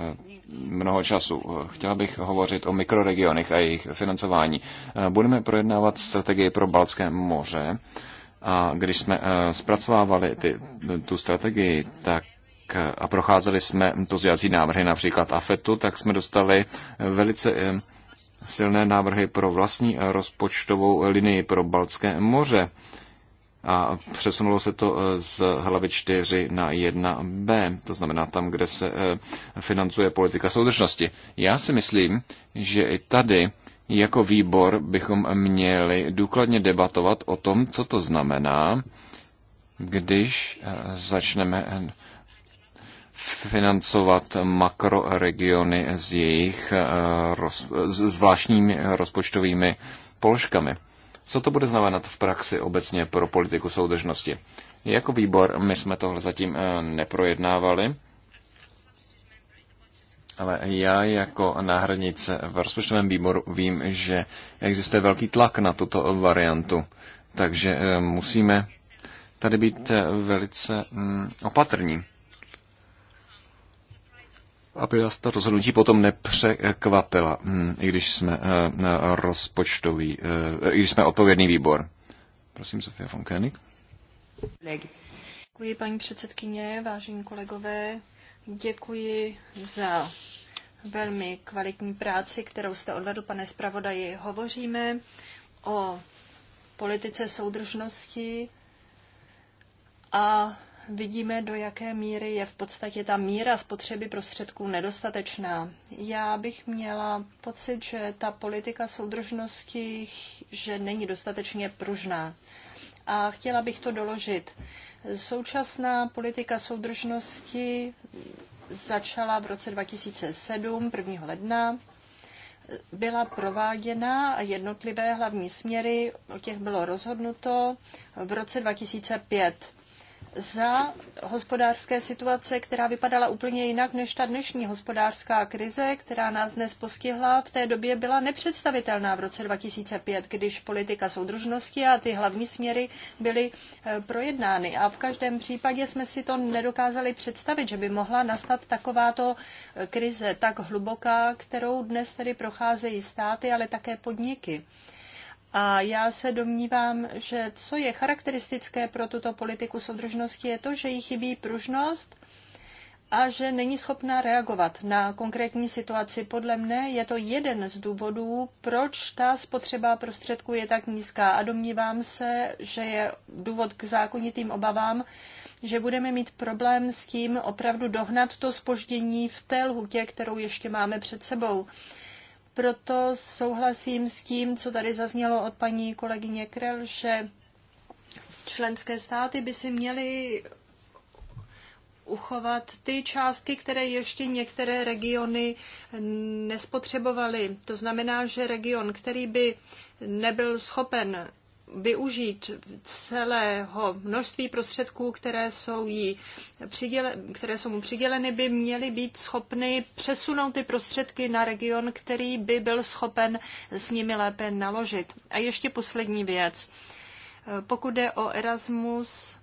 mnoho času. Chtěla bych hovořit o mikroregionech a jejich financování. Budeme projednávat strategii pro Balské moře a když jsme zpracovávali ty, tu strategii, tak a procházeli jsme pozdělací návrhy například AFETu, tak jsme dostali velice silné návrhy pro vlastní rozpočtovou linii pro Baltské moře. A přesunulo se to eh, z hlavy 4 na 1b, to znamená tam, kde se eh, financuje politika soudržnosti. Já si myslím, že i tady jako výbor bychom měli důkladně debatovat o tom, co to znamená, když eh, začneme financovat makroregiony s jejich eh, roz, zvláštními eh, rozpočtovými položkami. Co to bude znamenat v praxi obecně pro politiku soudržnosti? Jako výbor my jsme tohle zatím eh, neprojednávali, ale já jako náhradnice v rozpočtovém výboru vím, že existuje velký tlak na tuto variantu, takže musíme tady být velice mm, opatrní aby vás ta rozhodnutí potom nepřekvapila, hm, i když jsme eh, rozpočtový, eh, i když jsme odpovědný výbor. Prosím, Sofia von Koenig. Děkuji, paní předsedkyně, vážení kolegové. Děkuji za velmi kvalitní práci, kterou jste odvedl, pane zpravodaji. Hovoříme o politice soudržnosti a vidíme, do jaké míry je v podstatě ta míra spotřeby prostředků nedostatečná. Já bych měla pocit, že ta politika soudržnosti že není dostatečně pružná. A chtěla bych to doložit. Současná politika soudržnosti začala v roce 2007, 1. ledna byla prováděna a jednotlivé hlavní směry, o těch bylo rozhodnuto v roce 2005 za hospodářské situace, která vypadala úplně jinak než ta dnešní hospodářská krize, která nás dnes postihla, v té době byla nepředstavitelná v roce 2005, když politika soudržnosti a ty hlavní směry byly eh, projednány. A v každém případě jsme si to nedokázali představit, že by mohla nastat takováto eh, krize tak hluboká, kterou dnes tedy procházejí státy, ale také podniky. A já se domnívám, že co je charakteristické pro tuto politiku soudržnosti je to, že jí chybí pružnost a že není schopná reagovat na konkrétní situaci. Podle mne je to jeden z důvodů, proč ta spotřeba prostředků je tak nízká. A domnívám se, že je důvod k zákonitým obavám, že budeme mít problém s tím opravdu dohnat to spoždění v té lhutě, kterou ještě máme před sebou. Proto souhlasím s tím, co tady zaznělo od paní kolegyně Krel, že členské státy by si měly uchovat ty částky, které ještě některé regiony nespotřebovaly. To znamená, že region, který by nebyl schopen využít celého množství prostředků, které jsou, jí přiděle, které jsou mu přiděleny, by měly být schopny přesunout ty prostředky na region, který by byl schopen s nimi lépe naložit. A ještě poslední věc. Pokud je o Erasmus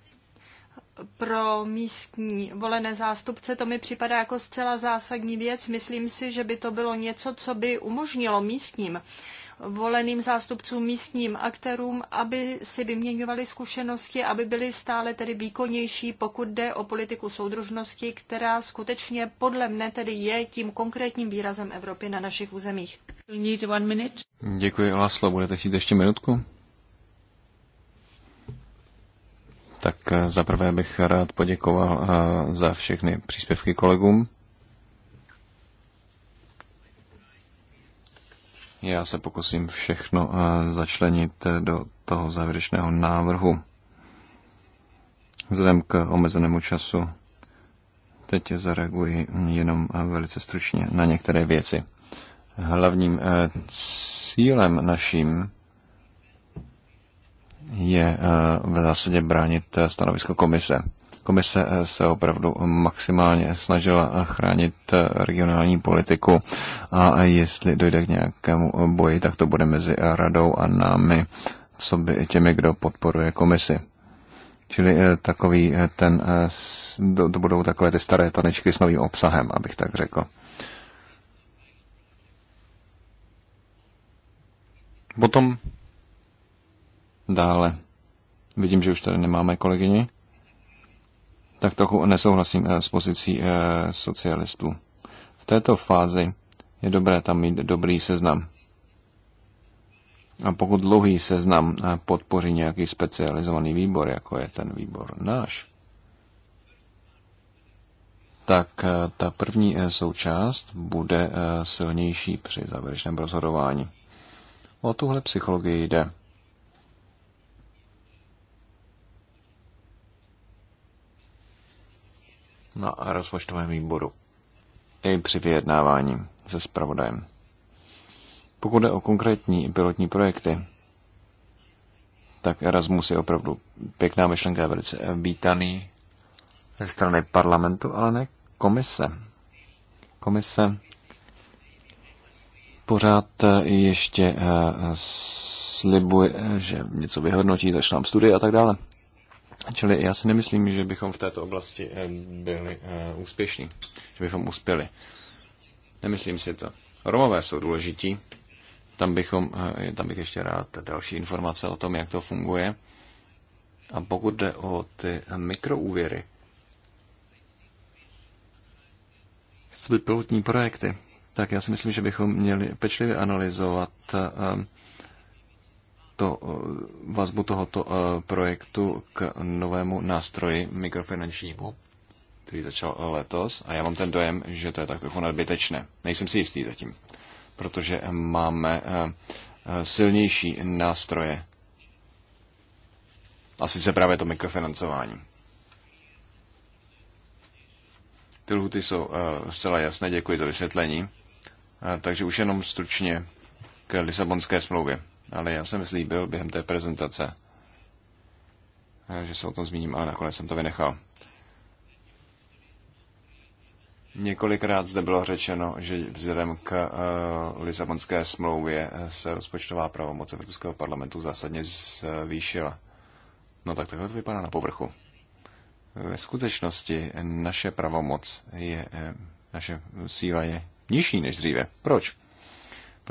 pro místní volené zástupce, to mi připadá jako zcela zásadní věc. Myslím si, že by to bylo něco, co by umožnilo místním voleným zástupcům, místním aktérům, aby si vyměňovali zkušenosti, aby byli stále tedy výkonnější, pokud jde o politiku soudržnosti, která skutečně podle mne tedy je tím konkrétním výrazem Evropy na našich územích. Děkuji, Laslo. Budete chtít ještě minutku? Tak eh, za prvé bych rád poděkoval eh, za všechny příspěvky kolegům. Já se pokusím všechno eh, začlenit eh, do toho závěrečného návrhu. Vzhledem k omezenému času teď zareaguji jenom eh, velice stručně na některé věci. Hlavním cílem naším je v zásadě bránit stanovisko komise. Komise eh, se opravdu maximálně snažila eh, chránit eh, regionální politiku a jestli dojde k nějakému boji, tak to bude mezi radou a námi, co by těmi, kdo podporuje komisi. Čili takový ten, to budou takové ty staré tanečky s novým obsahem, abych tak řekl. Potom dále. Vidím, že už tady nemáme kolegyni tak trochu nesouhlasím eh, s pozicí eh, socialistů. V této fázi je dobré tam mít dobrý seznam. A pokud dlouhý seznam eh, podpoří nějaký specializovaný výbor, jako je ten výbor náš, tak ta první součást bude silnější při závěrečném rozhodování. O tuhle psychologii jde. na rozpočtovém výboru i při vyjednávání se spravodajem. Pokud jde o konkrétní pilotní projekty, tak Erasmus je opravdu pěkná myšlenka, velice vítaný ze strany parlamentu, ale ne komise. Komise pořád ještě eh, slibuje, že něco vyhodnotí, začnám studie a tak dále. Čili já si nemyslím, že bychom v této oblasti eh, byli eh, úspěšní, že bychom uspěli. Nemyslím si to. Romové jsou důležití. Tam, bychom, eh, tam bych ještě rád další informace o tom, jak to funguje. A pokud jde o ty mikroúvěry, pilotní projekty, tak já si myslím, že bychom měli pečlivě analyzovat to, eh, vazbu tohoto eh, projektu k novému nástroji mikrofinančnímu, který začal letos. A já mám ten dojem, že to je tak trochu nadbytečné. Nejsem si jistý zatím, protože máme eh, silnější nástroje. A sice právě to mikrofinancování. Ty lhuty jsou uh, zcela jasné, děkuji za vysvětlení. Uh, takže už jenom stručně k Lisabonské smlouvě ale já jsem slíbil během té prezentace, že se o tom zmíním, ale nakonec jsem to vynechal. Několikrát zde bylo řečeno, že vzhledem k uh, Lisabonské smlouvě se rozpočtová pravomoc Evropského parlamentu zásadně zvýšila. No tak takhle to vypadá na povrchu. Ve skutečnosti naše pravomoc je, eh, naše síla je nižší než dříve. Proč?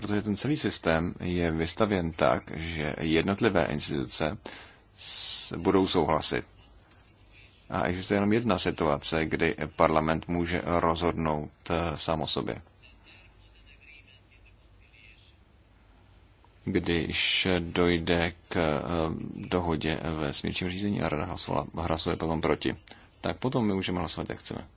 protože ten celý systém je vystavěn tak, že jednotlivé instituce budou souhlasit. A existuje jenom jedna situace, kdy parlament může rozhodnout eh, sám o sobě. Když dojde k eh, dohodě ve smírčím řízení a rada hlasovala, hlasuje potom proti, tak potom my můžeme hlasovat, jak chceme.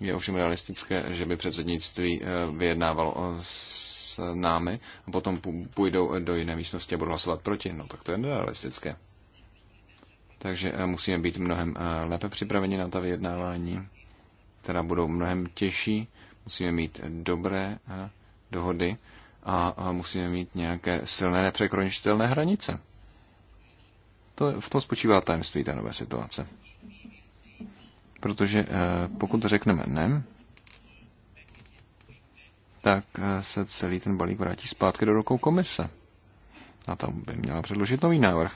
Je ovšem realistické, že by předsednictví eh, vyjednávalo eh, s námi a potom půjdou do jiné místnosti a budou hlasovat proti. No tak to je nerealistické. Takže eh, musíme být mnohem lépe připraveni na ta vyjednávání, která budou mnohem těžší. Musíme mít dobré dohody a musíme mít nějaké silné, nepřekročitelné hranice. To, v tom spočívá tajemství té nové situace. Protože eh, pokud řekneme ne, tak eh, se celý ten balík vrátí zpátky do rukou komise. A tam by měla předložit nový návrh.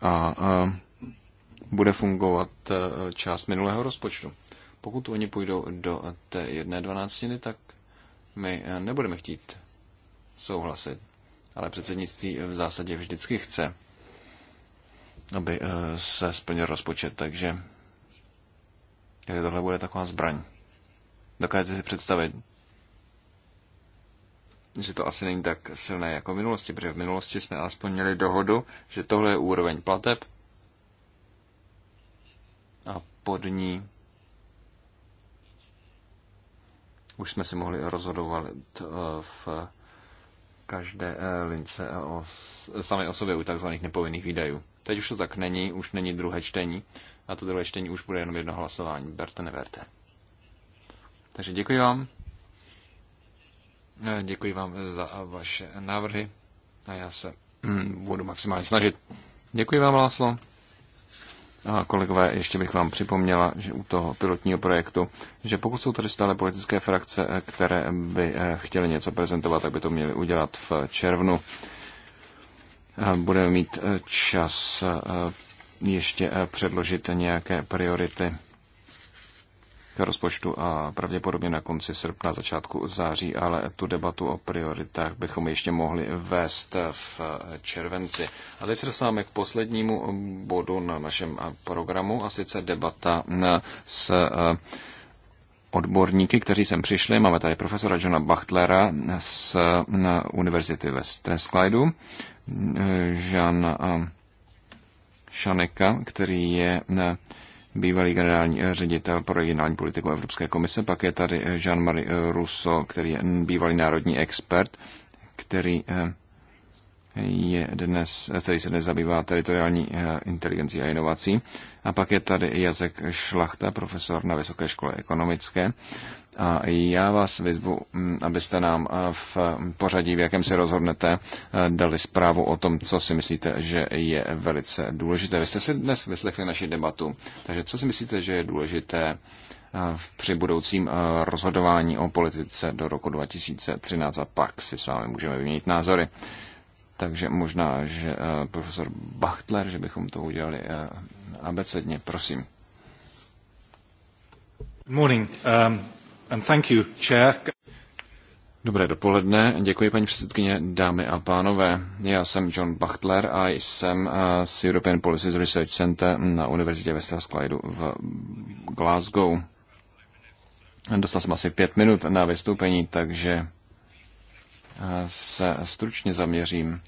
A, a eh, bude fungovat část minulého rozpočtu. Pokud oni půjdou do té jedné dvanáctiny, tak my nebudeme chtít souhlasit. Ale předsednictví v zásadě vždycky chce aby eh, se splnil rozpočet, takže tohle bude taková zbraň. Dokážete si představit, že to asi není tak silné jako v minulosti, protože v minulosti jsme alespoň měli dohodu, že tohle je úroveň plateb a pod ní už jsme si mohli rozhodovat eh, v každé eh, lince o, sami o sobě u takzvaných nepovinných výdajů. Teď už to tak není, už není druhé čtení a to druhé čtení už bude jenom jedno hlasování. Berte, neverte. Takže děkuji vám. Eh, děkuji vám za vaše návrhy a já se hm, budu maximálně snažit. Děkuji vám, Láslo. A kolegové, ještě bych vám připomněla, že u toho pilotního projektu, že pokud jsou tady stále politické frakce, eh, které by eh, chtěly něco prezentovat, tak by to měly udělat v červnu budeme mít eh, čas eh, ještě eh, předložit nějaké priority k rozpočtu a pravděpodobně na konci srpna, začátku září, ale tu debatu o prioritách bychom ještě mohli vést v červenci. A teď se dostáváme k poslednímu bodu na našem programu, a sice debata s odborníky, kteří sem přišli. Máme tady profesora Johna Bachtlera z Univerzity ve Stresklajdu, Jean Šaneka, který je bývalý generální eh, ředitel pro regionální politiku Evropské komise. Pak je tady eh, Jean-Marie Rousseau, který je bývalý národní expert, který eh, je dnes, který se dnes zabývá teritoriální eh, inteligencí a inovací. A pak je tady Jazek Šlachta, profesor na Vysoké škole ekonomické. A já vás vyzvu, mm, abyste nám eh, v pořadí, v jakém se rozhodnete, eh, dali zprávu o tom, co si myslíte, že je velice důležité. Vy jste si dnes vyslechli naši debatu, takže co si myslíte, že je důležité při budoucím rozhodování o politice do roku 2013 a pak si s vámi můžeme vyměnit názory. Takže možná, že uh, profesor Bachtler, že bychom to udělali uh, abecedně, prosím. Morning, um, and thank you, chair. Dobré dopoledne, děkuji paní předsedkyně, dámy a pánové. Já jsem John Bachtler a jsem eh, z European Policy Research Center na Univerzitě Westerskleidu v Glasgow. Dostal jsem asi pět minut na vystoupení, takže se stručně zaměřím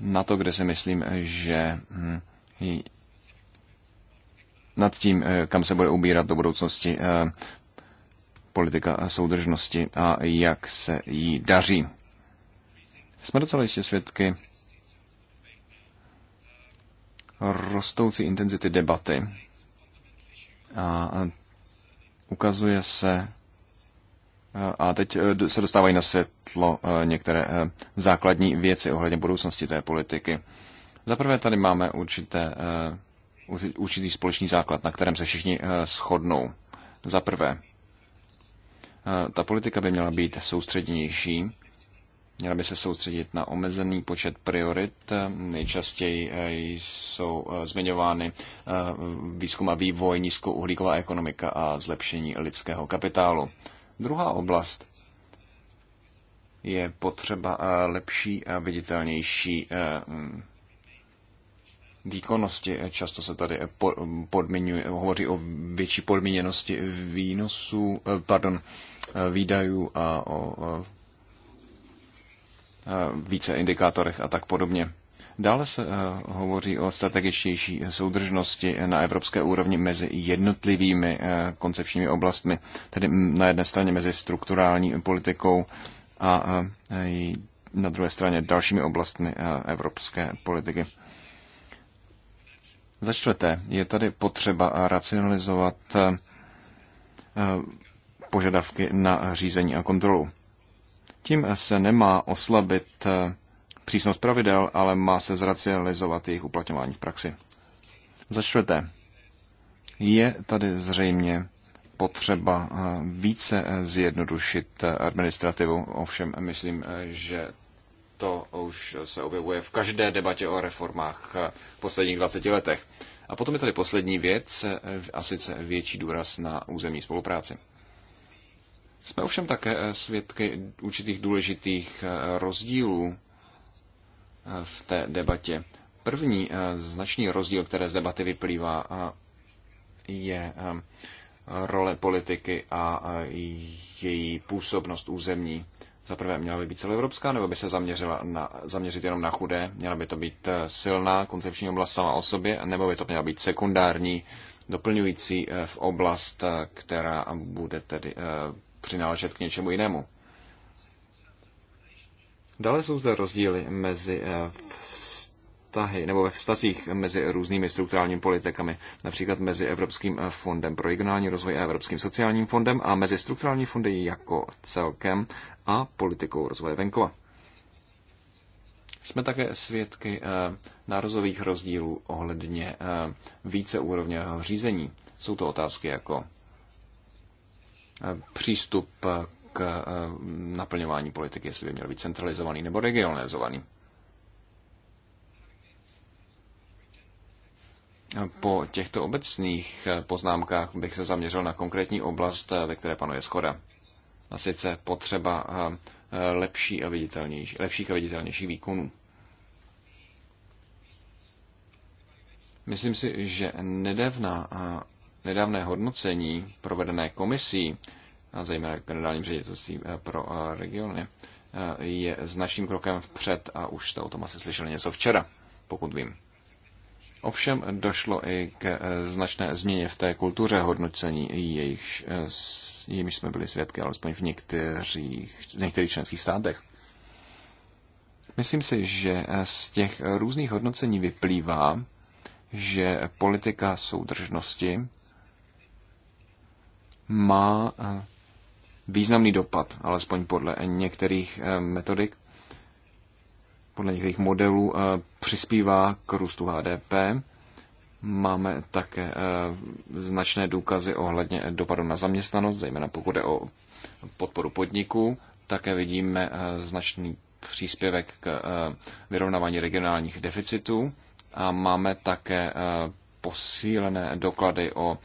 na to, kde si myslím, že hm, nad tím, eh, kam se bude ubírat do budoucnosti eh, politika soudržnosti a jak se jí daří. Jsme docela jistě svědky rostoucí intenzity debaty a ukazuje se a teď eh, se dostávají na světlo eh, některé eh, základní věci ohledně budoucnosti té politiky. Za prvé tady máme určité, určitý společný základ, na kterém se všichni shodnou. Za prvé, ta politika by měla být soustřednější, měla by se soustředit na omezený počet priorit. Nejčastěji jsou zmiňovány výzkum a vývoj, nízkouhlíková ekonomika a zlepšení lidského kapitálu. Druhá oblast je potřeba eh, lepší a viditelnější eh, mm, výkonnosti. Často se tady eh, podmiňuje, hovoří o větší podmíněnosti výnosů, pardon, výdajů a o více indikátorech a tak podobně. Dále se eh, hovoří o strategičtější soudržnosti na evropské úrovni mezi jednotlivými eh, koncepčními oblastmi, tedy na jedné straně mezi strukturální politikou a eh, na druhé straně dalšími oblastmi evropské politiky. Za čtvrté, je tady potřeba racionalizovat požadavky na řízení a kontrolu. Tím se nemá oslabit přísnost pravidel, ale má se zracionalizovat jejich uplatňování v praxi. Za čtvrté, je tady zřejmě potřeba eh, více eh, zjednodušit eh, administrativu, ovšem myslím, že to už se objevuje v každé debatě o reformách v posledních 20 letech. A potom je tady poslední věc, a sice větší důraz na územní spolupráci. Jsme ovšem také svědky určitých důležitých rozdílů v té debatě. První eh, značný rozdíl, které z debaty vyplývá, eh, je eh, role politiky a její působnost územní. Za prvé, měla by být celoevropská, nebo by se zaměřila na, zaměřit jenom na chudé? Měla by to být silná koncepční oblast sama o sobě, nebo by to měla být sekundární, doplňující v oblast, která bude tedy přináležet k něčemu jinému? Dále jsou zde rozdíly mezi eh, vztahy nebo ve vztazích mezi různými strukturálními politikami, například mezi Evropským eh, fondem pro regionální rozvoj a Evropským sociálním fondem a mezi strukturální fondy jako celkem a politikou rozvoje venkova. Jsme také svědky eh, nározových rozdílů ohledně více víceúrovňového řízení. Jsou to otázky jako přístup k eh, naplňování politiky, jestli by měl být centralizovaný nebo regionalizovaný. Po těchto obecných eh, poznámkách bych se zaměřil na konkrétní oblast, eh, ve které panuje schoda. A sice potřeba lepší a viditelnější, lepších a viditelnějších výkonů. Myslím si, že nedávna, nedávné hodnocení provedené komisí a zejména generálním ředitelství eh, pro eh, regiony, eh, je značným krokem vpřed a už jste o tom asi slyšeli něco včera, pokud vím. Ovšem došlo i k značné změně v té kultuře hodnocení, jejich, jimi jsme byli svědky, alespoň v některých, v některých členských státech. Myslím si, že z těch různých hodnocení vyplývá, že politika soudržnosti má významný dopad, alespoň podle některých eh, metodik, podle některých modelů, eh, přispívá k růstu HDP. Máme také eh, značné důkazy ohledně dopadu na zaměstnanost, zejména pokud je o podporu podniků. Také vidíme značný příspěvek k vyrovnávání regionálních deficitů a máme také posílené doklady o e,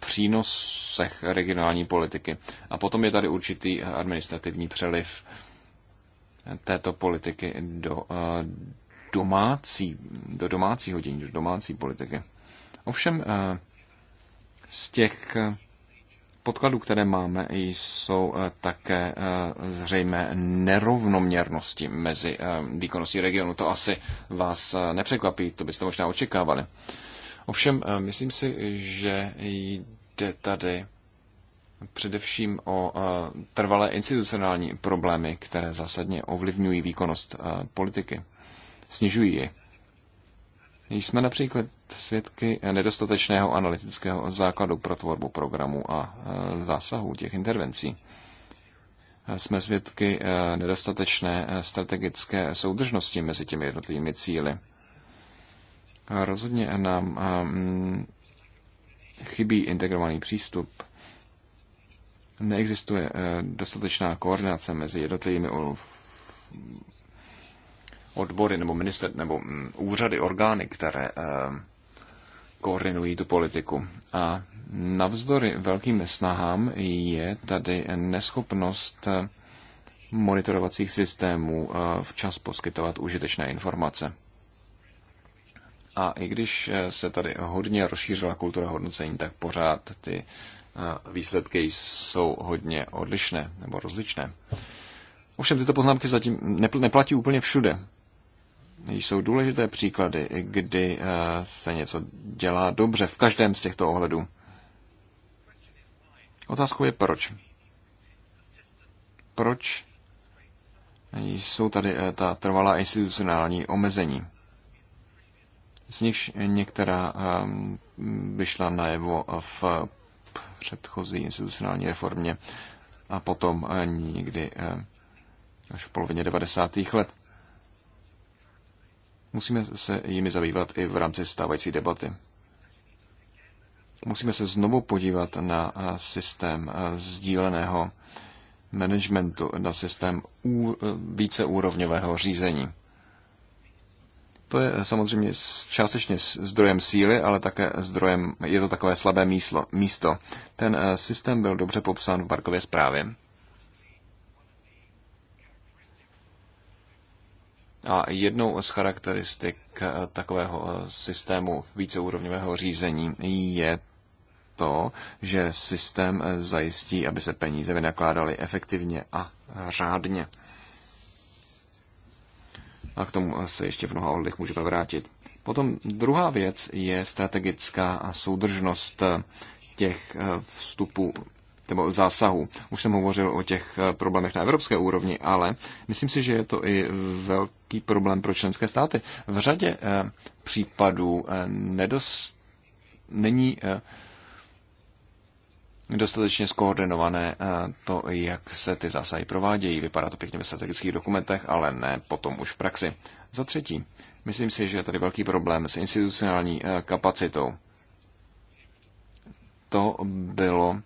přínosech regionální politiky. A potom je tady určitý administrativní přeliv této politiky do e, domácí, do domácí hodin, do domácí politiky. Ovšem e, z těch podkladů, které máme, jsou také zřejmé nerovnoměrnosti mezi výkonností regionu. To asi vás nepřekvapí, to byste možná očekávali. Ovšem, eh, myslím si, že jde tady především o eh, trvalé institucionální problémy, které zásadně ovlivňují výkonnost eh, politiky. Snižují ji. Jsme například svědky nedostatečného analytického základu pro tvorbu programu a zásahů těch intervencí. Jsme svědky nedostatečné strategické soudržnosti mezi těmi jednotlivými cíly. Rozhodně nám mm, chybí integrovaný přístup. Neexistuje e, dostatečná koordinace mezi jednotlivými odbory nebo minister, nebo mm, úřady, orgány, které e, koordinují tu politiku. A navzdory velkým snahám je tady neschopnost e, monitorovacích systémů včas poskytovat užitečné informace. A i když eh, se tady hodně rozšířila kultura hodnocení, tak pořád ty eh, výsledky jsou hodně odlišné nebo rozličné. Ovšem tyto poznámky zatím neplatí úplně všude. Jsou důležité příklady, kdy eh, se něco dělá dobře v každém z těchto ohledů. Otázkou je proč. Proč jsou tady ta trvalá institucionální omezení? z nichž některá vyšla ehm, najevo v předchozí institucionální reformě a potom eh, někdy eh, až v polovině 90. let. Musíme se jimi zabývat i v rámci stávající debaty. Musíme se znovu podívat na eh, systém sdíleného managementu, na systém víceúrovňového řízení. To je samozřejmě částečně zdrojem síly, ale také zdrojem, je to takové slabé míslo, místo. Ten eh, systém byl dobře popsán v Barkově zprávě. A jednou z charakteristik eh, takového eh, systému víceúrovňového řízení je to, že systém zajistí, aby se peníze vynakládaly efektivně a řádně a k tomu se ještě v mnoha ohledech můžeme vrátit. Potom druhá věc je strategická a soudržnost těch eh, vstupů nebo zásahu. Už jsem hovořil o těch eh, problémech na evropské úrovni, ale myslím si, že je to i velký problém pro členské státy. V řadě eh, případů nedost, není dostatečně skoordinované eh, to, jak se ty zásahy provádějí. Vypadá to pěkně ve strategických dokumentech, ale ne potom už v praxi. Za třetí, myslím si, že je tady velký problém s institucionální eh, kapacitou. To bylo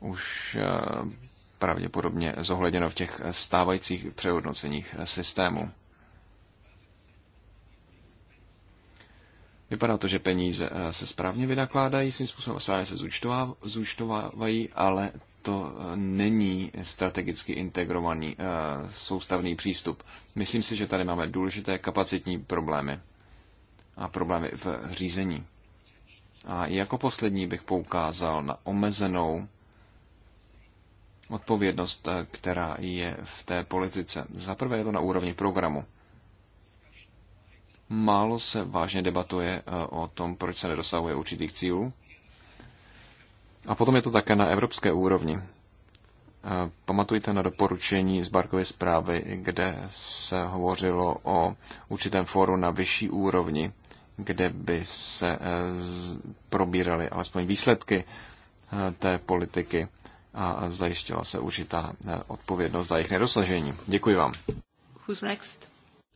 už eh, pravděpodobně zohledněno v těch stávajících přehodnoceních systému. Vypadá to, že peníze eh, se správně vynakládají, svým způsobem správně se zúčtovávají, ale to eh, není strategicky integrovaný eh, soustavný přístup. Myslím si, že tady máme důležité kapacitní problémy a problémy v řízení. A jako poslední bych poukázal na omezenou odpovědnost, která je v té politice. Za prvé je to na úrovni programu. Málo se vážně debatuje eh, o tom, proč se nedosahuje určitých cílů. A potom je to také na evropské úrovni. Eh, pamatujte na doporučení z Barkovy zprávy, kde se hovořilo o určitém fóru na vyšší úrovni, kde by se eh, probíraly alespoň výsledky té politiky a zajišťovala se určitá odpovědnost za jejich nedosažení. Děkuji vám. Who's next?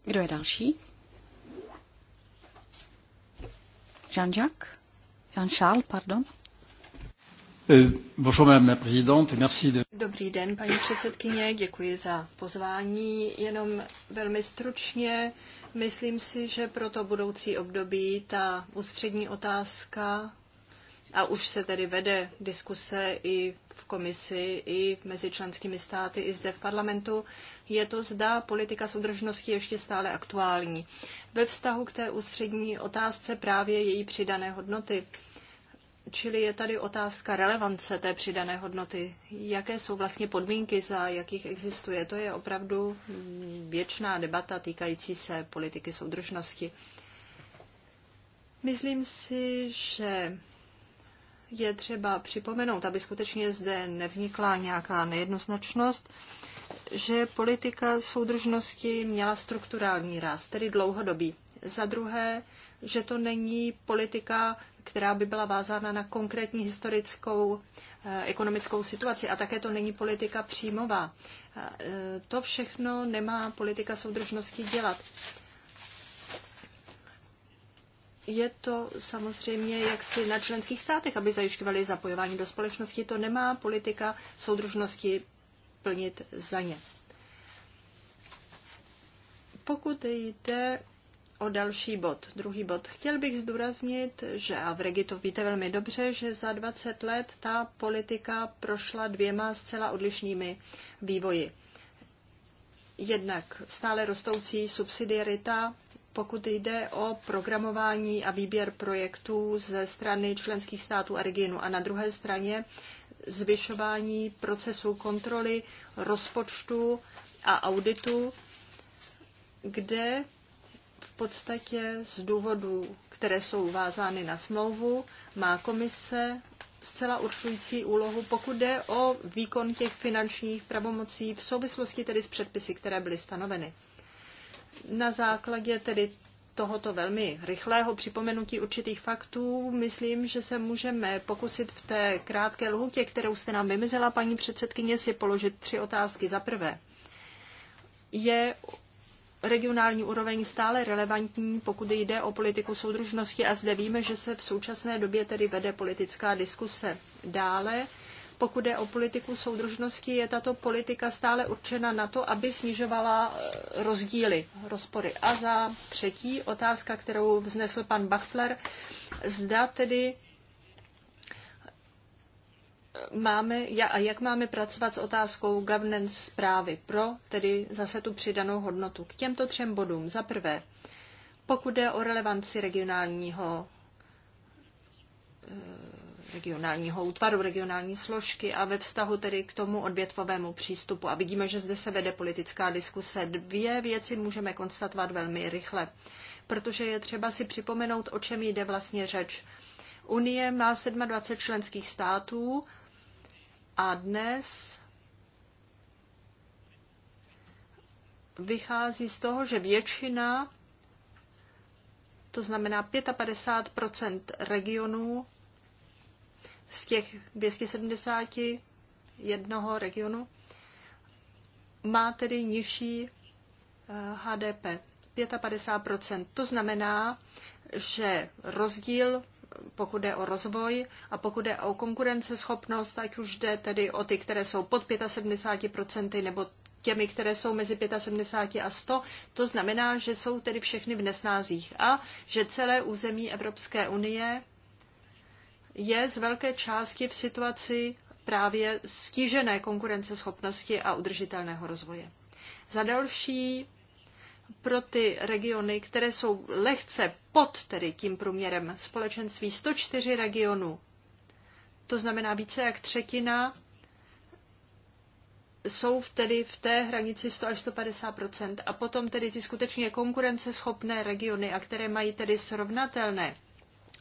Kdo je další? Jean-Jacques? Jean-Charles, pardon. Eh, Dobrý den, paní předsedkyně, děkuji za pozvání. Jenom velmi stručně, myslím si, že pro to budoucí období ta ústřední otázka a už se tedy vede diskuse i v komisi, i mezi členskými státy, i zde v parlamentu, je to zda politika soudržnosti ještě stále aktuální. Ve vztahu k té ústřední otázce právě její přidané hodnoty. Čili je tady otázka relevance té přidané hodnoty. Jaké jsou vlastně podmínky, za jakých existuje? To je opravdu věčná debata týkající se politiky soudržnosti. Myslím si, že je třeba připomenout, aby skutečně zde nevznikla nějaká nejednoznačnost, že politika soudržnosti měla strukturální ráz, tedy dlouhodobý. Za druhé, že to není politika, která by byla vázána na konkrétní historickou eh, ekonomickou situaci a také to není politika příjmová. Eh, to všechno nemá politika soudržnosti dělat je to samozřejmě jaksi na členských státech, aby zajišťovali zapojování do společnosti. To nemá politika soudružnosti plnit za ně. Pokud jde o další bod, druhý bod, chtěl bych zdůraznit, že, a v Regi to víte velmi dobře, že za 20 let ta politika prošla dvěma zcela odlišnými vývoji. Jednak stále rostoucí subsidiarita pokud jde o programování a výběr projektů ze strany členských států a regionu a na druhé straně zvyšování procesu kontroly, rozpočtu a auditu, kde v podstatě z důvodů, které jsou vázány na smlouvu, má komise zcela určující úlohu, pokud jde o výkon těch finančních pravomocí v souvislosti tedy s předpisy, které byly stanoveny na základě tedy tohoto velmi rychlého připomenutí určitých faktů, myslím, že se můžeme pokusit v té krátké lhutě, kterou jste nám vymizela, paní předsedkyně, si položit tři otázky. Za prvé, je regionální úroveň stále relevantní, pokud jde o politiku soudružnosti a zde víme, že se v současné době tedy vede politická diskuse. Dále, pokud je o politiku soudržnosti, je tato politika stále určena na to, aby snižovala eh, rozdíly, rozpory. A za třetí otázka, kterou vznesl pan Bachler, zda tedy eh, máme, a jak máme pracovat s otázkou governance zprávy pro tedy zase tu přidanou hodnotu. K těmto třem bodům. Za prvé, pokud jde o relevanci regionálního eh, regionálního útvaru, regionální složky a ve vztahu tedy k tomu odvětvovému přístupu. A vidíme, že zde se vede politická diskuse. Dvě věci můžeme konstatovat velmi rychle, protože je třeba si připomenout, o čem jde vlastně řeč. Unie má 27 členských států a dnes vychází z toho, že většina, to znamená 55 regionů, z těch 271 regionu má tedy nižší HDP eh, 55 To znamená, že rozdíl, pokud jde o rozvoj a pokud jde o konkurenceschopnost, ať už jde tedy o ty, které jsou pod 75 nebo těmi, které jsou mezi 75 a 100. To znamená, že jsou tedy všechny v nesnázích a že celé území Evropské unie je z velké části v situaci právě stížené konkurenceschopnosti a udržitelného rozvoje. Za další pro ty regiony, které jsou lehce pod tedy tím průměrem společenství 104 regionů. To znamená více jak třetina jsou tedy v té hranici 100 až 150 A potom tedy ty skutečně konkurenceschopné regiony, a které mají tedy srovnatelné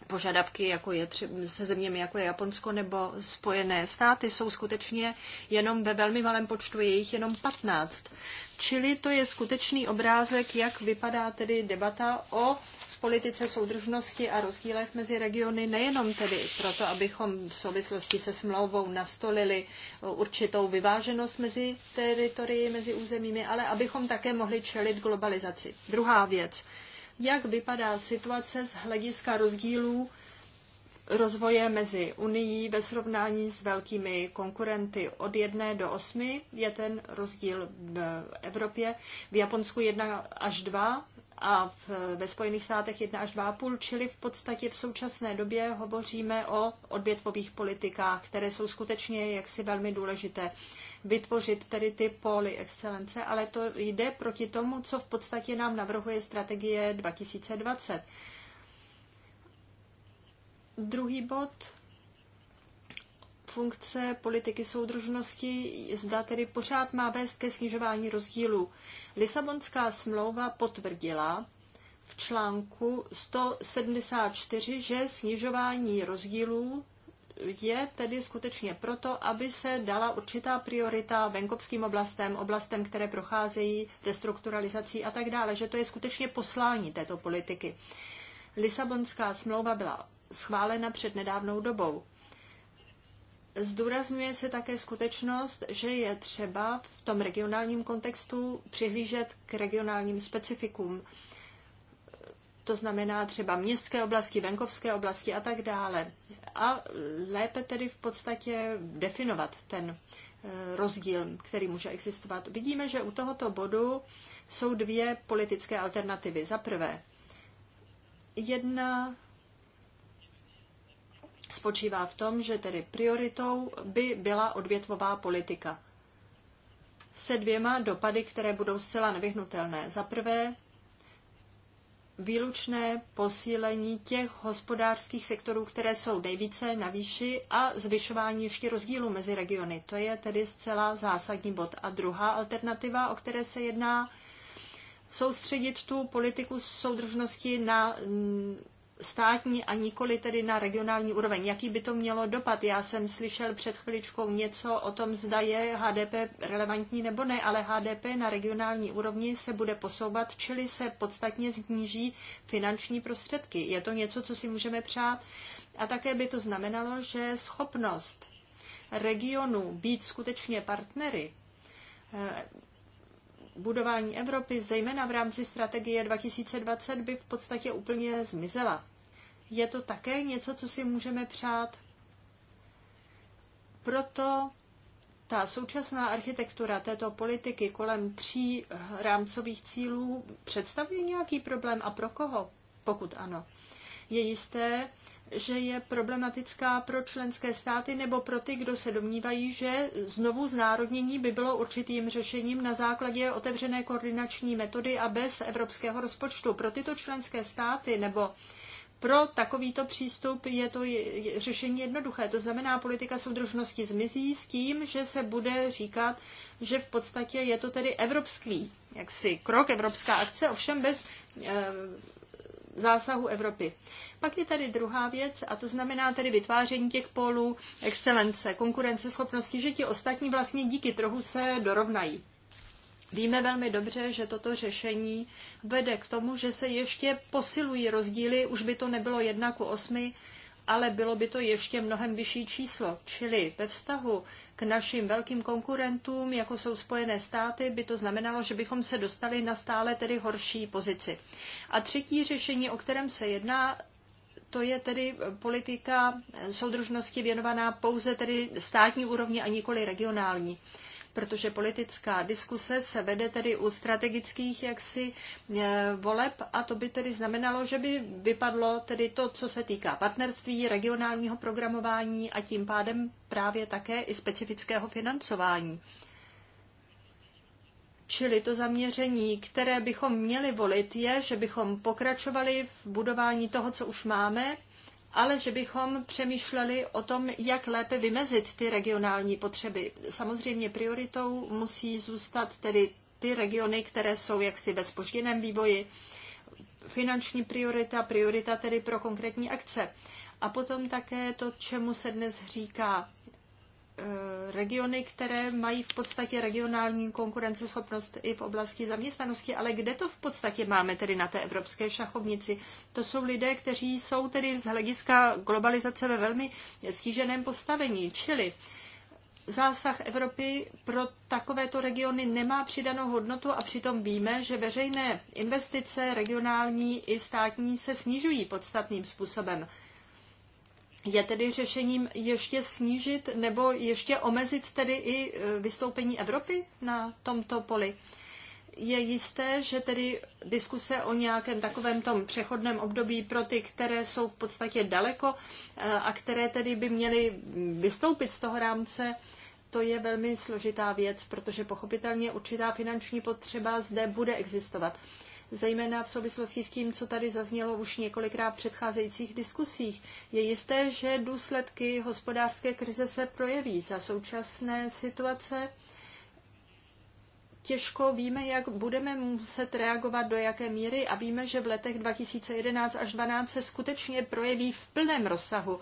požadavky jako je třeba se zeměmi, jako je Japonsko nebo Spojené státy, jsou skutečně jenom ve velmi malém počtu, je jich jenom 15. Čili to je skutečný obrázek, jak vypadá tedy debata o politice soudržnosti a rozdílech mezi regiony, nejenom tedy proto, abychom v souvislosti se smlouvou nastolili určitou vyváženost mezi teritorii, mezi územími, ale abychom také mohli čelit globalizaci. Druhá věc jak vypadá situace z hlediska rozdílů rozvoje mezi Unií ve srovnání s velkými konkurenty od 1 do 8 je ten rozdíl v Evropě, v Japonsku 1 až 2 a v, ve Spojených státech 1 až 2,5, čili v podstatě v současné době hovoříme o odvětvových politikách, které jsou skutečně jaksi velmi důležité. Vytvořit tedy ty póly excelence, ale to jde proti tomu, co v podstatě nám navrhuje strategie 2020. Druhý bod funkce politiky soudržnosti zda tedy pořád má vést ke snižování rozdílů. Lisabonská smlouva potvrdila v článku 174, že snižování rozdílů je tedy skutečně proto, aby se dala určitá priorita venkovským oblastem, oblastem, které procházejí restrukturalizací a tak dále, že to je skutečně poslání této politiky. Lisabonská smlouva byla schválena před nedávnou dobou. Zdůrazňuje se také skutečnost, že je třeba v tom regionálním kontextu přihlížet k regionálním specifikům. To znamená třeba městské oblasti, venkovské oblasti a tak dále. A lépe tedy v podstatě definovat ten eh, rozdíl, který může existovat. Vidíme, že u tohoto bodu jsou dvě politické alternativy. Za prvé, jedna spočívá v tom, že tedy prioritou by byla odvětvová politika se dvěma dopady, které budou zcela nevyhnutelné. Za prvé, výlučné posílení těch hospodářských sektorů, které jsou nejvíce na výši a zvyšování ještě rozdílu mezi regiony. To je tedy zcela zásadní bod. A druhá alternativa, o které se jedná, soustředit tu politiku soudržnosti na státní a nikoli tedy na regionální úroveň. Jaký by to mělo dopad? Já jsem slyšel před chviličkou něco o tom, zda je HDP relevantní nebo ne, ale HDP na regionální úrovni se bude posouvat, čili se podstatně zníží finanční prostředky. Je to něco, co si můžeme přát? A také by to znamenalo, že schopnost regionu být skutečně partnery eh, budování Evropy, zejména v rámci strategie 2020, by v podstatě úplně zmizela. Je to také něco, co si můžeme přát. Proto ta současná architektura této politiky kolem tří rámcových cílů představuje nějaký problém a pro koho, pokud ano je jisté, že je problematická pro členské státy nebo pro ty, kdo se domnívají, že znovu znárodnění by bylo určitým řešením na základě otevřené koordinační metody a bez evropského rozpočtu. Pro tyto členské státy nebo pro takovýto přístup je to řešení jednoduché. To znamená, politika soudržnosti zmizí s tím, že se bude říkat, že v podstatě je to tedy evropský jaksi krok, evropská akce, ovšem bez eh, zásahu Evropy. Pak je tady druhá věc, a to znamená tedy vytváření těch polů excelence, konkurenceschopnosti, že ti ostatní vlastně díky trhu se dorovnají. Víme velmi dobře, že toto řešení vede k tomu, že se ještě posilují rozdíly, už by to nebylo jedna ku osmi, ale bylo by to ještě mnohem vyšší číslo. Čili ve vztahu k našim velkým konkurentům, jako jsou Spojené státy, by to znamenalo, že bychom se dostali na stále tedy horší pozici. A třetí řešení, o kterém se jedná, to je tedy politika soudržnosti věnovaná pouze tedy státní úrovni a nikoli regionální protože politická diskuse se vede tedy u strategických jaksi eh, voleb a to by tedy znamenalo, že by vypadlo tedy to, co se týká partnerství, regionálního programování a tím pádem právě také i specifického financování. Čili to zaměření, které bychom měli volit, je, že bychom pokračovali v budování toho, co už máme, ale že bychom přemýšleli o tom, jak lépe vymezit ty regionální potřeby. Samozřejmě prioritou musí zůstat tedy ty regiony, které jsou jaksi ve spožděném vývoji, finanční priorita, priorita tedy pro konkrétní akce. A potom také to, čemu se dnes říká Eh, regiony, které mají v podstatě regionální konkurenceschopnost i v oblasti zaměstnanosti, ale kde to v podstatě máme tedy na té evropské šachovnici? To jsou lidé, kteří jsou tedy z hlediska globalizace ve velmi stíženém postavení, čili zásah Evropy pro takovéto regiony nemá přidanou hodnotu a přitom víme, že veřejné investice regionální i státní se snižují podstatným způsobem je tedy řešením ještě snížit nebo ještě omezit tedy i e, vystoupení Evropy na tomto poli? Je jisté, že tedy diskuse o nějakém takovém tom přechodném období pro ty, které jsou v podstatě daleko e, a které tedy by měly vystoupit z toho rámce, to je velmi složitá věc, protože pochopitelně určitá finanční potřeba zde bude existovat zejména v souvislosti s tím, co tady zaznělo už několikrát v předcházejících diskusích. Je jisté, že důsledky hospodářské krize se projeví za současné situace těžko víme, jak budeme muset reagovat, do jaké míry a víme, že v letech 2011 až 2012 se skutečně projeví v plném rozsahu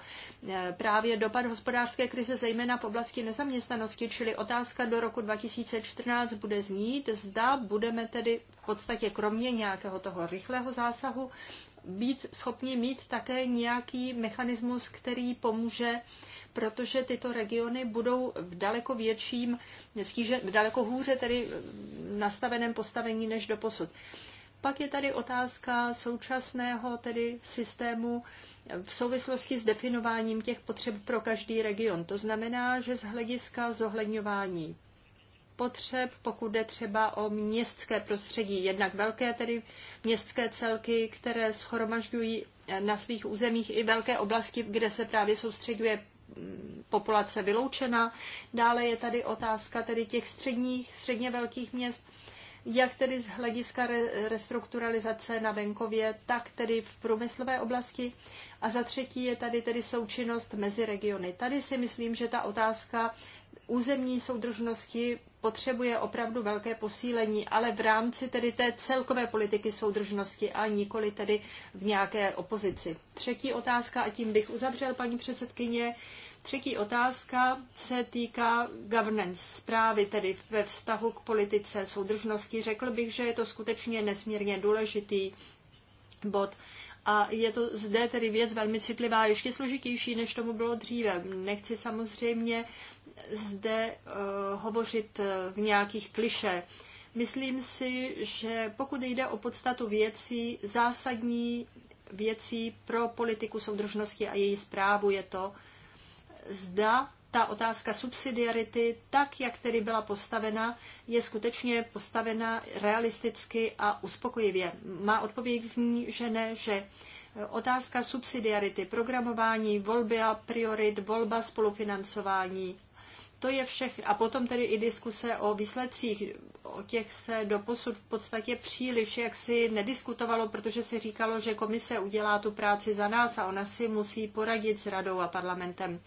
e, právě dopad hospodářské krize, zejména v oblasti nezaměstnanosti, čili otázka do roku 2014 bude znít, zda budeme tedy v podstatě kromě nějakého toho rychlého zásahu být schopni mít také nějaký mechanismus, který pomůže, protože tyto regiony budou v daleko větším, v daleko hůře tedy nastaveném postavení než doposud. Pak je tady otázka současného tedy systému v souvislosti s definováním těch potřeb pro každý region. To znamená, že z hlediska zohledňování potřeb, pokud jde třeba o městské prostředí, jednak velké tedy městské celky, které schromažďují eh, na svých územích i velké oblasti, kde se právě soustředuje mm, populace vyloučena. Dále je tady otázka tedy těch středních, středně velkých měst, jak tedy z hlediska restrukturalizace na venkově, tak tedy v průmyslové oblasti. A za třetí je tady tedy součinnost mezi regiony. Tady si myslím, že ta otázka územní soudržnosti potřebuje opravdu velké posílení, ale v rámci tedy té celkové politiky soudržnosti a nikoli tedy v nějaké opozici. Třetí otázka, a tím bych uzavřel, paní předsedkyně. Třetí otázka se týká governance, zprávy tedy ve vztahu k politice soudržnosti. Řekl bych, že je to skutečně nesmírně důležitý bod. A je to zde tedy věc velmi citlivá, ještě složitější, než tomu bylo dříve. Nechci samozřejmě zde eh, hovořit eh, v nějakých kliše. Myslím si, že pokud jde o podstatu věcí, zásadní věcí pro politiku soudržnosti a její zprávu je to, zda ta otázka subsidiarity, tak jak tedy byla postavena, je skutečně postavena realisticky a uspokojivě. Má odpověď zní, že ne, že otázka subsidiarity, programování, volby a priorit, volba spolufinancování, to je všech. A potom tedy i diskuse o výsledcích. O těch se doposud v podstatě příliš jaksi nediskutovalo, protože se říkalo, že komise udělá tu práci za nás a ona si musí poradit s radou a parlamentem.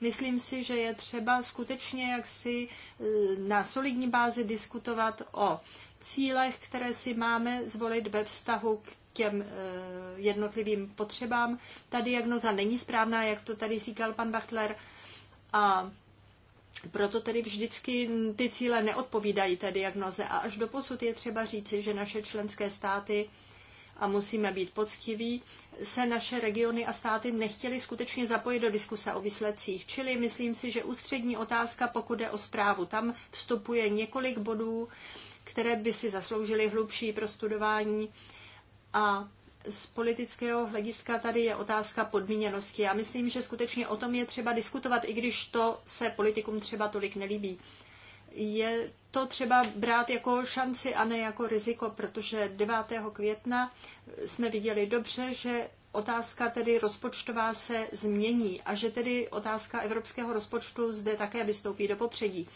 Myslím si, že je třeba skutečně jaksi eh, na solidní bázi diskutovat o cílech, které si máme zvolit ve vztahu k těm eh, jednotlivým potřebám. Ta diagnoza není správná, jak to tady říkal pan Bachtler. A proto tedy vždycky ty cíle neodpovídají té diagnoze a až do posud je třeba říci, že naše členské státy a musíme být poctiví, se naše regiony a státy nechtěly skutečně zapojit do diskuse o výsledcích. Čili myslím si, že ústřední otázka, pokud jde o zprávu, tam vstupuje několik bodů, které by si zasloužily hlubší prostudování a z politického hlediska tady je otázka podmíněnosti. Já myslím, že skutečně o tom je třeba diskutovat, i když to se politikům třeba tolik nelíbí. Je to třeba brát jako šanci a ne jako riziko, protože 9. května jsme viděli dobře, že otázka tedy rozpočtová se změní a že tedy otázka evropského rozpočtu zde také vystoupí do popředí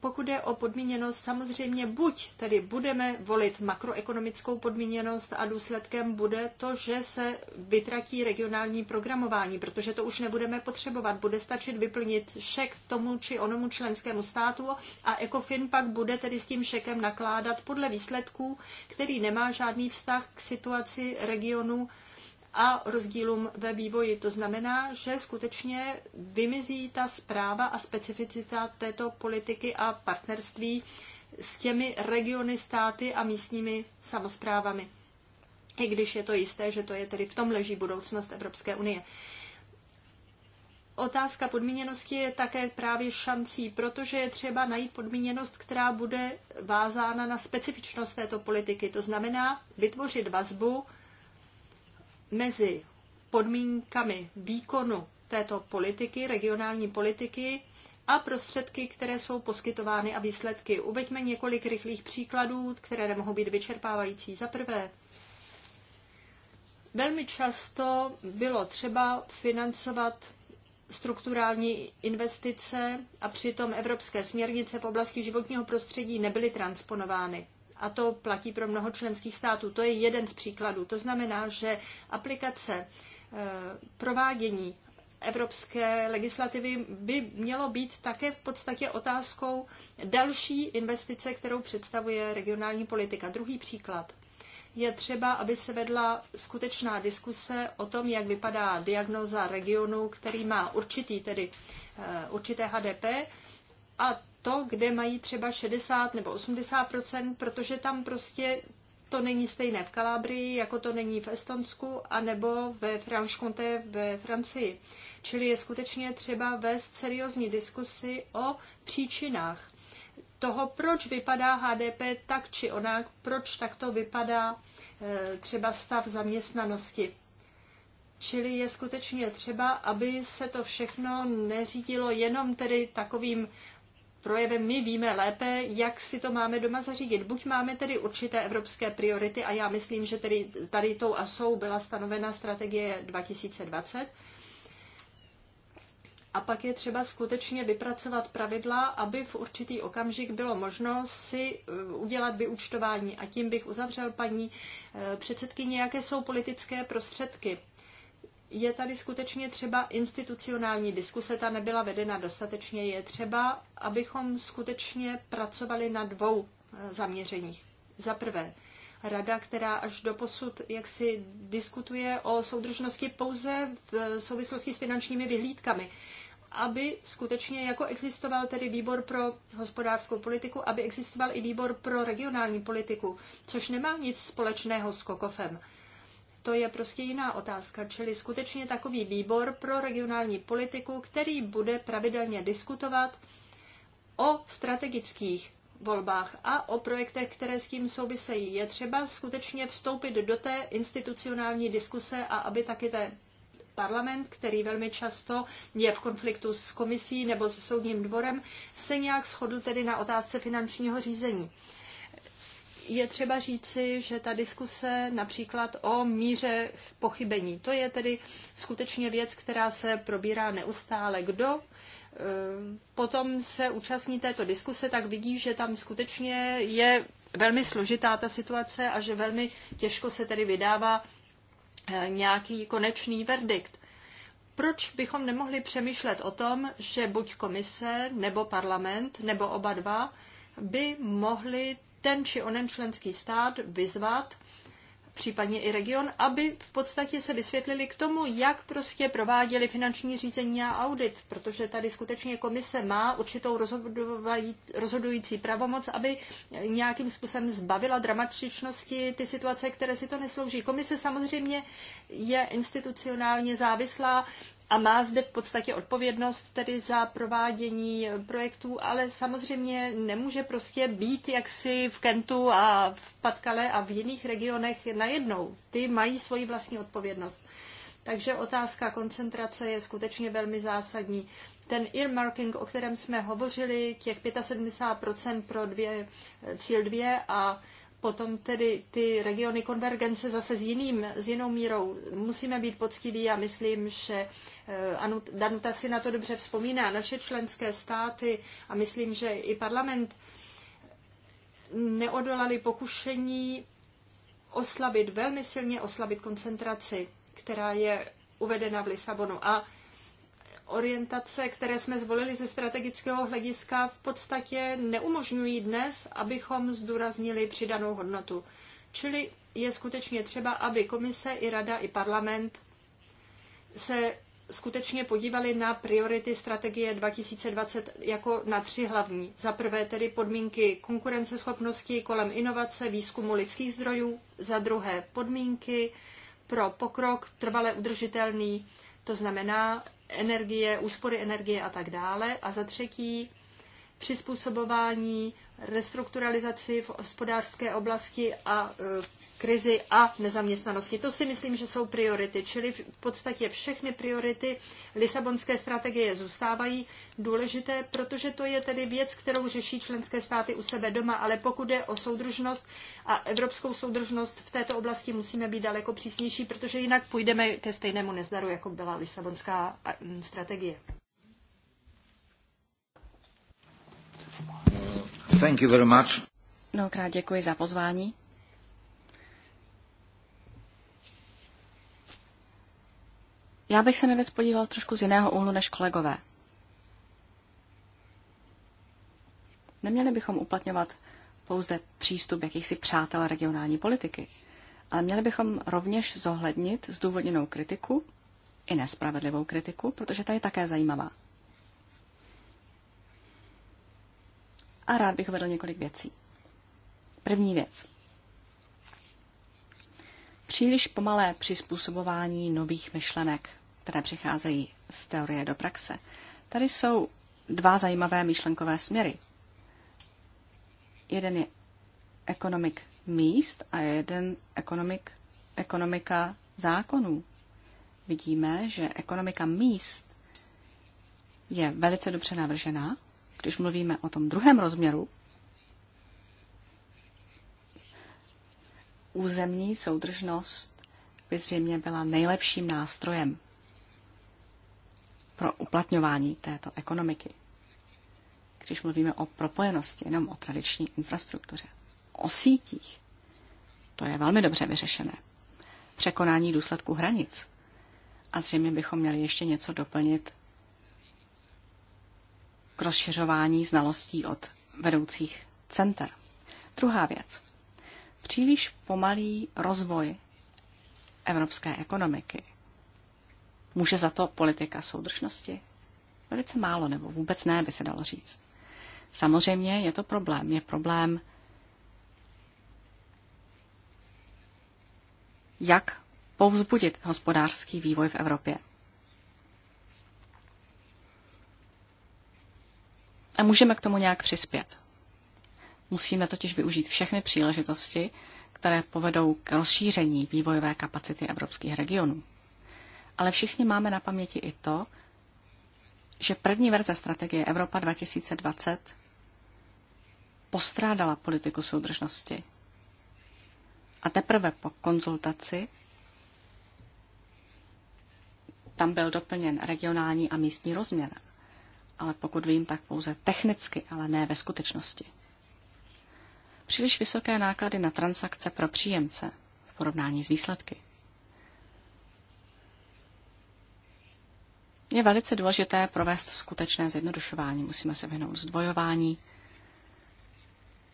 pokud je o podmíněnost, samozřejmě buď tedy budeme volit makroekonomickou podmíněnost a důsledkem bude to, že se vytratí regionální programování, protože to už nebudeme potřebovat. Bude stačit vyplnit šek tomu či onomu členskému státu a ECOFIN pak bude tedy s tím šekem nakládat podle výsledků, který nemá žádný vztah k situaci regionu a rozdílům ve vývoji. To znamená, že skutečně vymizí ta zpráva a specificita této politiky a partnerství s těmi regiony, státy a místními samozprávami. I když je to jisté, že to je tedy v tom leží budoucnost Evropské unie. Otázka podmíněnosti je také právě šancí, protože je třeba najít podmíněnost, která bude vázána na specifičnost této politiky. To znamená vytvořit vazbu mezi podmínkami výkonu této politiky, regionální politiky a prostředky, které jsou poskytovány a výsledky. Uveďme několik rychlých příkladů, které nemohou být vyčerpávající. Za prvé, velmi často bylo třeba financovat strukturální investice a přitom evropské směrnice v oblasti životního prostředí nebyly transponovány a to platí pro mnoho členských států. To je jeden z příkladů. To znamená, že aplikace eh, provádění evropské legislativy by mělo být také v podstatě otázkou další investice, kterou představuje regionální politika. Druhý příklad. Je třeba, aby se vedla skutečná diskuse o tom, jak vypadá diagnoza regionu, který má určitý, tedy eh, určité HDP, a to, kde mají třeba 60 nebo 80 protože tam prostě to není stejné v Kalábrii, jako to není v Estonsku, anebo ve Franche-Comté ve Francii. Čili je skutečně třeba vést seriózní diskusy o příčinách toho, proč vypadá HDP tak či onak, proč takto vypadá e, třeba stav zaměstnanosti. Čili je skutečně třeba, aby se to všechno neřídilo jenom tedy takovým projevem my víme lépe, jak si to máme doma zařídit. Buď máme tedy určité evropské priority a já myslím, že tedy tady tou ASOU byla stanovena strategie 2020, a pak je třeba skutečně vypracovat pravidla, aby v určitý okamžik bylo možno si eh, udělat vyúčtování. A tím bych uzavřel paní eh, předsedkyně, jaké jsou politické prostředky je tady skutečně třeba institucionální diskuse, ta nebyla vedena dostatečně. Je třeba, abychom skutečně pracovali na dvou eh, zaměřeních. Za prvé, rada, která až do posud jaksi diskutuje o soudržnosti pouze v souvislosti s finančními vyhlídkami aby skutečně jako existoval tedy výbor pro hospodářskou politiku, aby existoval i výbor pro regionální politiku, což nemá nic společného s Kokofem to je prostě jiná otázka, čili skutečně takový výbor pro regionální politiku, který bude pravidelně diskutovat o strategických volbách a o projektech, které s tím souvisejí. Je třeba skutečně vstoupit do té institucionální diskuse a aby taky ten parlament, který velmi často je v konfliktu s komisí nebo s soudním dvorem, se nějak shodl tedy na otázce finančního řízení je třeba říci, že ta diskuse například o míře pochybení, to je tedy skutečně věc, která se probírá neustále. Kdo eh, potom se účastní této diskuse, tak vidí, že tam skutečně je velmi složitá ta situace a že velmi těžko se tedy vydává eh, nějaký konečný verdikt. Proč bychom nemohli přemýšlet o tom, že buď komise nebo parlament nebo oba dva by mohli ten či onen členský stát vyzvat, případně i region, aby v podstatě se vysvětlili k tomu, jak prostě prováděli finanční řízení a audit, protože tady skutečně komise má určitou rozhodující pravomoc, aby nějakým způsobem zbavila dramatičnosti ty situace, které si to neslouží. Komise samozřejmě je institucionálně závislá a má zde v podstatě odpovědnost tedy za provádění projektů, ale samozřejmě nemůže prostě být jaksi v Kentu a v Patkale a v jiných regionech najednou. Ty mají svoji vlastní odpovědnost. Takže otázka koncentrace je skutečně velmi zásadní. Ten earmarking, o kterém jsme hovořili, těch 75% pro dvě, cíl 2 a potom tedy ty regiony konvergence zase s, jiným, s jinou mírou. Musíme být poctiví a myslím, že eh, Danuta si na to dobře vzpomíná, naše členské státy a myslím, že i parlament neodolali pokušení oslabit, velmi silně oslabit koncentraci, která je uvedena v Lisabonu. A orientace, které jsme zvolili ze strategického hlediska, v podstatě neumožňují dnes, abychom zdůraznili přidanou hodnotu. Čili je skutečně třeba, aby komise i rada i parlament se skutečně podívali na priority strategie 2020 jako na tři hlavní. Za prvé tedy podmínky konkurenceschopnosti kolem inovace, výzkumu lidských zdrojů, za druhé podmínky pro pokrok trvale udržitelný, to znamená energie, úspory energie a tak dále. A za třetí, přizpůsobování, restrukturalizaci v hospodářské oblasti a e, krizi a nezaměstnanosti. To si myslím, že jsou priority, čili v podstatě všechny priority Lisabonské strategie zůstávají důležité, protože to je tedy věc, kterou řeší členské státy u sebe doma, ale pokud je o soudržnost a evropskou soudržnost v této oblasti musíme být daleko přísnější, protože jinak půjdeme ke stejnému nezdaru, jako byla Lisabonská mm, strategie. Thank you very much. Mnohokrát děkuji za pozvání. Já bych se na věc podíval trošku z jiného úhlu než kolegové. Neměli bychom uplatňovat pouze přístup jakýchsi přátel regionální politiky, ale měli bychom rovněž zohlednit zdůvodněnou kritiku i nespravedlivou kritiku, protože ta je také zajímavá. A rád bych uvedl několik věcí. První věc příliš pomalé přizpůsobování nových myšlenek, které přicházejí z teorie do praxe. Tady jsou dva zajímavé myšlenkové směry. Jeden je ekonomik míst a jeden ekonomik, ekonomika zákonů. Vidíme, že ekonomika míst je velice dobře navržená. Když mluvíme o tom druhém rozměru, územní soudržnost by zřejmě byla nejlepším nástrojem pro uplatňování této ekonomiky. Když mluvíme o propojenosti, jenom o tradiční infrastruktuře, o sítích, to je velmi dobře vyřešené. Překonání důsledků hranic. A zřejmě bychom měli ještě něco doplnit k rozšiřování znalostí od vedoucích center. Druhá věc příliš pomalý rozvoj evropské ekonomiky. Může za to politika soudržnosti? Velice málo nebo vůbec ne, by se dalo říct. Samozřejmě je to problém. Je problém, jak povzbudit hospodářský vývoj v Evropě. A můžeme k tomu nějak přispět. Musíme totiž využít všechny příležitosti, které povedou k rozšíření vývojové kapacity evropských regionů. Ale všichni máme na paměti i to, že první verze strategie Evropa 2020 postrádala politiku soudržnosti. A teprve po konzultaci tam byl doplněn regionální a místní rozměr. Ale pokud vím, tak pouze technicky, ale ne ve skutečnosti příliš vysoké náklady na transakce pro příjemce v porovnání s výsledky. Je velice důležité provést skutečné zjednodušování. Musíme se vyhnout zdvojování.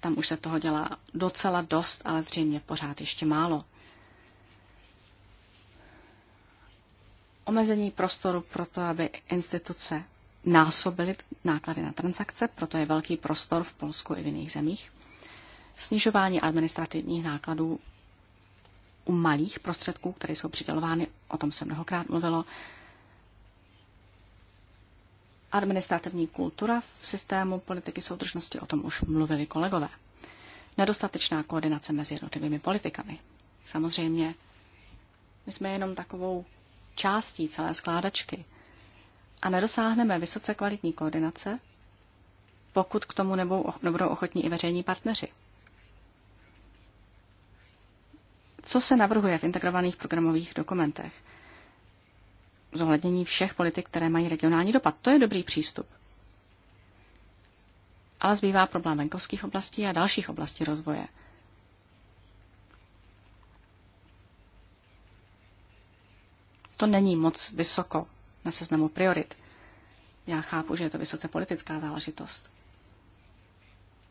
Tam už se toho dělá docela dost, ale zřejmě pořád ještě málo. Omezení prostoru pro to, aby instituce násobily náklady na transakce, proto je velký prostor v Polsku i v jiných zemích snižování administrativních nákladů u malých prostředků, které jsou přidělovány, o tom se mnohokrát mluvilo, administrativní kultura v systému politiky soudržnosti, o tom už mluvili kolegové. Nedostatečná koordinace mezi jednotlivými politikami. Samozřejmě, my jsme jenom takovou částí celé skládačky a nedosáhneme vysoce kvalitní koordinace, pokud k tomu nebudou ochotní i veřejní partneři. Co se navrhuje v integrovaných programových dokumentech? Zohlednění všech politik, které mají regionální dopad. To je dobrý přístup. Ale zbývá problém venkovských oblastí a dalších oblastí rozvoje. To není moc vysoko na seznamu priorit. Já chápu, že je to vysoce politická záležitost.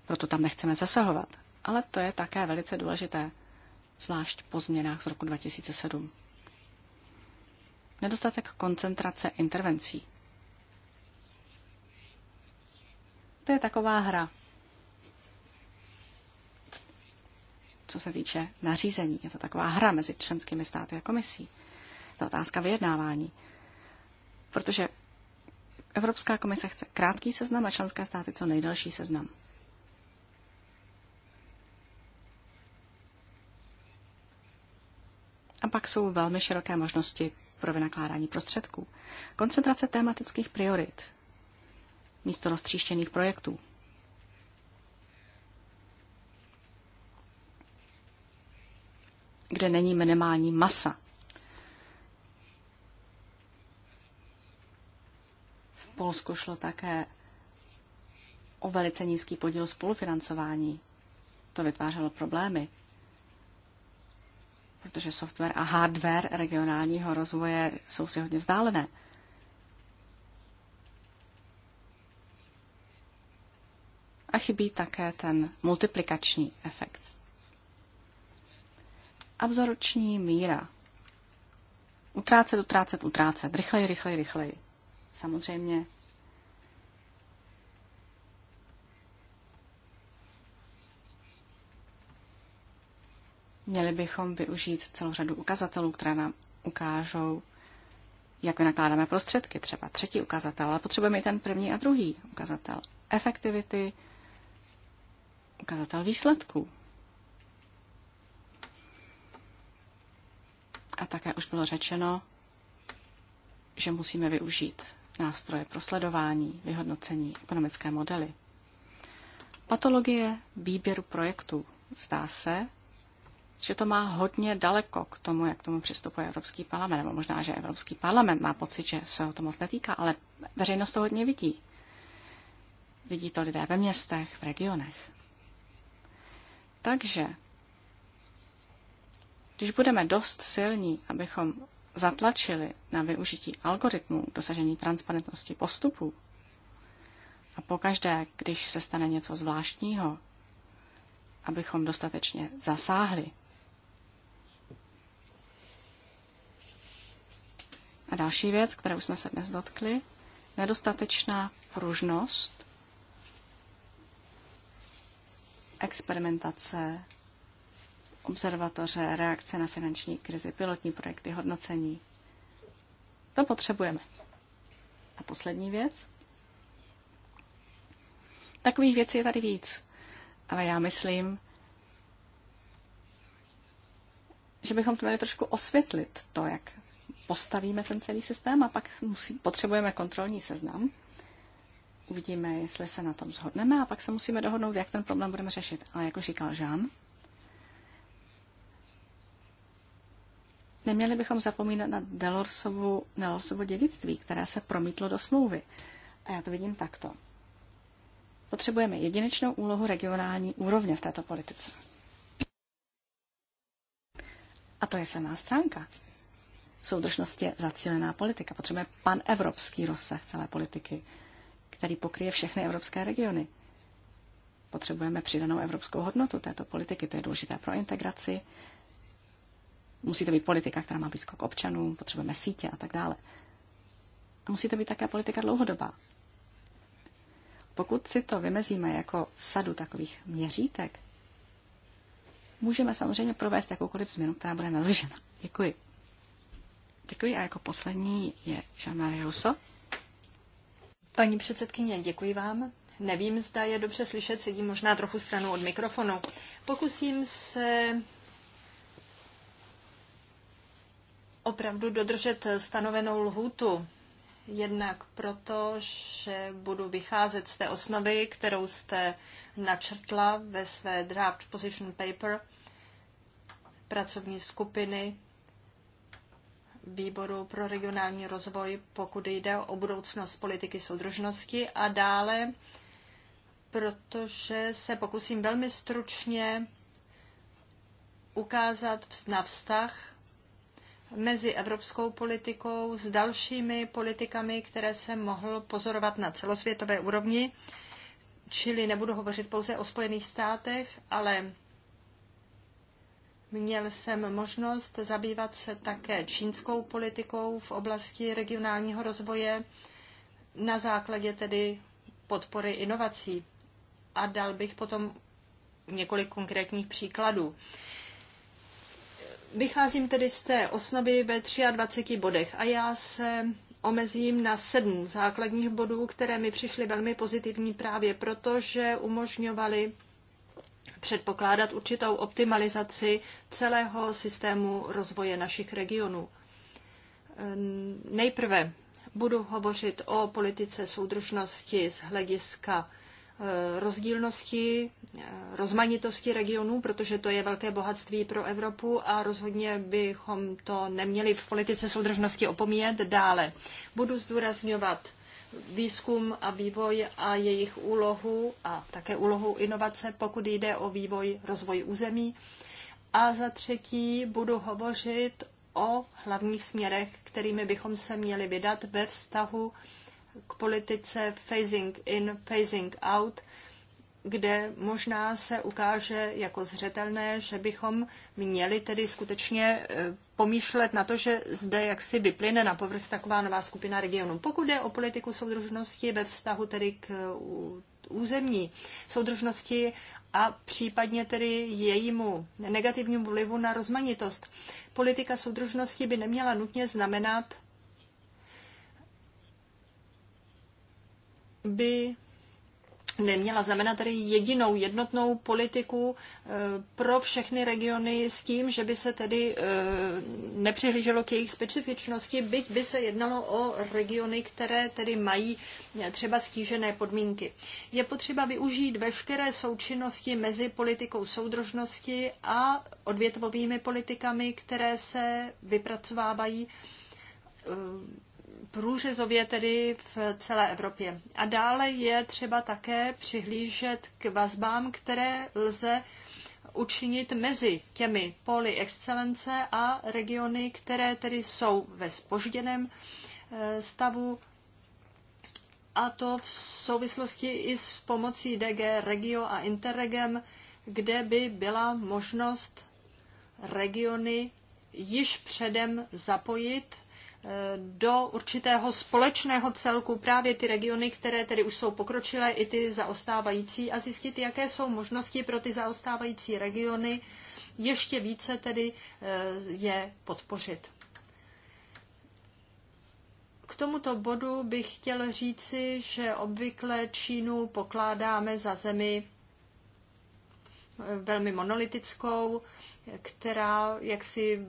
Proto tam nechceme zasahovat. Ale to je také velice důležité zvlášť po změnách z roku 2007. Nedostatek koncentrace intervencí. To je taková hra, co se týče nařízení. Je to taková hra mezi členskými státy a komisí. To otázka vyjednávání. Protože Evropská komise chce krátký seznam a členské státy co nejdelší seznam. A pak jsou velmi široké možnosti pro vynakládání prostředků. Koncentrace tématických priorit místo roztříštěných projektů. kde není minimální masa. V Polsku šlo také o velice nízký podíl spolufinancování. To vytvářelo problémy protože software a hardware regionálního rozvoje jsou si hodně vzdálené. A chybí také ten multiplikační efekt. Absorpční míra. Utrácet, utrácet, utrácet. Rychleji, rychleji, rychleji. Samozřejmě Měli bychom využít celou řadu ukazatelů, které nám ukážou, jak vynakládáme prostředky, třeba třetí ukazatel, ale potřebujeme i ten první a druhý ukazatel. Efektivity, ukazatel výsledků. A také už bylo řečeno, že musíme využít nástroje pro sledování, vyhodnocení, ekonomické modely. Patologie výběru projektů. Zdá se, že to má hodně daleko k tomu, jak tomu přistupuje Evropský parlament, nebo možná, že Evropský parlament má pocit, že se o to moc netýká, ale veřejnost to hodně vidí. Vidí to lidé ve městech, v regionech. Takže, když budeme dost silní, abychom zatlačili na využití algoritmů k dosažení transparentnosti postupů, a pokaždé, když se stane něco zvláštního, abychom dostatečně zasáhli, A další věc, kterou jsme se dnes dotkli, nedostatečná pružnost experimentace, observatoře, reakce na finanční krizi, pilotní projekty, hodnocení. To potřebujeme. A poslední věc. Takových věcí je tady víc, ale já myslím, že bychom to měli trošku osvětlit to, jak postavíme ten celý systém a pak musí, potřebujeme kontrolní seznam. Uvidíme, jestli se na tom zhodneme a pak se musíme dohodnout, jak ten problém budeme řešit. Ale jako říkal Jean, neměli bychom zapomínat na Delorsovu, Delorsovo dědictví, které se promítlo do smlouvy. A já to vidím takto. Potřebujeme jedinečnou úlohu regionální úrovně v této politice. A to je samá stránka. Soudržnost je zacílená politika. Potřebujeme pan-evropský rozsah celé politiky, který pokryje všechny evropské regiony. Potřebujeme přidanou evropskou hodnotu této politiky. To je důležité pro integraci. Musí to být politika, která má blízko k občanům, potřebujeme sítě a tak dále. A musí to být také politika dlouhodobá. Pokud si to vymezíme jako sadu takových měřítek, můžeme samozřejmě provést jakoukoliv změnu, která bude naložena. Děkuji. Děkuji. a jako poslední je Jean-Marie Rousseau. Paní předsedkyně, děkuji vám. Nevím, zda je dobře slyšet, sedím možná trochu stranu od mikrofonu. Pokusím se opravdu dodržet stanovenou lhůtu. Jednak proto, že budu vycházet z té osnovy, kterou jste načrtla ve své draft position paper pracovní skupiny výboru pro regionální rozvoj, pokud jde o budoucnost politiky soudržnosti a dále, protože se pokusím velmi stručně ukázat na vztah mezi evropskou politikou s dalšími politikami, které se mohl pozorovat na celosvětové úrovni. Čili nebudu hovořit pouze o Spojených státech, ale Měl jsem možnost zabývat se také čínskou politikou v oblasti regionálního rozvoje na základě tedy podpory inovací. A dal bych potom několik konkrétních příkladů. Vycházím tedy z té osnovy ve 23 bodech a já se omezím na sedm základních bodů, které mi přišly velmi pozitivní právě proto, že umožňovaly předpokládat určitou optimalizaci celého systému rozvoje našich regionů. Nejprve budu hovořit o politice soudržnosti z hlediska eh, rozdílnosti, eh, rozmanitosti regionů, protože to je velké bohatství pro Evropu a rozhodně bychom to neměli v politice soudržnosti opomíjet dále. Budu zdůrazňovat výzkum a vývoj a jejich úlohu a také úlohu inovace, pokud jde o vývoj rozvoj území. A za třetí budu hovořit o hlavních směrech, kterými bychom se měli vydat ve vztahu k politice phasing in, phasing out kde možná se ukáže jako zřetelné, že bychom měli tedy skutečně e, pomýšlet na to, že zde jaksi vyplyne na povrch taková nová skupina regionů. Pokud je o politiku soudržnosti ve vztahu tedy k e, územní soudržnosti a případně tedy jejímu negativnímu vlivu na rozmanitost. Politika soudržnosti by neměla nutně znamenat, by neměla znamenat tedy jedinou jednotnou politiku eh, pro všechny regiony s tím, že by se tedy eh, nepřihlíželo k jejich specifičnosti, byť by se jednalo o regiony, které tedy mají třeba stížené podmínky. Je potřeba využít veškeré součinnosti mezi politikou soudržnosti a odvětvovými politikami, které se vypracovávají eh, průřezově tedy v celé Evropě. A dále je třeba také přihlížet k vazbám, které lze učinit mezi těmi poli excelence a regiony, které tedy jsou ve spožděném eh, stavu a to v souvislosti i s pomocí DG Regio a Interregem, kde by byla možnost regiony již předem zapojit do určitého společného celku právě ty regiony, které tedy už jsou pokročilé, i ty zaostávající a zjistit, jaké jsou možnosti pro ty zaostávající regiony ještě více tedy eh, je podpořit. K tomuto bodu bych chtěl říci, že obvykle Čínu pokládáme za zemi velmi monolitickou, která jaksi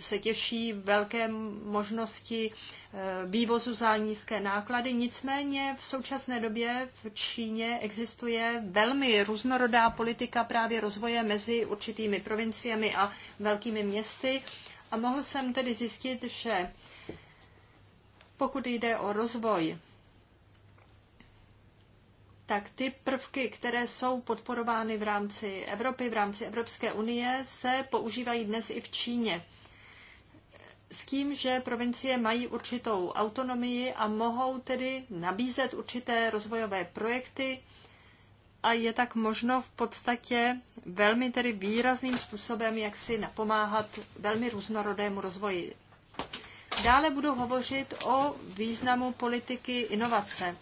se těší velké možnosti eh, vývozu za nízké náklady. Nicméně v současné době v Číně existuje velmi různorodá politika právě rozvoje mezi určitými provinciemi a velkými městy. A mohl jsem tedy zjistit, že pokud jde o rozvoj tak ty prvky, které jsou podporovány v rámci Evropy, v rámci Evropské unie, se používají dnes i v Číně. S tím, že provincie mají určitou autonomii a mohou tedy nabízet určité rozvojové projekty a je tak možno v podstatě velmi tedy výrazným způsobem, jak si napomáhat velmi různorodému rozvoji. Dále budu hovořit o významu politiky inovace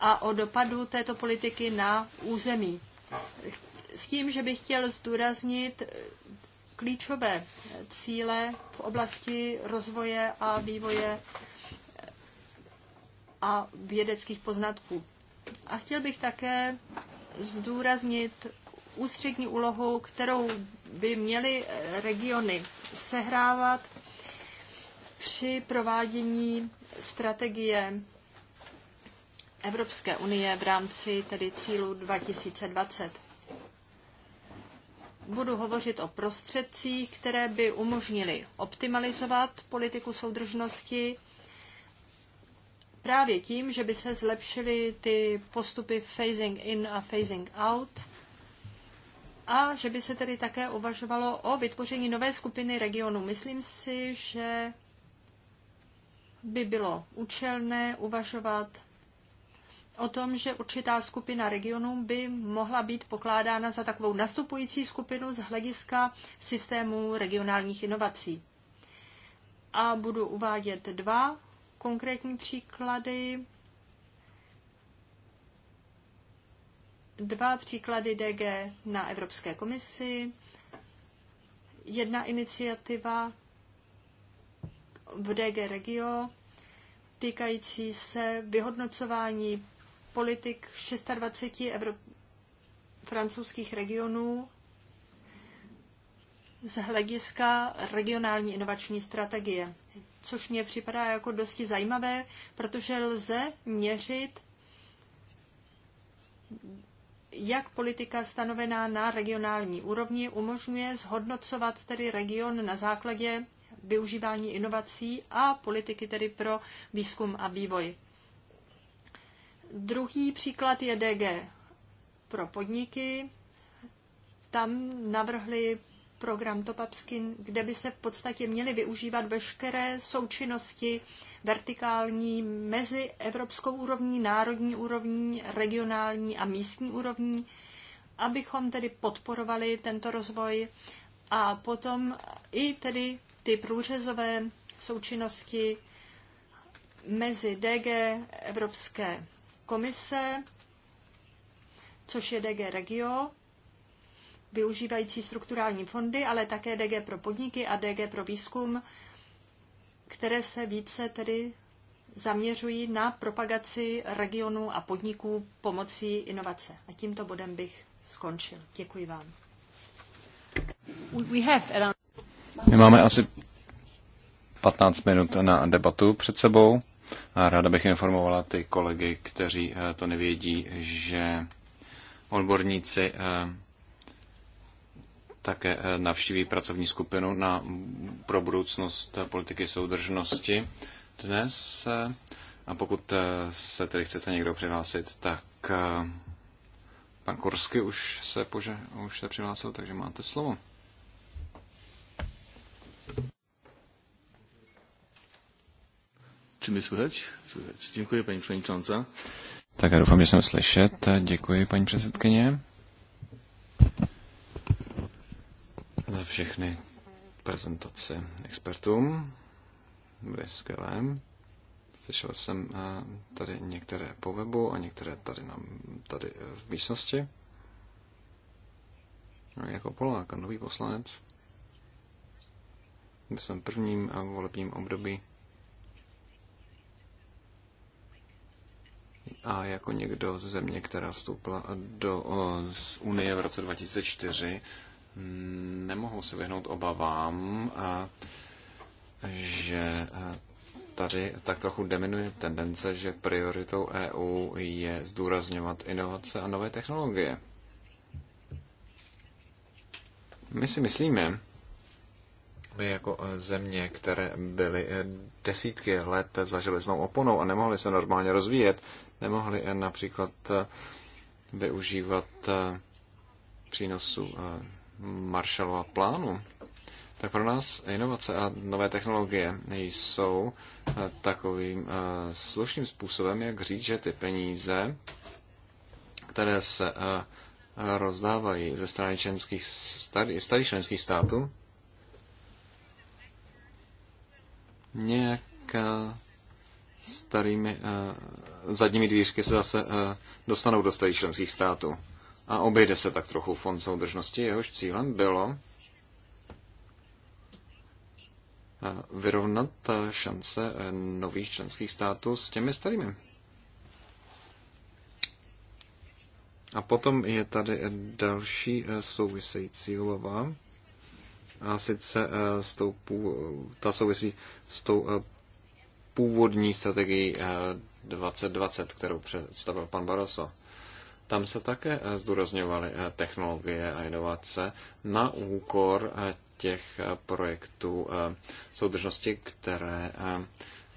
a o dopadu této politiky na území. S tím, že bych chtěl zdůraznit eh, klíčové cíle v oblasti rozvoje a vývoje eh, a vědeckých poznatků. A chtěl bych také zdůraznit ústřední úlohu, kterou by měly eh, regiony sehrávat při provádění strategie Evropské unie v rámci tedy cílu 2020. Budu hovořit o prostředcích, které by umožnily optimalizovat politiku soudržnosti právě tím, že by se zlepšily ty postupy phasing in a phasing out a že by se tedy také uvažovalo o vytvoření nové skupiny regionu. Myslím si, že by bylo účelné uvažovat o tom, že určitá skupina regionů by mohla být pokládána za takovou nastupující skupinu z hlediska systému regionálních inovací. A budu uvádět dva konkrétní příklady. Dva příklady DG na Evropské komisi. Jedna iniciativa v DG Regio týkající se vyhodnocování politik 26 Evrop- francouzských regionů z hlediska regionální inovační strategie, což mě připadá jako dosti zajímavé, protože lze měřit, jak politika stanovená na regionální úrovni umožňuje zhodnocovat tedy region na základě využívání inovací a politiky tedy pro výzkum a vývoj. Druhý příklad je DG pro podniky. Tam navrhli program Topapskin, kde by se v podstatě měly využívat veškeré součinnosti vertikální mezi evropskou úrovní, národní úrovní, regionální a místní úrovní, abychom tedy podporovali tento rozvoj a potom i tedy ty průřezové součinnosti mezi DG Evropské komise, což je DG Regio, využívající strukturální fondy, ale také DG pro podniky a DG pro výzkum, které se více tedy zaměřují na propagaci regionů a podniků pomocí inovace. A tímto bodem bych skončil. Děkuji vám. My máme asi 15 minut na debatu před sebou. A ráda bych informovala ty kolegy, kteří eh, to nevědí, že odborníci eh, také eh, navštíví pracovní skupinu na, pro budoucnost politiky soudržnosti dnes. A pokud se tedy chcete někdo přihlásit, tak pan Korsky už se, pože, už se přihlásil, takže máte slovo. Czy mnie słychać? Słychać. Dziękuję Pani Przewodnicząca. Tak, já doufám, že jsem slyšet. Děkuji, paní předsedkyně. Za všechny prezentace expertům. Bude skvělé. Slyšel jsem eh, tady některé po webu a některé tady, na, tady eh, v místnosti. No, jako Polák a nový poslanec ve prvním eh, volebním období a jako někdo ze země, která vstoupila do z Unie v roce 2004, mm, nemohu se vyhnout obavám, a že tady tak trochu deminuje tendence, že prioritou EU je zdůrazňovat inovace a nové technologie. My si myslíme, my jako e, země, které byly e, desítky let za železnou oponou a nemohly se normálně rozvíjet, nemohli eh, například eh, využívat eh, přínosu Marshallova plánu, tak pro nás inovace a nové technologie jsou takovým slušným způsobem, jak říct, že ty peníze, které se rozdávají ze strany členských, starých členských států, nějak starými zadními dvířky se zase eh, dostanou do starých členských států. A obejde se tak trochu fond soudržnosti, jehož cílem bylo eh, vyrovnat eh, šance nových členských států s těmi starými. A potom je tady další související hlava, a sice s tou, ta souvisí s tou původní strategií 2020, kterou představil pan Barroso. Tam se také eh, zdůrazňovaly eh, technologie a inovace na úkor eh, těch projektů soudržnosti, které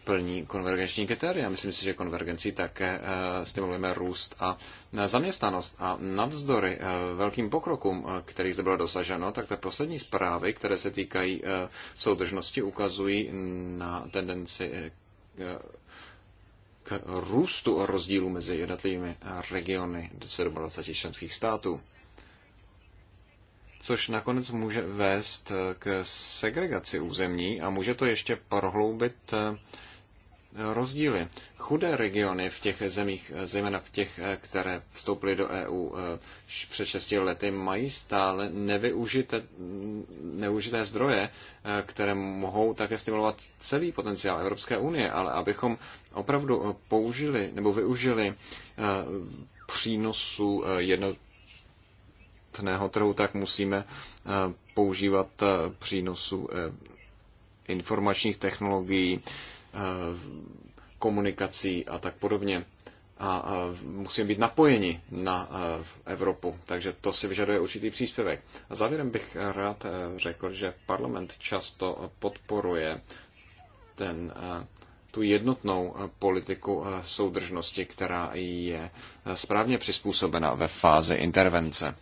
plní konvergenční kritéria. Myslím si, že konvergencí také stimulujeme růst a zaměstnanost. A navzdory velkým pokrokům, který zde bylo dosaženo, tak ty poslední zprávy, které se týkají soudržnosti, ukazují na tendenci k růstu a rozdílu mezi jednotlivými regiony 27 členských států. Což nakonec může vést k segregaci území a může to ještě prohloubit rozdíly. Chudé regiony v těch zemích, zejména v těch, eh, které vstoupily do EU eh, před 6 lety, mají stále nevyužité, neužité zdroje, eh, které mohou také stimulovat celý potenciál Evropské unie, ale abychom opravdu použili nebo využili přínosu jednotného trhu, tak musíme používat přínosu informačních technologií, Eh, komunikací a tak podobně. A eh, musíme být napojeni na eh, Evropu, takže to si vyžaduje určitý příspěvek. A závěrem bych rád řekl, že parlament často podporuje ten, tu jednotnou politiku soudržnosti, která je správně přizpůsobena ve fázi intervence.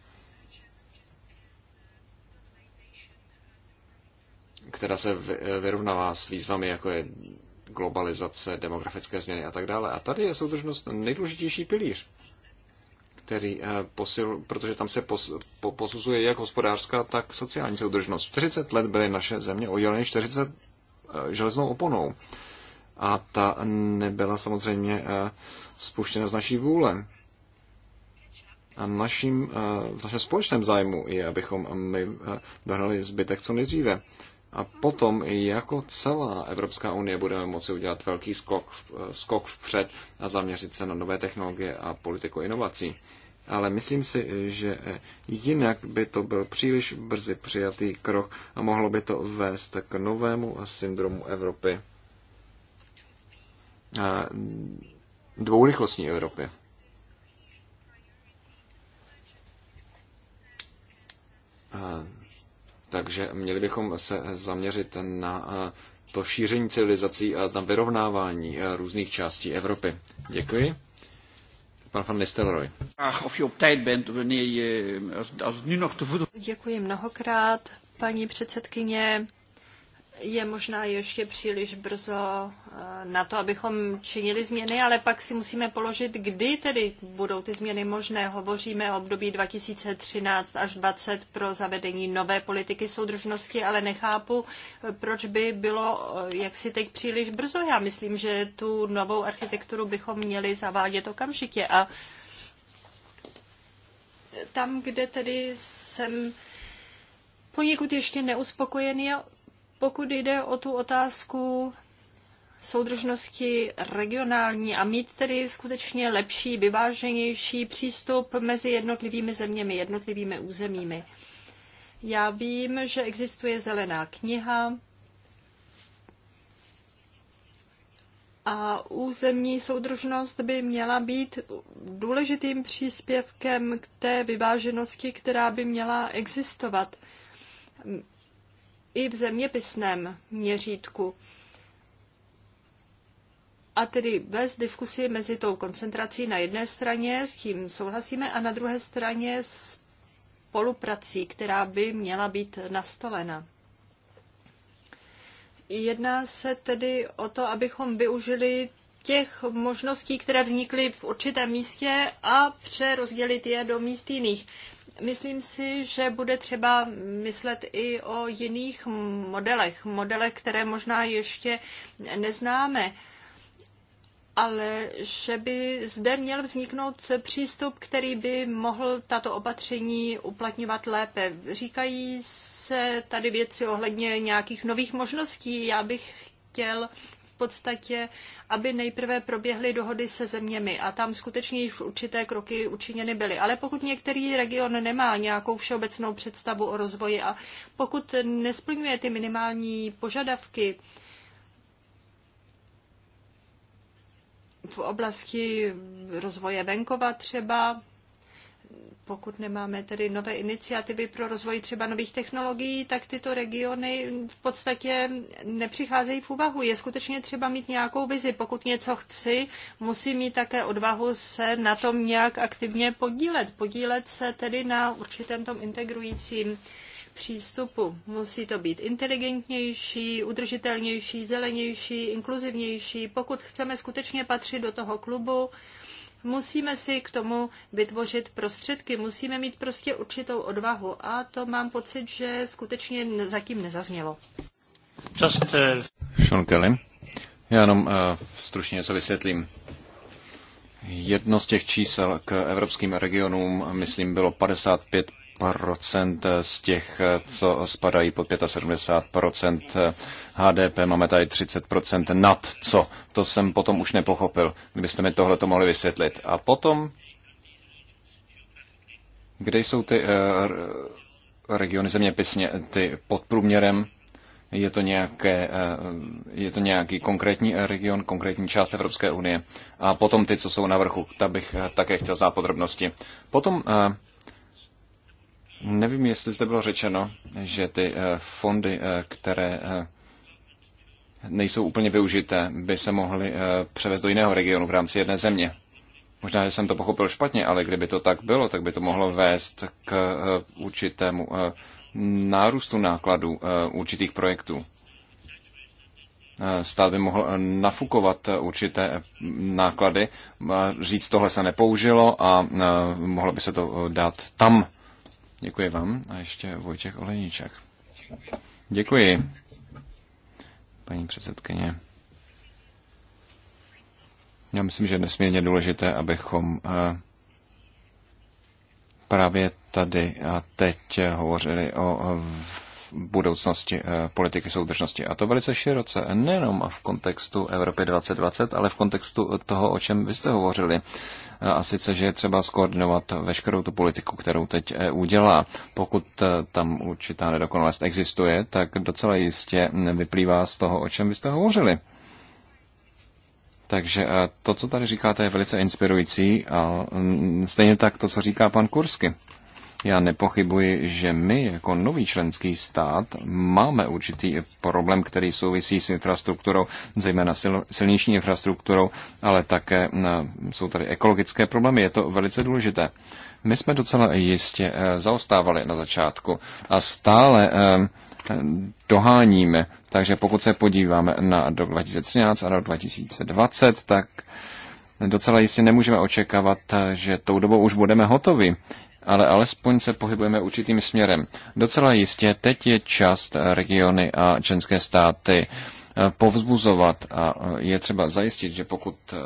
která se vyrovnává s výzvami, jako je globalizace, demografické změny a tak dále. A tady je soudržnost nejdůležitější pilíř, který eh, posil, protože tam se pos, po, posuzuje jak hospodářská, tak sociální soudržnost. 40 let byly naše země odděleny 40 eh, železnou oponou. A ta nebyla samozřejmě eh, spuštěna z naší vůle. A naším, v našem společném zájmu je, abychom my dohnali zbytek co nejdříve. A potom jako celá Evropská unie budeme moci udělat velký skok, skok vpřed a zaměřit se na nové technologie a politiku inovací. Ale myslím si, že jinak by to byl příliš brzy přijatý krok a mohlo by to vést k novému syndromu Evropy. Dvourychlostní Evropy. A takže měli bychom se zaměřit na eh, to šíření civilizací a na vyrovnávání eh, různých částí Evropy. Děkuji. Pan van Nistelrooy. Eh, Děkuji mnohokrát, paní předsedkyně je možná ještě příliš brzo eh, na to, abychom činili změny, ale pak si musíme položit, kdy tedy budou ty změny možné. Hovoříme o období 2013 až 2020 pro zavedení nové politiky soudržnosti, ale nechápu, eh, proč by bylo eh, jaksi teď příliš brzo. Já myslím, že tu novou architekturu bychom měli zavádět okamžitě. A tam, kde tedy jsem poněkud ještě neuspokojený. je pokud jde o tu otázku soudržnosti regionální a mít tedy skutečně lepší, vyváženější přístup mezi jednotlivými zeměmi, jednotlivými územími. Já vím, že existuje zelená kniha a územní soudržnost by měla být důležitým příspěvkem k té vyváženosti, která by měla existovat i v zeměpisném měřítku. A tedy bez diskusy mezi tou koncentrací na jedné straně, s tím souhlasíme, a na druhé straně s spoluprací, která by měla být nastolena. Jedná se tedy o to, abychom využili těch možností, které vznikly v určitém místě a přerozdělit je do míst jiných. Myslím si, že bude třeba myslet i o jiných modelech, modelech, které možná ještě neznáme, ale že by zde měl vzniknout přístup, který by mohl tato opatření uplatňovat lépe. Říkají se tady věci ohledně nějakých nových možností. Já bych chtěl podstatě, aby nejprve proběhly dohody se zeměmi a tam skutečně již určité kroky učiněny byly. Ale pokud některý region nemá nějakou všeobecnou představu o rozvoji a pokud nesplňuje ty minimální požadavky, v oblasti rozvoje venkova třeba, pokud nemáme tedy nové iniciativy pro rozvoj třeba nových technologií, tak tyto regiony v podstatě nepřicházejí v úvahu. Je skutečně třeba mít nějakou vizi. Pokud něco chci, musí mít také odvahu se na tom nějak aktivně podílet. Podílet se tedy na určitém tom integrujícím přístupu. Musí to být inteligentnější, udržitelnější, zelenější, inkluzivnější. Pokud chceme skutečně patřit do toho klubu, Musíme si k tomu vytvořit prostředky, musíme mít prostě určitou odvahu a to mám pocit, že skutečně zatím nezaznělo. Just, uh... Sean Kelly. Já jenom uh, stručně něco vysvětlím. Jedno z těch čísel k evropským regionům, myslím, bylo 55 procent z těch, co spadají pod 75 HDP, máme tady 30 nad co. To jsem potom už nepochopil, kdybyste mi tohle to mohli vysvětlit. A potom, kde jsou ty eh, regiony zeměpisně, ty pod průměrem? Je to, nějaké, eh, je to nějaký konkrétní eh, region, konkrétní část Evropské unie. A potom ty, co jsou na vrchu, ta bych také chtěl znát podrobnosti. Potom Nevím, jestli zde bylo řečeno, že ty eh, fondy, eh, které eh, nejsou úplně využité, by se mohly převést do jiného regionu v rámci jedné země. Možná, že jsem to pochopil špatně, ale kdyby to tak bylo, tak by to mohlo vést k určitému nárůstu nákladů určitých projektů. Stát by mohl nafukovat určité náklady, říct, tohle se nepoužilo a mohlo by se to dát tam Děkuji vám a ještě Vojtěch Olejníček. Děkuji, paní předsedkyně. Já myslím, že je nesmírně důležité, abychom eh, právě tady a teď hovořili o eh, budoucnosti eh, politiky soudržnosti. A to velice široce, nejenom v kontextu Evropy 2020, ale v kontextu toho, o čem vy jste hovořili. Eh, a sice, že je třeba skoordinovat veškerou tu politiku, kterou teď EU dělá. Pokud eh, tam určitá nedokonalost existuje, tak docela jistě vyplývá z toho, o čem vy jste hovořili. Takže to, co tady říkáte, je velice inspirující a mm, stejně tak to, co říká pan Kursky. Já nepochybuji, že my jako nový členský stát máme určitý problém, který souvisí s infrastrukturou, zejména sil, silniční infrastrukturou, ale také eh, jsou tady ekologické problémy. Je to velice důležité. My jsme docela jistě eh, zaostávali na začátku a stále eh, doháníme. Takže pokud se podíváme na rok 2013 a rok 2020, tak docela jistě nemůžeme očekávat, že tou dobou už budeme hotovi ale alespoň se pohybujeme určitým směrem. Docela jistě teď je část regiony a členské státy eh, povzbuzovat a eh, je třeba zajistit, že pokud eh,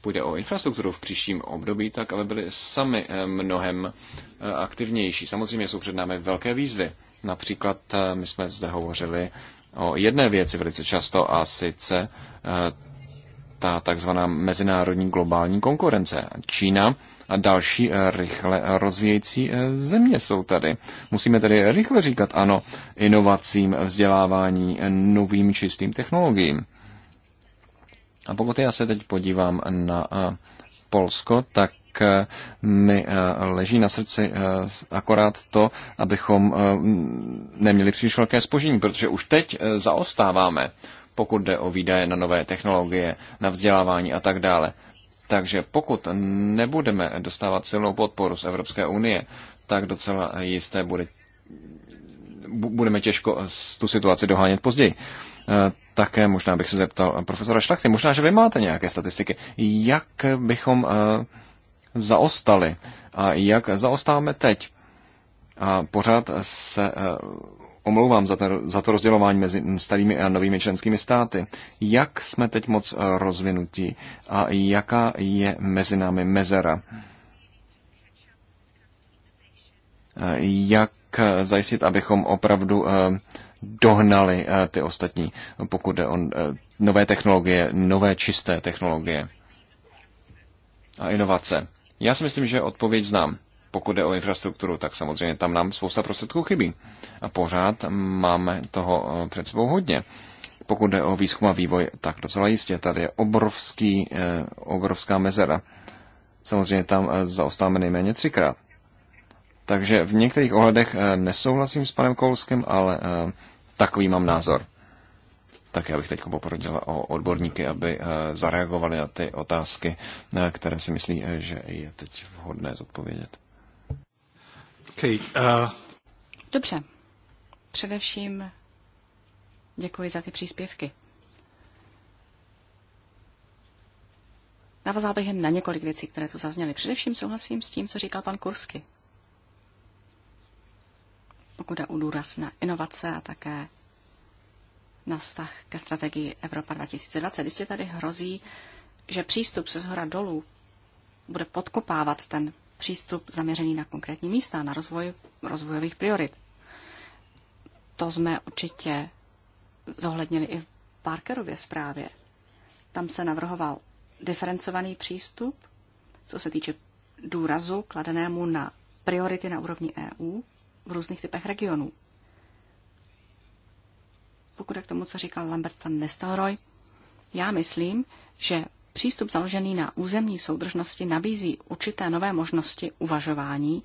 půjde o infrastrukturu v příštím období, tak aby byly sami mnohem aktivnější. Samozřejmě jsou před námi velké výzvy. Například my jsme zde hovořili o jedné věci velice často a sice ta takzvaná mezinárodní globální konkurence. Čína a další eh, rychle rozvíjející eh, země jsou tady. Musíme tedy rychle říkat ano inovacím, vzdělávání, eh, novým čistým technologiím. A pokud já se teď podívám na Polsko, tak tak mi leží na srdci akorát to, abychom neměli příliš velké spožení, protože už teď zaostáváme pokud jde o výdaje na nové technologie, na vzdělávání a tak dále. Takže pokud nebudeme dostávat silnou podporu z Evropské unie, tak docela jisté bude, budeme těžko tu situaci dohánět později. E, také možná bych se zeptal profesora Šlachty, možná, že vy máte nějaké statistiky, jak bychom e, zaostali a jak zaostáváme teď. A pořád se e, omlouvám za, ten, za to rozdělování mezi starými a novými členskými státy. Jak jsme teď moc rozvinutí a jaká je mezi námi mezera? Jak zajistit, abychom opravdu eh, dohnali eh, ty ostatní, pokud jde o eh, nové technologie, nové čisté technologie a inovace? Já si myslím, že odpověď znám pokud jde o infrastrukturu, tak samozřejmě tam nám spousta prostředků chybí. A pořád máme toho eh, před sebou hodně. Pokud jde o výzkum a vývoj, tak docela jistě tady je obrovský, eh, obrovská mezera. Samozřejmě tam eh, zaostáváme nejméně třikrát. Takže v některých ohledech nesouhlasím s panem Kolským, ale takový mám názor. Tak já bych teď poprosil o odborníky, aby zareagovali na ty otázky, které si myslí, že je teď vhodné zodpovědět. Okay, uh... Dobře. Především děkuji za ty příspěvky. Navazal bych jen na několik věcí, které tu zazněly. Především souhlasím s tím, co říkal pan Kursky. Pokud je důraz na inovace a také na vztah ke strategii Evropa 2020, jistě tady hrozí, že přístup se zhora dolů bude podkopávat ten přístup zaměřený na konkrétní místa, na rozvoj rozvojových priorit. To jsme určitě zohlednili i v Parkerově zprávě. Tam se navrhoval diferencovaný přístup, co se týče důrazu kladenému na priority na úrovni EU v různých typech regionů. Pokud je k tomu, co říkal Lambert van Nestelrooy, já myslím, že Přístup založený na územní soudržnosti nabízí určité nové možnosti uvažování,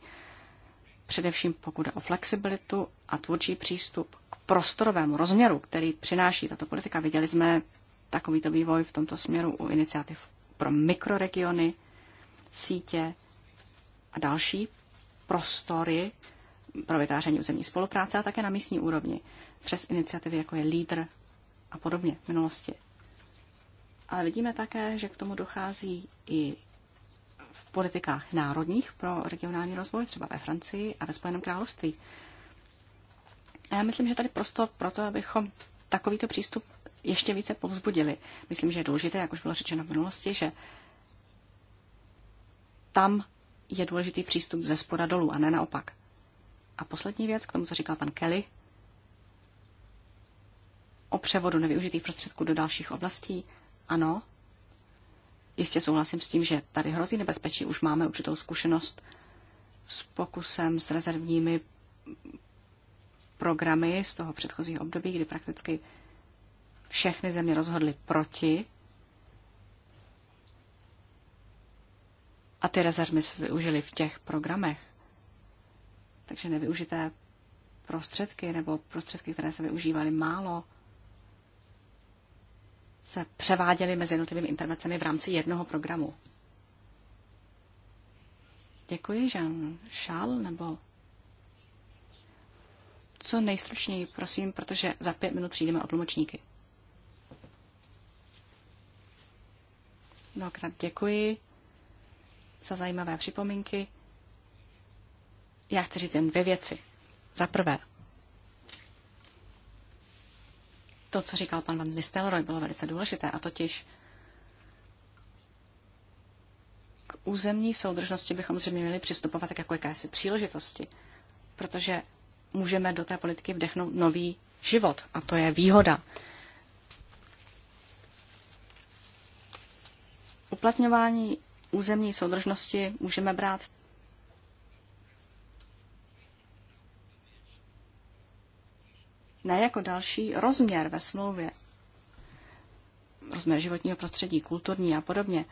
především pokud je o flexibilitu a tvůrčí přístup k prostorovému rozměru, který přináší tato politika. Viděli jsme takovýto vývoj v tomto směru u iniciativ pro mikroregiony, sítě a další prostory pro vytváření územní spolupráce a také na místní úrovni přes iniciativy jako je LEADER a podobně v minulosti ale vidíme také, že k tomu dochází i v politikách národních pro regionální rozvoj, třeba ve Francii a ve Spojeném království. A já myslím, že tady prosto proto, abychom takovýto přístup ještě více povzbudili. Myslím, že je důležité, jak už bylo řečeno v minulosti, že tam je důležitý přístup ze spoda dolů a ne naopak. A poslední věc k tomu, co říkal pan Kelly, o převodu nevyužitých prostředků do dalších oblastí ano, jistě souhlasím s tím, že tady hrozí nebezpečí. Už máme určitou zkušenost s pokusem s rezervními programy z toho předchozího období, kdy prakticky všechny země rozhodly proti a ty rezervy využili v těch programech. Takže nevyužité prostředky nebo prostředky, které se využívaly málo, se převáděly mezi jednotlivými intervencemi v rámci jednoho programu. Děkuji, Jean šal nebo co nejstručněji, prosím, protože za pět minut přijdeme o tlumočníky. Mnohokrát děkuji za zajímavé připomínky. Já chci říct jen dvě věci. Za prvé, to, co říkal pan Van Listelroy bylo velice důležité, a totiž k územní soudržnosti bychom zřejmě měli přistupovat tak jako jakési příležitosti, protože můžeme do té politiky vdechnout nový život a to je výhoda. Uplatňování územní soudržnosti můžeme brát ne jako další rozměr ve smlouvě. Rozměr životního prostředí, kulturní a podobně.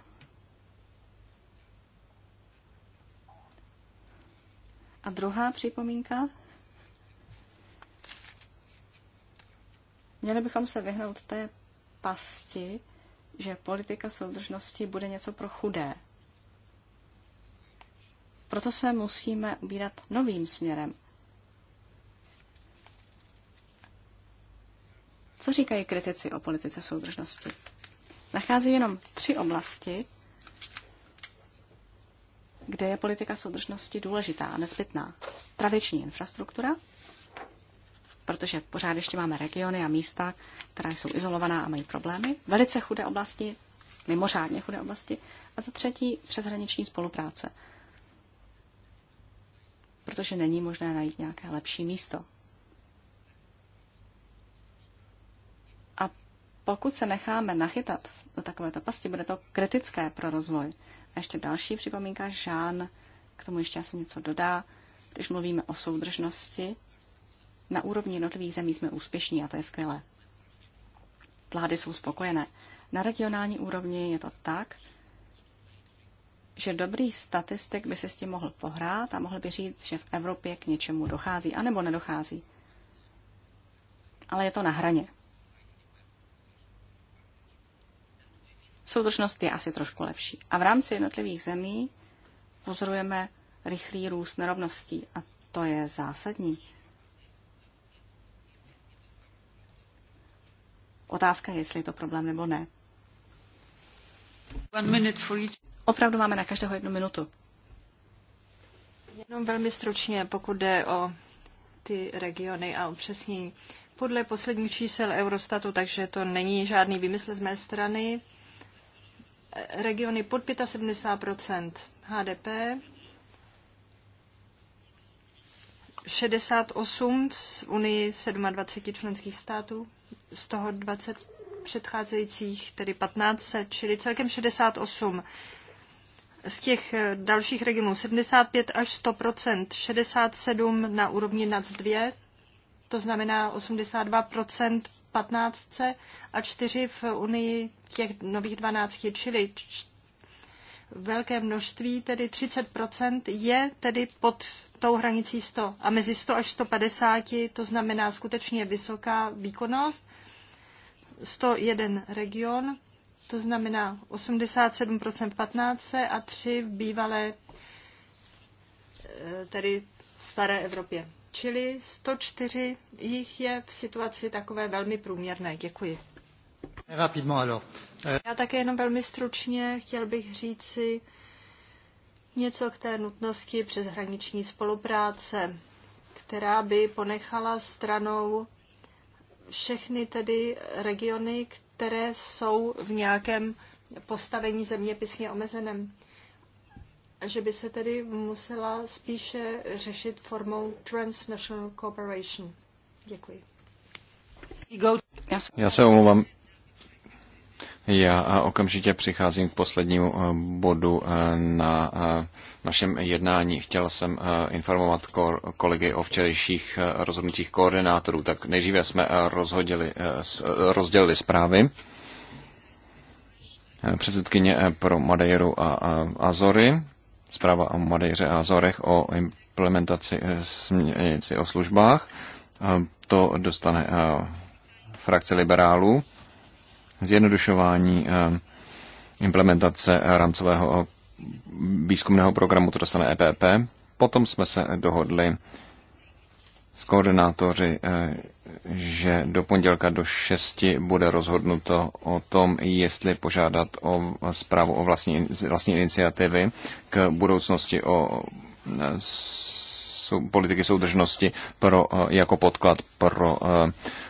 A druhá připomínka. Měli bychom se vyhnout té pasti, že politika soudržnosti bude něco pro chudé. Proto se musíme ubírat novým směrem. Co říkají kritici o politice soudržnosti? Nachází jenom tři oblasti, kde je politika soudržnosti důležitá a nezbytná. Tradiční infrastruktura, protože pořád ještě máme regiony a místa, která jsou izolovaná a mají problémy, velice chudé oblasti, mimořádně chudé oblasti, a za třetí přeshraniční spolupráce, protože není možné najít nějaké lepší místo. pokud se necháme nachytat do takovéto pasti, bude to kritické pro rozvoj. A ještě další připomínka, Žán k tomu ještě asi něco dodá. Když mluvíme o soudržnosti, na úrovni jednotlivých zemí jsme úspěšní a to je skvělé. Vlády jsou spokojené. Na regionální úrovni je to tak, že dobrý statistik by se s tím mohl pohrát a mohl by říct, že v Evropě k něčemu dochází, anebo nedochází. Ale je to na hraně. Soudržnost je asi trošku lepší. A v rámci jednotlivých zemí pozorujeme rychlý růst nerovností a to je zásadní. Otázka je, jestli je to problém nebo ne. Opravdu máme na každého jednu minutu. Jenom velmi stručně, pokud jde o ty regiony a upřesnění. Podle posledních čísel Eurostatu, takže to není žádný výmysl z mé strany, regiony pod 75 HDP, 68 z Unii 27 členských států, z toho 20 předcházejících, tedy 15, čili celkem 68 z těch eh, dalších regionů 75 až 100 67 na úrovni NAC 2, to znamená 82 15 a 4 v Unii těch nových 12, čili velké množství, tedy 30 je tedy pod tou hranicí 100. A mezi 100 až 150 to znamená skutečně vysoká výkonnost. 101 region, to znamená 87 v 15 a 3 v bývalé, e, tedy staré Evropě čili 104 jich je v situaci takové velmi průměrné. Děkuji. Euh, Já také jenom velmi stručně chtěl bych říci něco k té nutnosti přeshraniční spolupráce, která by ponechala stranou všechny tedy regiony, které jsou v nějakém postavení zeměpisně omezeném že by se tedy musela spíše řešit formou transnational cooperation. Děkuji. Já se omlouvám. Já okamžitě přicházím k poslednímu eh, bodu eh, na eh, našem jednání. Chtěl jsem informovat kolegy o včerejších rozhodnutích koordinátorů. Tak nejdříve jsme rozhodili, rozdělili zprávy předsedkyně pro Madeiru a Azory zpráva o Madejře a Zorech o implementaci eh, směrnici o službách. To dostane eh, frakce liberálů. Zjednodušování eh, implementace rámcového výzkumného programu to dostane EPP. Potom jsme se dohodli s koordinátoři, eh, že do pondělka do 6 bude rozhodnuto o tom, jestli požádat o zprávu o vlastní, vlastní iniciativy k budoucnosti o eh, politiky soudržnosti pro, eh, jako podklad pro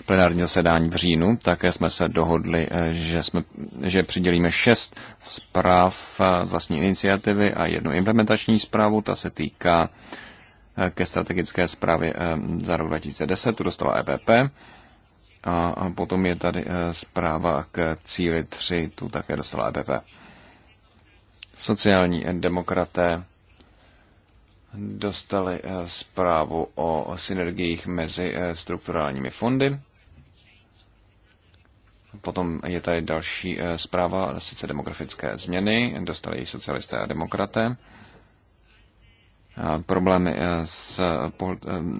plenární zasedání v říjnu. Také jsme se dohodli, že, jsme, že přidělíme šest zpráv z vlastní iniciativy a jednu implementační zprávu. Ta se týká uh, Eh, ke strategické zprávě eh, za rok 2010, tu dostala EPP. A potom je tady eh, zpráva k cíli 3, tu také dostala EPP. Sociální demokraté dostali zprávu o synergiích mezi strukturálními fondy. Potom je tady další zpráva, sice demografické změny, dostali ji socialisté a demokraté problémy eh, s, eh,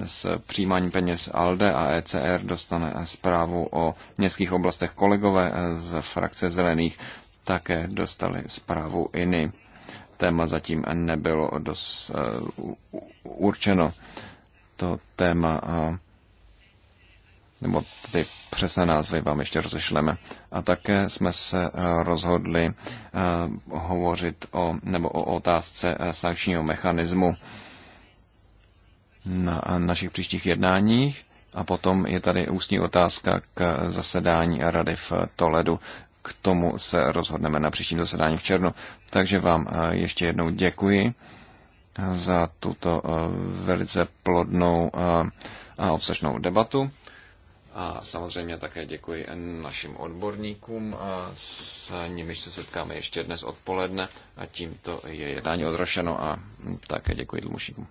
s přijímáním peněz ALDE a ECR dostane zprávu o městských oblastech kolegové eh, z frakce zelených také dostali zprávu Iny. Téma zatím nebylo dost určeno. To téma nebo ty přesné názvy vám ještě rozešleme. A také jsme se eh, rozhodli eh, hovořit o, nebo o otázce eh, sankčního mechanismu na našich příštích jednáních. A potom je tady ústní otázka k zasedání Rady v Toledu. K tomu se rozhodneme na příštím zasedání v černu. Takže vám ještě jednou děkuji za tuto velice plodnou a obsažnou debatu. A samozřejmě také děkuji našim odborníkům, a s nimiž se setkáme ještě dnes odpoledne a tímto je jednání odrošeno a také děkuji tlumočníkům.